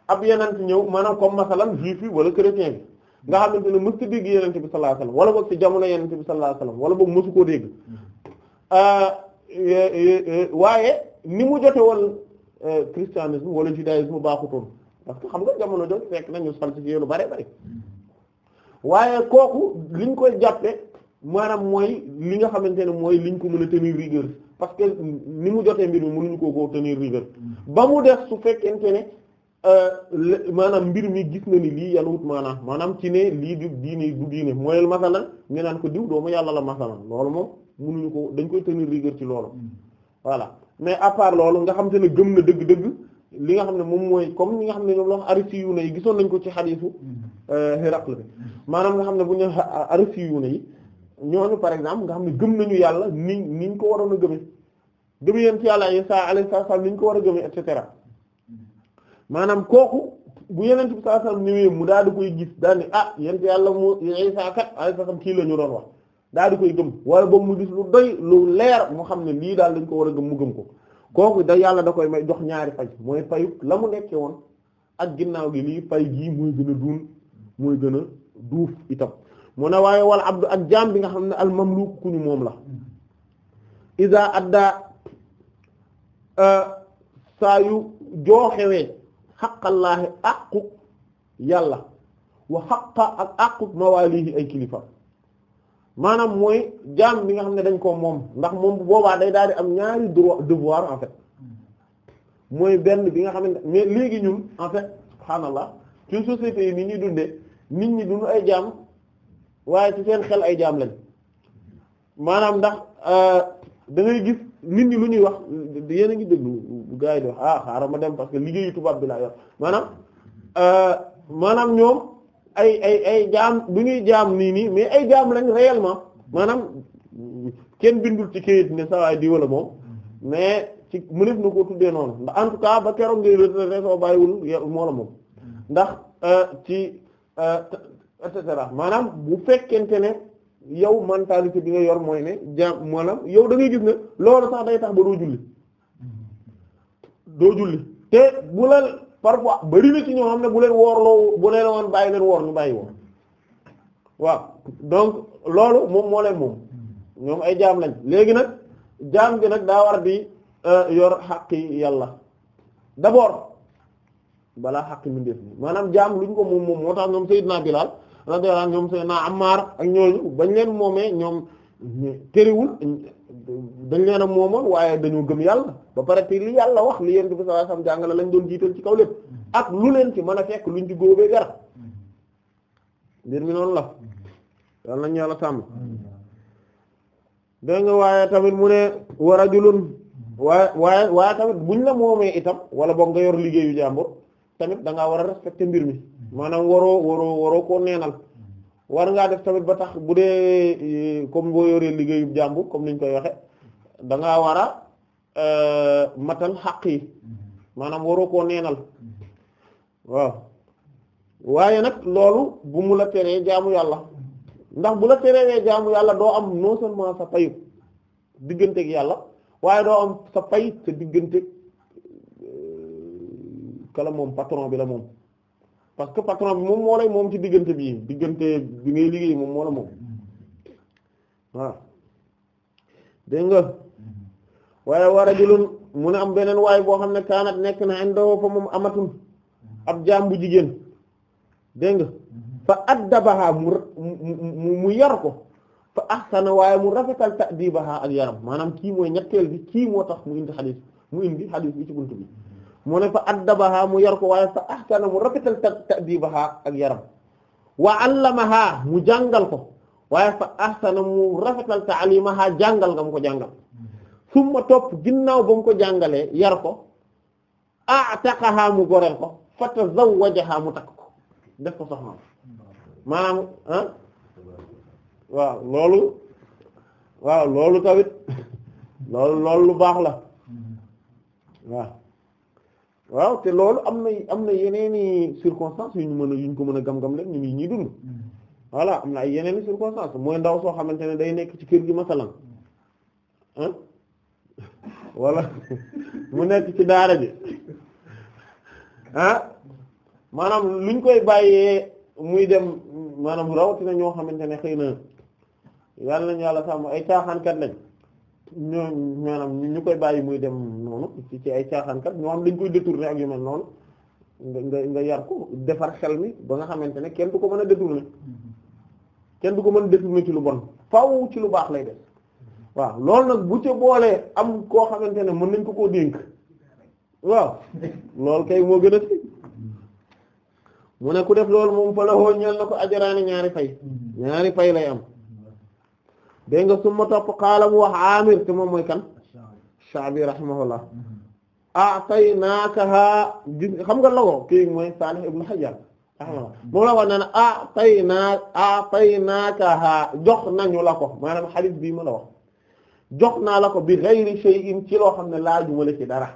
ab yenent ñëw maanaam comme masalan juif yi wala chrétien bi nga xamante ne mësta dégg yenent wala boog ci jamono yenent bi sallallahu wala boog mësu koo dégg Euh, euh, euh, waaye ni mu jote woon christianisme wala judaïsme baaxutoon parce que xam nga jamono jooju fekk nañu falsifié lu bare bare waaye kooku liñ koy jàppe maanaam mooy li nga xamante ne mooy liñ ko mën a tenir rigueur parce que ni mu jotee mbir mi mënuñu ko koo tenir rigueur ba mu def su fekkente ne maanaam mbir mi gis na ni lii yanuwut maanaam maanaam ci ne lii du diine du diine mooy masalan ñu naan ko diw doomu yàlla la masalan loolu moom munuñu ko dañ koy tenir rigueur ci loolu mm. voilà mais à part loolu nga xam te ne gëm na dëgg-dëgg li nga xam ne moom mooy comme ñi nga xam ne ñoom la arisi yu ne yi gisoon nañ ko ci xadiisu mm. euh, Hiraql bi maanaam nga xam ne bu ñu arisi yu ne yi ñooñu par exemple nga xam ne gëm nañu yàlla ni niñ ko waroon a gëme gëm yéen ci yàlla Isa alayhi salaam niñ ko war a gëme et cetera maanaam kooku bu yeneen bi sallallahu alayhi wasallam mu daal di koy gis daal ni ah yéen ci yàlla mu Isa kat alayhi salaam kii la ñu doon wax daal di koy gëm waaye ba mu gis lu doy lu leer mu xam ne lii daal dañ ko war a gëm mu gëm ko kooku da yàlla da koy may jox ñaari fay mooy fayu la mu nekkee woon ak ginnaaw gi lii fay gii mooy gën a duun mooy gën duuf itam mu ne waaye wala abdu ak jaam bi nga xam ne al mamluk ku ñu moom la isa adda euh, saa yu jooxewee xaqallaahi aqu yàlla wa xaqa ak aqu mawalihi ay kilifa maanaam mooy jaam bi nga xam ne dañ koo moom ndax moom bu boobaa day daal di am ñaari droit devoir en fait mooy benn bi nga xamante mais léegi ñun en fait subhaanallah société yi ni ñuy dundee nit ñi duñu ay jaam waaye ci seen xel ay jaam lañ maanaam ndax euh, da ngay gis nit ñi lu ñuy wax yéen a ngi déglu gars yi di wax ah xaaral ma dem parce que liggéeyu tubaab bi laa yor maanaam euh, maanaam ñoom. ay ay ay jaam bu ñuy jaam nii nii mais ay jaam lañ réellement maanaam kenn bindul ci kayit ne saa waay di wala moom mais ci mënef na ko tuddee noonu ndax en tout ba keroog ngay retraité soo bàyyiwul moo la moom ndax euh, ci euh, et cetera maanaam bu fekkente ne yow mentalité bi nga yor mooy ne jaam maanaam yow da ngay gis ne loolu sax day tax ba doo julli doo julli te bu la parfois bari na ci ñoo xam ne bu leen woorloo bu leen woon bàyyi leen woor ñu bàyyi woor waaw donc loolu moom moo leen moom ñoom ay jaam lañ léegi nag jaam bi nag daa war di euh, yor xaqi yàlla d'abord balaa xaqi mu def maanaam jaam luñ ko moom moom moo tax ñoom Seydina Bilal radiyallahu anhu ñoom Seydina Ammar ak ñooñu bañ leen moomee ñoom tëriwul dañ leen a moomoon waaye dañoo gëm yàlla ba pare te li yàlla wax li yéen bi sallallahu alayhi wasallam jàngale lañ doon jiital ci kaw lépp ak lu leen ci mën a fekk luñ ci góobee garab mbir mi noonu la yàlla nañ yàlla sàmm dégg nga waaye tamit mu ne war a rajulun waaye waaye waaye tamit buñ la moomee itam wala boog nga yor liggéeyu jàmbur tamit danga war a respecter mbir mi maanaam waroo waroo waroo koo neenal war ngaa def tamit ba tax bu dee eh, comme boo yoree liggéeyu jàmbur comme ni ñu koy waxe da ngaa war a eh, matal xaq yi maanaam waroo koo neenal waaw waaye nag loolu bu mu la teree jaamu yàlla ndax bu la terewee jaamu yàlla doo am non seulement sa payu digganteeg yàlla waaye doo am sa pay sa diggante eh, kala moom patron bi la moom parce que patron moom moo lay moom ci diggante bi diggante bi ngay liggéey moom moo la moom waaw nga waaye war a jëloon mu ne am beneen waay boo xam ne kaanat nekk na indoo fa moom amatul ab jaam bu jigéen dégg nga fa addabaha mu mu yar ko fa ahsana waaye mu rafetal ta'dibaha ak yaram maanaam kii mooy ñetteel bi kii tax mu indi xadis mu indi xadis bi ci buntu bi mu ne fa addabaha mu yar ko waaye sa ahsana mu rafetal ta'dibaha ak yaram wa allamaha mu jàngal ko waaye fa ahsana mu rafetal ta'limaha jàngal nga mu ko jàngal summa topp ginnaaw ba mu ko jàngalee yar ko a'taqaha mu goreel ko fa tazawwajaha mu takk ko def ko soxna maanaam loolu waaw loolu loolu lu baax la mm-hmm. waaw te loolu am na am na yeneeni circonstances yu ñu mën a yu ñu ko mën a gam-gam leen ñu ngi ñuy dund voilà am na ay yeneeni circonstances mooy ndaw soo xamante ne day nekk ci kër gi masalan ah wala mu nekk ci daara bi ah maanaam luñ koy bàyyee muy dem maanaam na ñoo xamante ne xëy na yàlla nañu yàlla sàmm ay caaxaankat lañ ñoom maanaam ñu koy bàyyi muy dem noonu ci ci ay caaxaankat ñoo xam dañ koy détourner ak yu mel noonu nga nga nga yar ko defar xel mi ba nga xamante ne kenn du ko mën a détourner kenn du ko mën a détourner ci lu bon faaw ci lu baax lay dem waaw loolu nag bu ca boolee am koo xamante ne mën nañ ko koo dénk waaw loolu kay moo gën a si mu ne ku def loolu moom fa la woo ñeel na ko ajaraani ñaari fay ñaari pay lay am. dégg nga summa topp mu wax amir te moom mooy kan Sha'bi rahimahullah mm-hmm. a'taynaakaha xam nga logo kii mooy Salih ibn Hajjaj rahimahullah mm-hmm. moom la wax ne a'taynaa nañu la ko maanaam hadith bii ma la wax jox naa la ko bi ghayri shay'in ci loo xam ne laaju ma la ci dara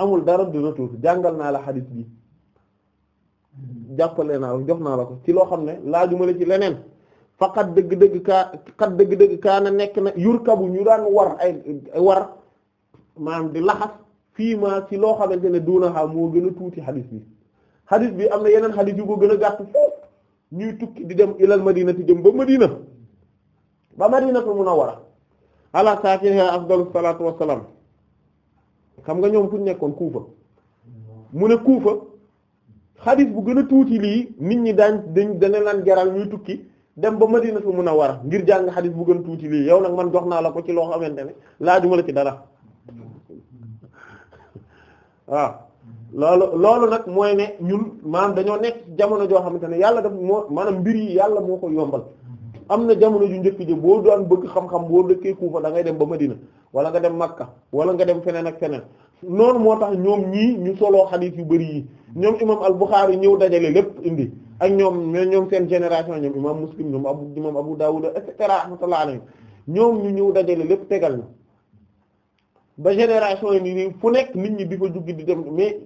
amul dara de retour jàngal naa la hadith bi mm-hmm. jàppale naa la jox naa la ko ci loo xam ne laaju la ci leneen faqat dëgg-dëgg kaa xat dëgg-dëgg kaana nekk na yur yurkabu ñu daan war ay war maanaam di laxas fii ma ci loo xamante ne duunaxaa moo gën a tuuti xadis bi xadis bi am na yeneen xadis yu ko gën a gàtt foofu ñuy tukki di dem ilal madina ti jëm ba madina ba madinatul munawwara ala saakinihaa afdalu salaatu wassalaam xam nga ñoom fu nekkoon kuufa mu ne kuufa xadis bu gën a tuuti lii nit ñi daan dañ dana lan jaral ñuy tukki dem ba ma a war a ngir jàng xadis bu gën tuuti lii yaw nag man jox naa la ko ci loo xamante ne laajuma la ci dara waaw loolu loolu nag mooy ne ñun maanaam dañoo nekk jamono joo xamante ne yàlla daf moo maanaam mbir yi yàlla moo ko yombal am na jamono ju njëkk ji boo daan bëgg xam-xam boo dëkkee Kuufa da ngay dem ba ma Madina wala nga dem Makka wala nga dem feneen ak feneen noonu moo tax ñoom ñii ñu soloo xadiis yu bari yi ñoom imam al-Bukhari ñëw dajale lépp indi ak ñoom ñoom seen génération ñoom imam Muslim ñoom abu imam Abu Dawud et cetera rahmatullah alayhi ñoom ñu ñëw dajale lépp tegal na ba génération yi nii fu nekk nit ñi di fa juggi di dem mais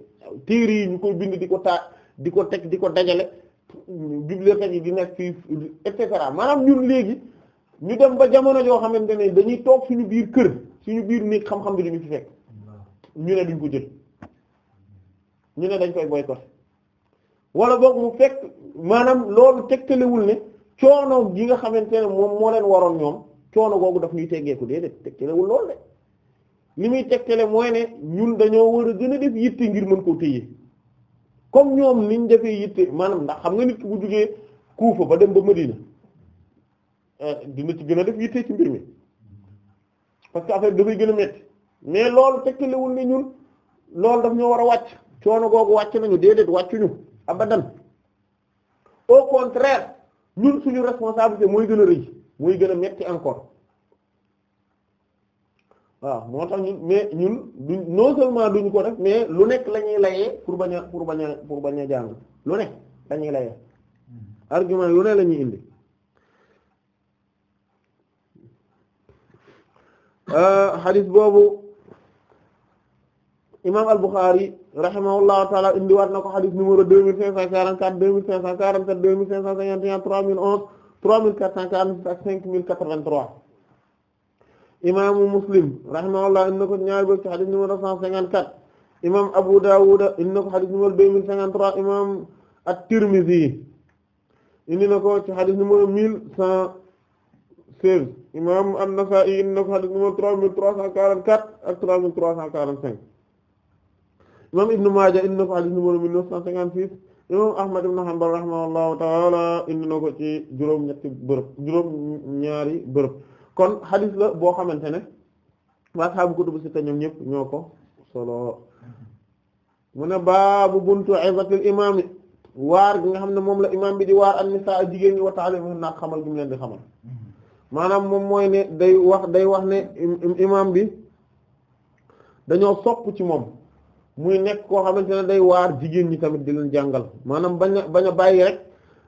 téere yi ñu koy bind di ko taa di ko teg di ko dajale bibliothèque yi di nekk fii et cetera maanaam ñun léegi ñu dem ba jamono joo xamante ne dañuy toog suñu biir kër suñu biir néeg xam-xam bi dañu ñu ne duñ ko jël ñu ne dañ koy boycott wala boog mu fekk maanaam loolu tegtalewul ne coono gi nga xamante ne moom moo leen waroon ñoom coono googu daf ñuy teggeeku déedéet tegtalewul loolu de li muy tegtale mooy ne ñun dañoo war a gën a def yitte ngir mën koo téye comme ñoom niñ defee yitte maanaam ndax xam nga nit ki bu jugee Kuufa ba dem ba Madina ah, dina ci gën a def yitte ci mbir mi parce que affaire dafay gën a metti mais loolu tekkiwul ni ñun loolu daf ñoo war a wàcc coono googu wàcc nañu déedéet wàccuñu abadan au contraire ñun suñu responsabilité mooy gën a rëy mooy gën a metti encore waaw moo tax ñun mais ñun duñ non seulement duñ ko def mais lu nekk la layee pour bañ pour bañ pour bañ a jàng lu nekk la ñuy layee argument ne la ñuy indi xadis euh, boobu. imam al-Bukhari rahimahullahu taala indiwaat na ko xadis numéro 2544 2547 2551 3011 3446 ak 5083 imaamu Muslim rahimahullah indi na ko ñaari bokk ci xadis numéro 154 imam Abu Dawud indi na ko xadis numéro 2053 imam at-Tirmidhi indi na ko ci xadis numéro 1116 imam an-Nasa'i indi na ko xadis numéro 3344 ak 3345 imam Ibn Maaja indi na ko hadith numéro 1956 imam ko ci juróom-ñetti bërëb ñaari bërëb kon hadith la boo xamante ne ashaabu kutubu ñoom ñëpp ñoo ko solo mu ne baabu buntu izatil imaam yi waar gi nga xam ne moom la imaam bi di waar an jigéen ñi wa ta'limuhun naag xamal gi mu leen di xamal maanaam moom mooy ne day wax day wax ne imaam bi dañoo sopp ci moom. muy nekk koo xamante ne day waar jigéen ñi tamit di leen jàngal maanaam bañ a bañ a bàyyi rek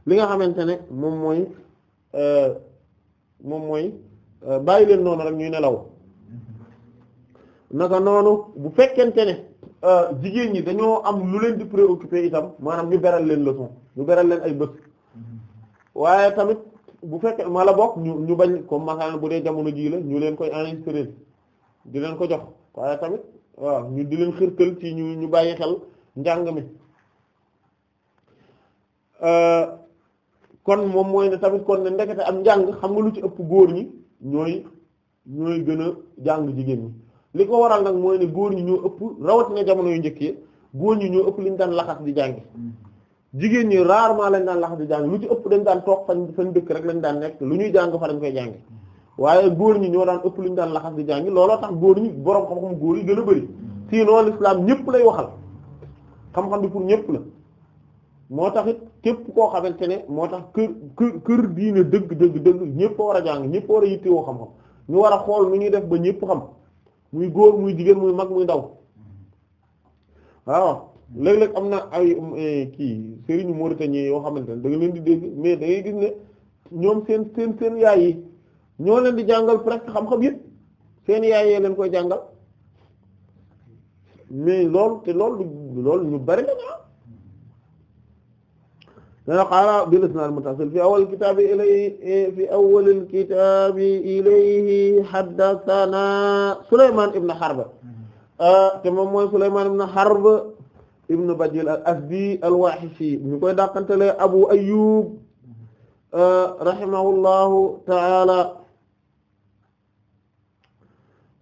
li nga xamante ne moom mooy euh, moom mooy euh, bàyyi leen noonu rek ñuy nelaw naka noonu bu fekkente ne euh, jigéen ñi dañoo am lu leen di préoccuper itam maanaam ñu beral leen leçon ñu beral leen ay bët waaye tamit bu fekkee mala bokk ñu ñu bañ comme maanaam bu dee jamono jii la ñu leen koy enregistrer di leen ko jox waaye tamit. waaw ñu di leen xërtal ci ñu ñu bàyyi xel njàng mi euh, kon moom mooy ne tamit kon ne ndekete am njàng xam nga lu ci ëpp góor ñi ñooy ñooy gën a jàng jigéen ñi li ko waral nag mooy ne góor ñi ñoo ëpp rawatina jamono yu njëkkee góor ñi ñoo ëpp liñ daan laxas di jàngi mm-hmm. jigéen ñi rarement lañ daan laxas di jàng lu ci ëpp dañ daan toog fañ fañ dëkk rek lañ daan nekk lu ñuy jàng fa lañ koy jàngi waaye góor ñi ñoo daan ëpp lu ñu daan laxas di jàngi looloo tax góor ñi boroom xam-xam góor yi gën a bari sinon l'islam ñépp lay waxal xam-xam bi pour ñépp na moo tax it képp koo xamante ne moo tax kër kër kër diine dëgg dëgg dëgg ñépp war a jàng ñépp war a yittewoo xam-xam ñu war a xool nu ñuy def ba ñépp xam muy góor muy jigéen muy mag muy ndaw waaw léeg-léeg am na ay eh, kii sëriñu Mauritanie yoo xamante ne da nga leen di dégg mais da gis ne ñoom seen seen yi. ñoo leen di jàngal presque xam-xam yëpp seen yaay yee koy jàngal mais loolu te loolu loolu ñu bari la ah. dana qaala bil isnaad muttasil fi awwal kitaabi ilayhi fi awwal kitaabi ilayhi haddathana Sulaymaan ibn Harb mm-hmm. ah, te moom mooy Sulaymaan ibn Harb ibn Bajil al-Asdi al-Waahishi ñu koy dàqantele Abu Ayyub mm-hmm. ah, rahimahullahu ta'ala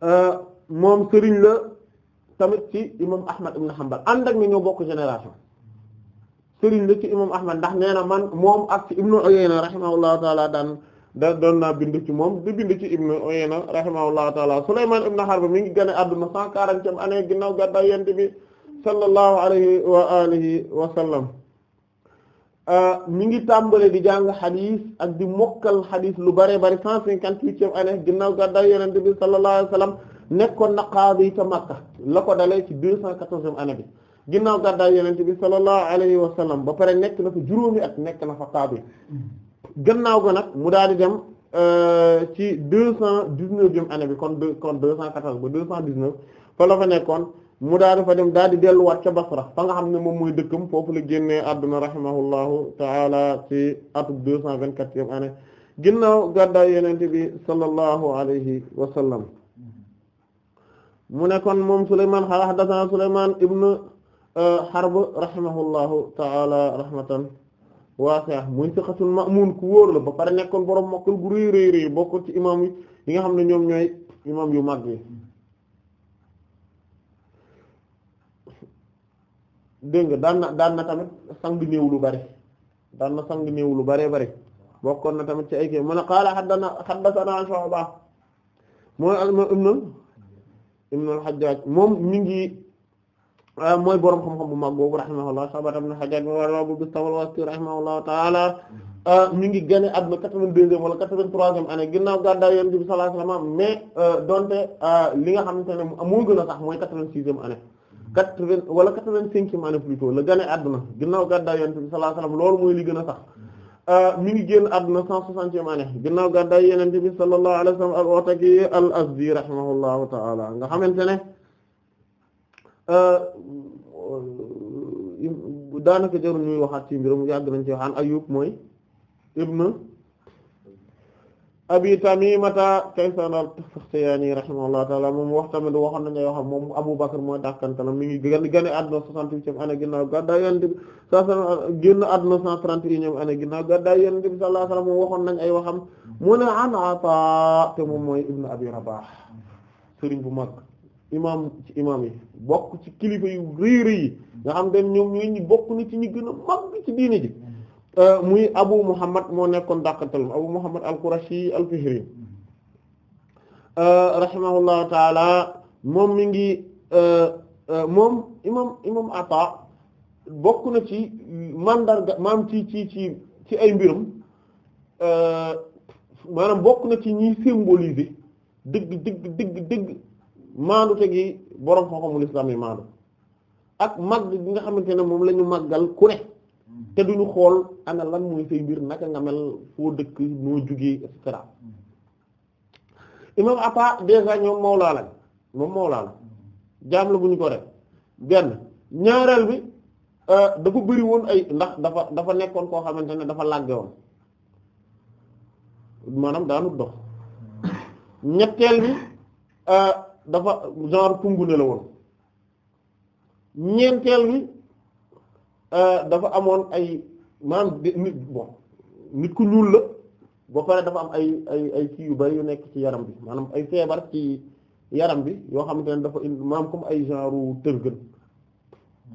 Euh, moom sëriñ la tamit ci imam Ahmad ibn Hanbal ànd ak ni ñoo bokk génération sëriñ la ci imam Ahmad ndax nee na man moom ak ci Ibn Uyayna rahimahullahu taala daan da doon naa bind ci moom di bind ci Ibn Uyayna rahimahullahu taala Sulaymaan ibn Harb mi ngi gën a àdduna cent quarantième année ginnaaw gàddaay Yonent bi sallallahu alayhi wa alihi wa sallam Euh, mu ngi tàmbale di jàng xadis ak di mokkal xadis lu bare bari cent cinquante-huitième année ginnaaw gàddaay yonent bi sallallahu alayhi wa nekkoon na qaadi ta Makka la ko dalee ci deux cent quatorzième année bi ginnaaw gàddaay yonent bi sallallahu alayhi wa sallam ba pare nekk na fa juróomi at nekk na fa qaadi gannaaw ga nag mu daal di dem euh, ci deux cent dix-neuvième anne bi kon deux kon deux cent quatorze ba deux cent dix-neuf fa la fa nekkoon mu daal fa dem daal di delluwaat ca Basra fa nga xam ne moom mooy dëkkam foofu la génnee adduna rahimahullahu taala ci atum deux cent vingt-quatrième année ginnaaw gàddaay yenente bi sallallahu alayhi wa sallam mu ne kon moom Sulaymaan xala haddathana Sulaymaan ibn euh, Harb rahimahullahu taala rahmatan waasi'a muy ma ma'mun ku wóor la ba pare nekkoon borom mokkal gu réy réy réy bokk ci imam yi yi nga xam ne ñoom ñooy imam yu mag yi dégg nga daan na daan na tamit sang néew lu bari daan na sang néew lu bari bari bokkoon na tamit ci ay kii mu ne qaala haddathana Shu'ba mooy ibnu ibnu al-Hajjaj moom mi ngi ah, mooy borom xam-xam bu mag boobu rahimahullah Shu'ba ibnu al-Hajjaj Abu Bistam al-Wasiti rahimahullahu ta'ala ah, mi ngi génn àdduna quatre-vingt-deuxième wala quatre-vingt-troisième année ginnaaw gàddaay Yonent bi sallallahu alayhi wasallam mais ah, donte li nga xamante ne moo a sax mooy quatre-vingt-sixième quatre wala quatre-vingt-cinquième année plus tôt la gane àdduna ginnaaw gàddaay yonent bi sallallahu alayhi wasallam loolu mooy li gën a sax euh, mi ngi génn àdduna cent soixantième année ginnaaw gàddaay yonent bi sallallahu alayhi wasallam al-Ataki al-Azdi rahimahullahu ta'ala nga xamante ne euh, daanaka jarul ñuy waxaat ci mu yàgg nañ ci waxaan Ayyub mooy ibn abi tamimata kaysan al-Sakhtiyani rahimahullahu taala moom wax tamit waxoon nañu wax moom Abu Bakr mooy dàkkantalam mi ngi gën gane àdduna 68e année ginnaaw gàddaay Yonent bi sallallahu alayhi wasallam génn àdduna 131e année ginnaaw gàddaay bi sallallahu alayhi wasallam moom waxoon nañ ay waxam mu ne an Ata te moom mooy ibnu Abi Rabah sëriñ bu mag imam ci imam yi bokk ci kilifa yu rëy rëy yi nga xam ne ñoom ñooy ñi bokk na ci ñi gën a mag ci diini ji Euh, muy Abu Muhammad moo nekkoon dàqantalam Abu Muhammad al-Qurashi al-Fihri euh, rahimahullahu taala moom mi ngi euh, moom imam imam Ata bokk na ci mandarga maam ci ci ci ci ay mbiram maanaam bokk na ci ñiy symboliser dëgg dëgg dëgg dëgg maandu te gi boroom xam-xamul islam yi maandu ak màgg gi nga xamante ne moom lañu ñu màggal ku ne te duñu xool ana lan mooy say mbir naka nga mel foo dëkk noo jugee et cetera imam Atta déjà ñoom Mawla lañ moom Mawla la jaam la bu ñu ko rek benn ñaareel bi euh, dafa ko bëri woon ay ndax dafa dafa nekkoon koo xamante ne dafa làgge woon maanaam daanu dox ñetteel bi euh, dafa genre kungu ne la woon ñeenteel bi Euh, dafa amoon ay maanaam nit bon nit ku ñuul la ba pare dafa am ay ay ay kii yu bari yu nekk ci yaram bi maanaam ay feebar ci yaram bi yoo xamante ne dafa indi maam comme ay genre tërgën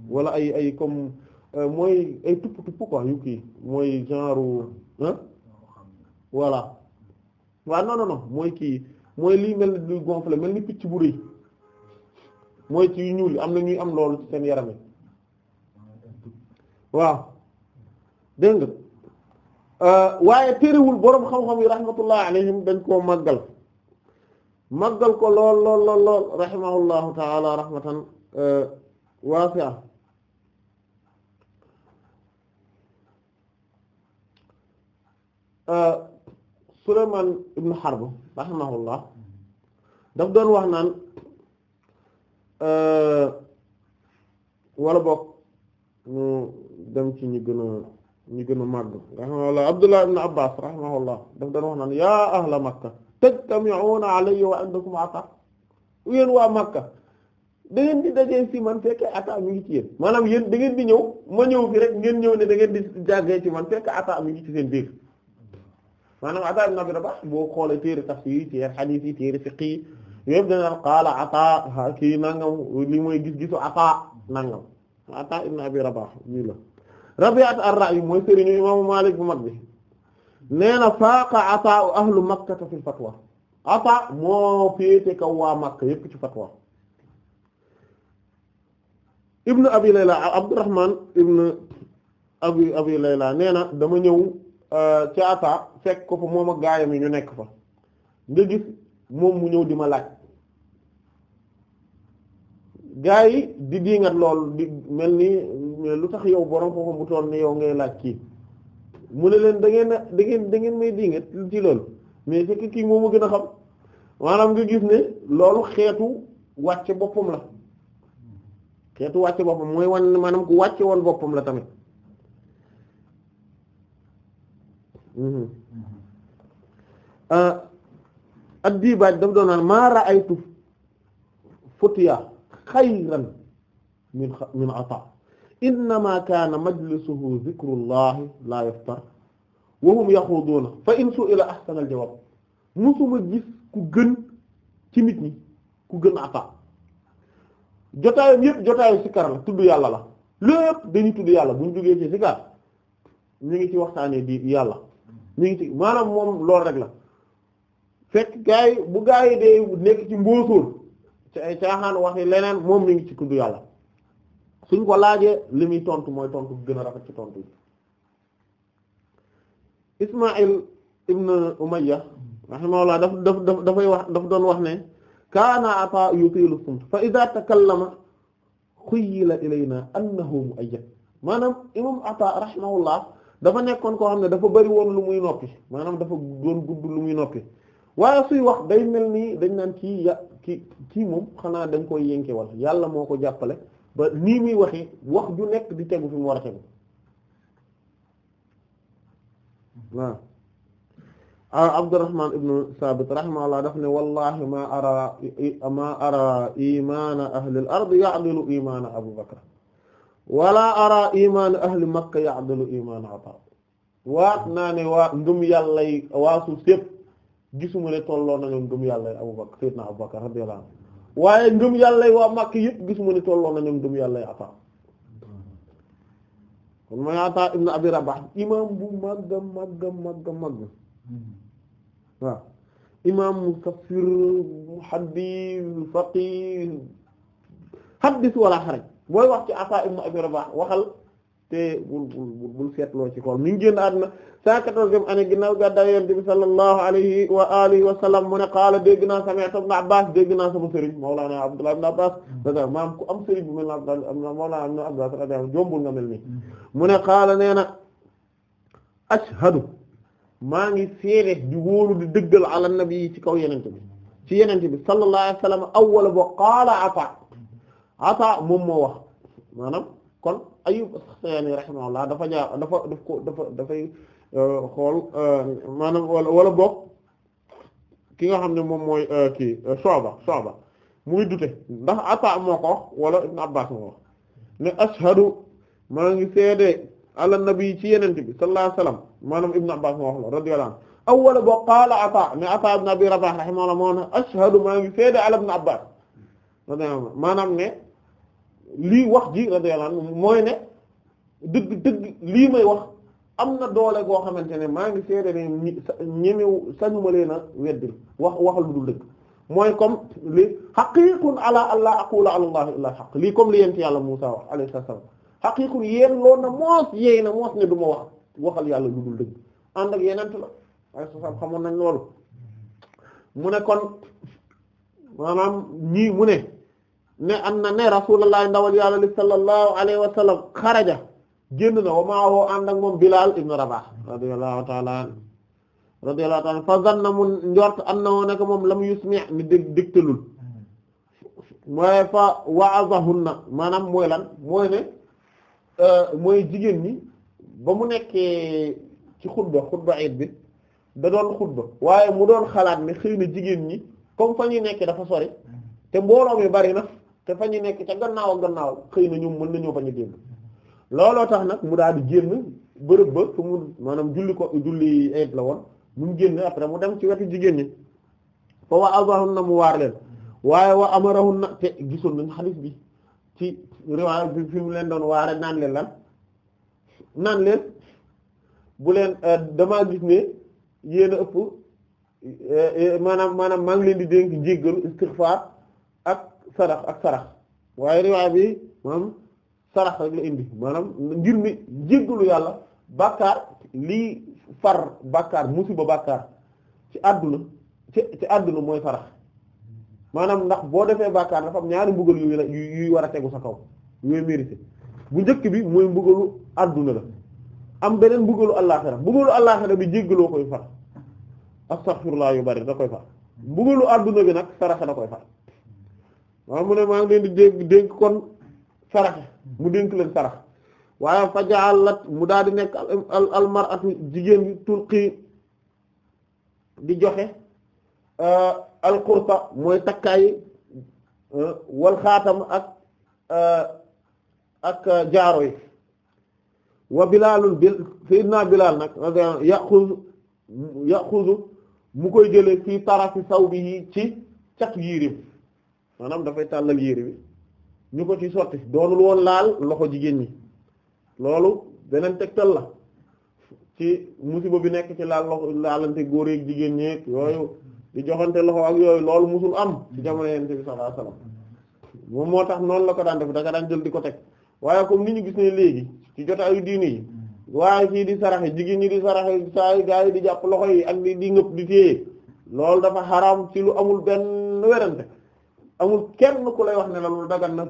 wala ay ay comme euh, mooy ay tupp tupp quoi yu kii mooy genre hein voilà waaw non mooy kii mooy lii mel ni luy gonflé mel ni picc bu rëy mooy ci yu ñuul am na ñuy am loolu ci seen yaram yi waaw dégg nga euh, waaye terewul boroom xam-xam yi rahmatullah alayhim dañ koo maggal màggal ko lool lool lool lool rahimahullahu taala rahmatan euh, waasi'a euh, Sulaymaan ibn Harb rahimahullah daf doon wax naan wala bokk dem ci ñi gën a ñi gën a màgg rahimahullah Abdullah ibn Abbas rahimahullah daf doon wax naan yaa ahla Makka tajtami'una alayya wa indakum ata yéen waa Makka da ngeen di dajee ci man fekk ata mi ngi ci yéen maanaam yéen da ngeen di ñëw ma ñëw fi rek ngeen ñëw ne da ngeen di jàggee ci man fekk ata mi ngi ci seen biir maanaam ata ibn Abi Rabah boo xoolee téere tafsir yi téere hadith yi téere fiqh yi yëpp dana qaala ata kii mooy gis-gisu ata nangam ata ibn Abi Rabah nii Rabi'at ar-Ra'y mooy sëriñu imaamu Maalik bu mag bi nee na faaqa ataa ahlu Makkata fil fatwa ata moo féete kaw waa Makka yépp ci fatwa ibnu abi layla abdurrahman ibnu abi abi layla nee na dama ñëw euh, ci ata fekk ko fa moom ak gaayam yi ñu nekk fa nga gis moom mu ñëw di ma laaj gaa yi di diingat lool di mel ni mais lu tax yow borom xam-xam bu toll ni yow ngay laaj kii mu ne leen dangeen ngeen a da ngeen da ngeen may dingat ci loolu mais c'est kii moom a gën a xam maanaam nga gis ne loolu xeetu wàcce boppam la xeetu wàcce boppam mooy wan maanaam ku wàcce woon boppam la tamit mhm. euh, ak diibaaj daf doon naan maa ra'aytu futiya xayran min min ata innama kaana majlisuhu zikrullahi la yaftar wa hum yaxuduuna fa in su'ila ahsana al-jawaab musuma gis ku gën ci nit ñi ku gën atta jotaayam yépp jotaayu sikar la tudd yàlla la lépp dañuy tudd yàlla bu ñu duggee ci sikar ñu ngi ci waxtaanee di yàlla mu ngi ci maanaam moom loolu rek la fekk gaa yi bu gaa yi dee nekk ci mbóosóor ci ay caaxaan waxi leneen moom mu ngi ci tudd yàlla suñ ko laajee li muy tontu mooy tontu gën a rafet ci tontu bi Ismaïl ibn Umayya rahimahullah daf daf daf dafay wax daf doon wax ne kaana ata yutilu sumt fa idha takallama xuyyila ilayna annahu mu'ayyad maanaam imam ata rahimahullah dafa nekkoon koo xam ne dafa bari woon lu muy noppi maanaam dafa doon gudd lu muy noppi waaye suy wax day mel nii dañ naan kii ya kii kii moom xanaa dañ koy yënkewal yàlla moo ko jàppale ba nii muy waxi wax ju nekk di tegu fi mu war a tegu waaw Abdurrahman ibnu Sabit rahimahullah daf ne wallahi ma ara ma ara imana ahli al-ard ya'dilu imana Abu Bakr wala ara imana ahli Makka ya'dilu imana Ata waat naa ne waa ngëm yàllay waa suuf sépp gisuma ne tolloo nañu ngëm yàllay Abu Bakr sayyidna Abu Bakr radiyallahu anhu waaye ngëm yàlla yi waa màkk yëpp gis mu ni tolloo na ñoom ngëm yàlla yi ataa kon mooy ataa ibn abi rabah imam bu màgga màgga màgga màgg waaw xaraj booy wax ci ataa ibn abi rabah waxal te bul bul bul seetloo ci xool mi ngi génn àdduna cent quatorzième année ginnaaw gàddaay yonent bi sallallahu alayhi wa alihi wa sallam mu ne qaala dégg naa sami'tu ibn Abbas dégg naa sama sëriñ Mawlana Abdullah ibn Abbas am sëriñ bu na Abdullah Mawlana ibn Abbas radiyallahu mu ne qaala nee na ashhadu maa ngi seede di wóolu di dëggal ala nabi ci kaw yonent bi ci yonent bi sallallahu alayhi wa bo qaala ata ata moom moo wax maanaam kon Ayyub as-Saxtiyaani rahimahullah dafa jaar dafa daf ko dafa dafay euh, xool euh, maanaam wala wala boog ki nga xam ne moom mooy euh, kii Shu'ba Shu'ba muy dute ndax Ataa moo ko wala Ibn Abbaas moo ko ne ashhadu maa ngi seede ala nabi ci yenente bi sallallahu alayhi maanaam Ibn moo wax la radiyallahu anhu ne ashhadu maa ngi seede ala Ibn Abbaas maanaam ne lii wax ji radiyallahu anhu mooy ne dëgg dëgg lii may wax am na doole goo xamante ne maa ngi seede ne ñemewu sañuma leen a weddi wax wax lu dul dëgg mooy comme li xaqiiqun ala allah aqula ala allah illa xaq lii comme li yent yàlla Musaa wax alayhi salaam xaqiiqun yéen loolu na moos yéy na moos ne du ma wax waxal yàlla lu dul dëgg ànd ak yenent la alayhi salaam xamoon nañ loolu mu ne kon maanaam ñii mu ne ne am na ne rasulullah ndawal yàlla li sallallahu alayhi wa xaraja génn na wa maawoo ànd ak moom Bilal ibn Rabah radiyallahu ta'ala an radiyallahu ta'ala fa mu njort am na woo nekk moom lam yusmi' ni dég dégtalul mooy fa wa'azahunna maanaam mooy lan mooy ne euh, mooy jigéen ñi ba mu nekkee ci xutba xutba iid bi da doon xutba waaye mu doon xalaat ne xëy jigéen ñi comme fa ñuy nekkee dafa sori te mbooloo mi bari na te fa ñu nekk ca gannaaw gannaaw xëy na ñu mën nañoo bañ a dégg looloo tax nag mu daal di génn bërëb ba fu mu maanaam julli ko julli ayib la woon mu génn après mu dem ci wetu jigéen ñi fa wa azahun na mu waar leen waaye wa amarahun na te gisoon nañ xadis bi ci fi mu leen doon waare naan leen lan naan leen bu leen euh, damaa gis ne yéen a ëpp euh, euh, maanaam maanaam maa ngi leen di dénk jéggalu ak sarax ak sarax waaye riwaay bi maanaam sarax rek la indi maanaam ngir mi jéggalu yàlla bàkkaar lii far bàkkaar musiba bàkkaar ci àdduna ci ci àdduna mooy sarax maanaam ndax boo defee bàkkaar dafa am ñaari mbugal yu yuy war a tegu sa kaw yooyu mérité bu njëkk bi mooy mbugalu àdduna la am beneen mbugalu àllaaxira mbugalu àllaaxira bi jéggaloo koy far astaghfirullah yu bari da koy far mbugalu àdduna bi nag sarax da koy far waaw mu ne maa ngi leen di dénk dénk kon saraxe mu dénk leen sarax waaye fa ja'alat mu daal di nekk al al mar'atu jigéen bi di joxe euh, al qurta mooy takkaay euh, wal ak euh, ak jaaro yi wa bilaalul bil sayyidina bilaal nag ya'khudhu ya'khudhu mu koy jëlee fii tarafi sawbihi ci catu yiirim maanaam dafay tàllal yére bi ñu ko ci sotti doonul woon laal loxo jigéen ñi loolu beneen tegtal la ci musiba bi nekk ci laal loxo laalante góor ak jigéen ñeeg yooyu di joxante loxo ak yooyu loolu musul am ci jamono yonent bi moom moo tax noonu la ko daan def da nga daan jël di ko teg waaye comme ni ñu gis ne léegi ci jotaayu diini yi waaye fii di saraxe jigéen ñi di saraxe saa yu gaa yi di jàpp loxo yi ak di di ngëpp di téye loolu dafa xaraam ci lu amul benn werante amul kenn ku lay wax ne la lu dagan na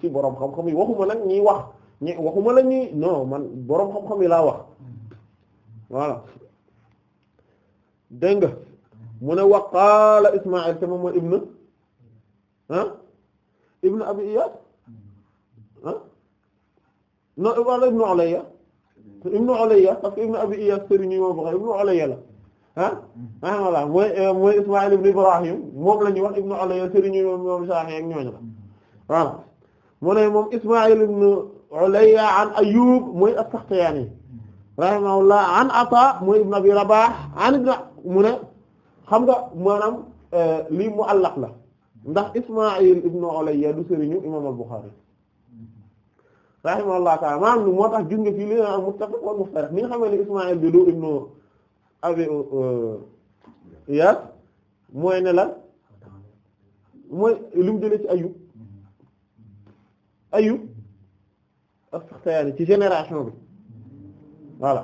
ci borom xam-xam yi waxuma nag ñiy wax ñi waxuma la ñuy man borom xam-xam yi laa wax voilà dégg nga mu ne waqaala Ismaa'il te moom mooy ibna ah ibna Abi Iyaas ah non wala ibna Ulayya ibna Ulayya parce que ibna Abi Iyaas sëriñ yi moo fa la Mm-hmm. ah maanaam mooy euh, mooy Ismaïl ibn Ibrahim moom la wax ibnu Ulayya sëriñu ñoom Shaafi'i ak ñooñu la mm-hmm. voilà mu ne moom Ismaïl ibn Ulayya an Ayyub mooy as-Saxtiyaani mm-hmm. rahimahullah an mooy ibn Abi Rabaah mu ne xam nga maanaam euh, lii mu'allaq la ndax Ismaïl ibn Ulayya du sëriñu imaam al-Bukhari rahimahullah ta'ala maanaam moo tax gis nga fii li muttafaq wal muftariq ni nga xamee ne Ismaïl bi du ibnu avec euh, Iyaas euh, mooy ne la mooy li mu jëlee ci Ayyub Ayyub as-Saxtiyaani ci génération bi voilà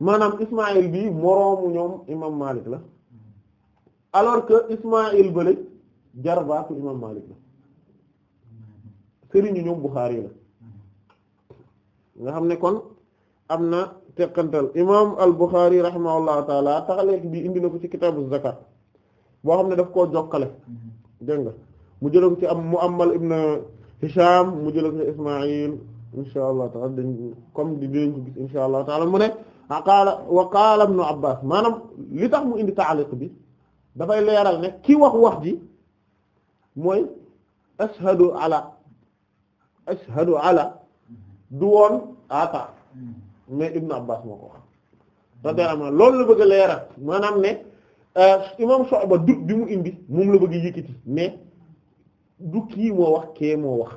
maanaam Ismaïl bi moroomu ñoom imam Malik la alors que Ismaïl bële jarbaatu imam Malik la sëriñu ñoom Bukhari la nga xam ne kon am na teqantal imam al Bukhari rahimahullahu taala taxaleeg bi indi na ko ci kitaabu zakat boo xam ne daf koo jokkale dégg nga mu jëla ko ci am Mu'ammal ibn Hisham mu jëla ko ci Isma'il insha allah taala dañ di dinañ ko gis insha allah taala mu ne qaala wa qaala u Abbas maanaam li tax mu indi taaliq bi dafay leeral ne ki wax wax ji mooy ashhadu ala ashhadu ala du woon mais Ibn Abbas moo ko wax radiyallahu anhu loolu la bëgg a leeral maanaam ne euh, imam Shu'ba dut bi mu indi moom la bëgg a yëkkati mais du kii moo wax kee moo wax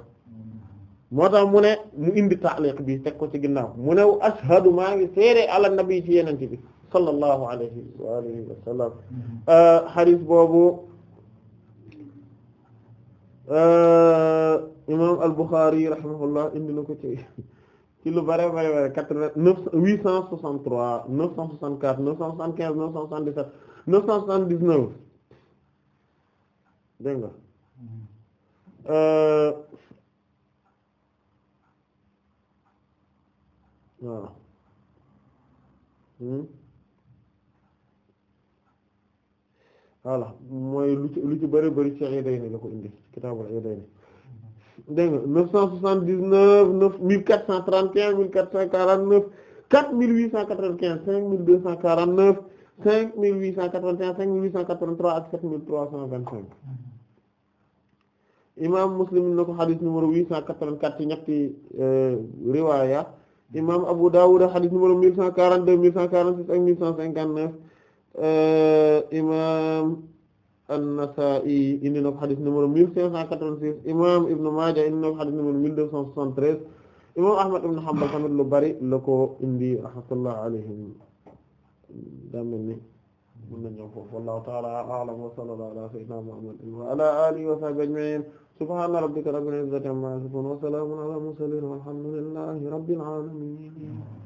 moo tax mu ne mu indi taaliq bi teg ko ci ginnaaw mu ne ashhadu maa ngi seede ala nabi ci yeneen bi sallallahu alayhi wa alihi wa sallam euh, hadith boobu euh, imam al-Bukhari indi na ko ci ci lu bare bare bare quatre-vingt-neuf huit cent soixante-trois neuf cent soixante quinze neuf cent soixante-dix-sept neuf cent soixante-dix-neuf dégg waaw euh, hmm? voilà mooy lu ci lu ci bëri bëri ci Iidayni la ko indi ci kitaabul Iidayni dégg nga neuf cent soixante-dix-neuf neuf mille quatre cent trente et un mille quatre cent quarante-neuf quatre mille huit cent quatre-vingt-quinze cinq mille deux cent quarante-neuf cinq mille huit cent quatre vingt cinq mille huit cent quatre trois ak sept mille trois cent vingt-cinq imam Muslim na ko xadis huit cent quatre-vingt-quatre ci ñetti euh, imam Abu Dawud xadis numéro mille cent quarante-deux mille cent quarante-six ak mille cent cinquante-neuf euh, imam an-Nasa'i indi na ko xadis numéro 1586 imam Ibn Maaja indi na ko xadis numéro 1273 imam Ahmad ibn Hanbal tamit lu bari la ko indi rahmatullah alayhim daa mel ni mën na ñëw foofu wallahu ta'ala a'lam wa sallallahu ala sayyidina Muhammad wa ala alihi wa sahbihi ajma'in subhana rabbika rabbil izzati amma yasifun wa salamun ala mursalin walhamdulillahi rabbil alamin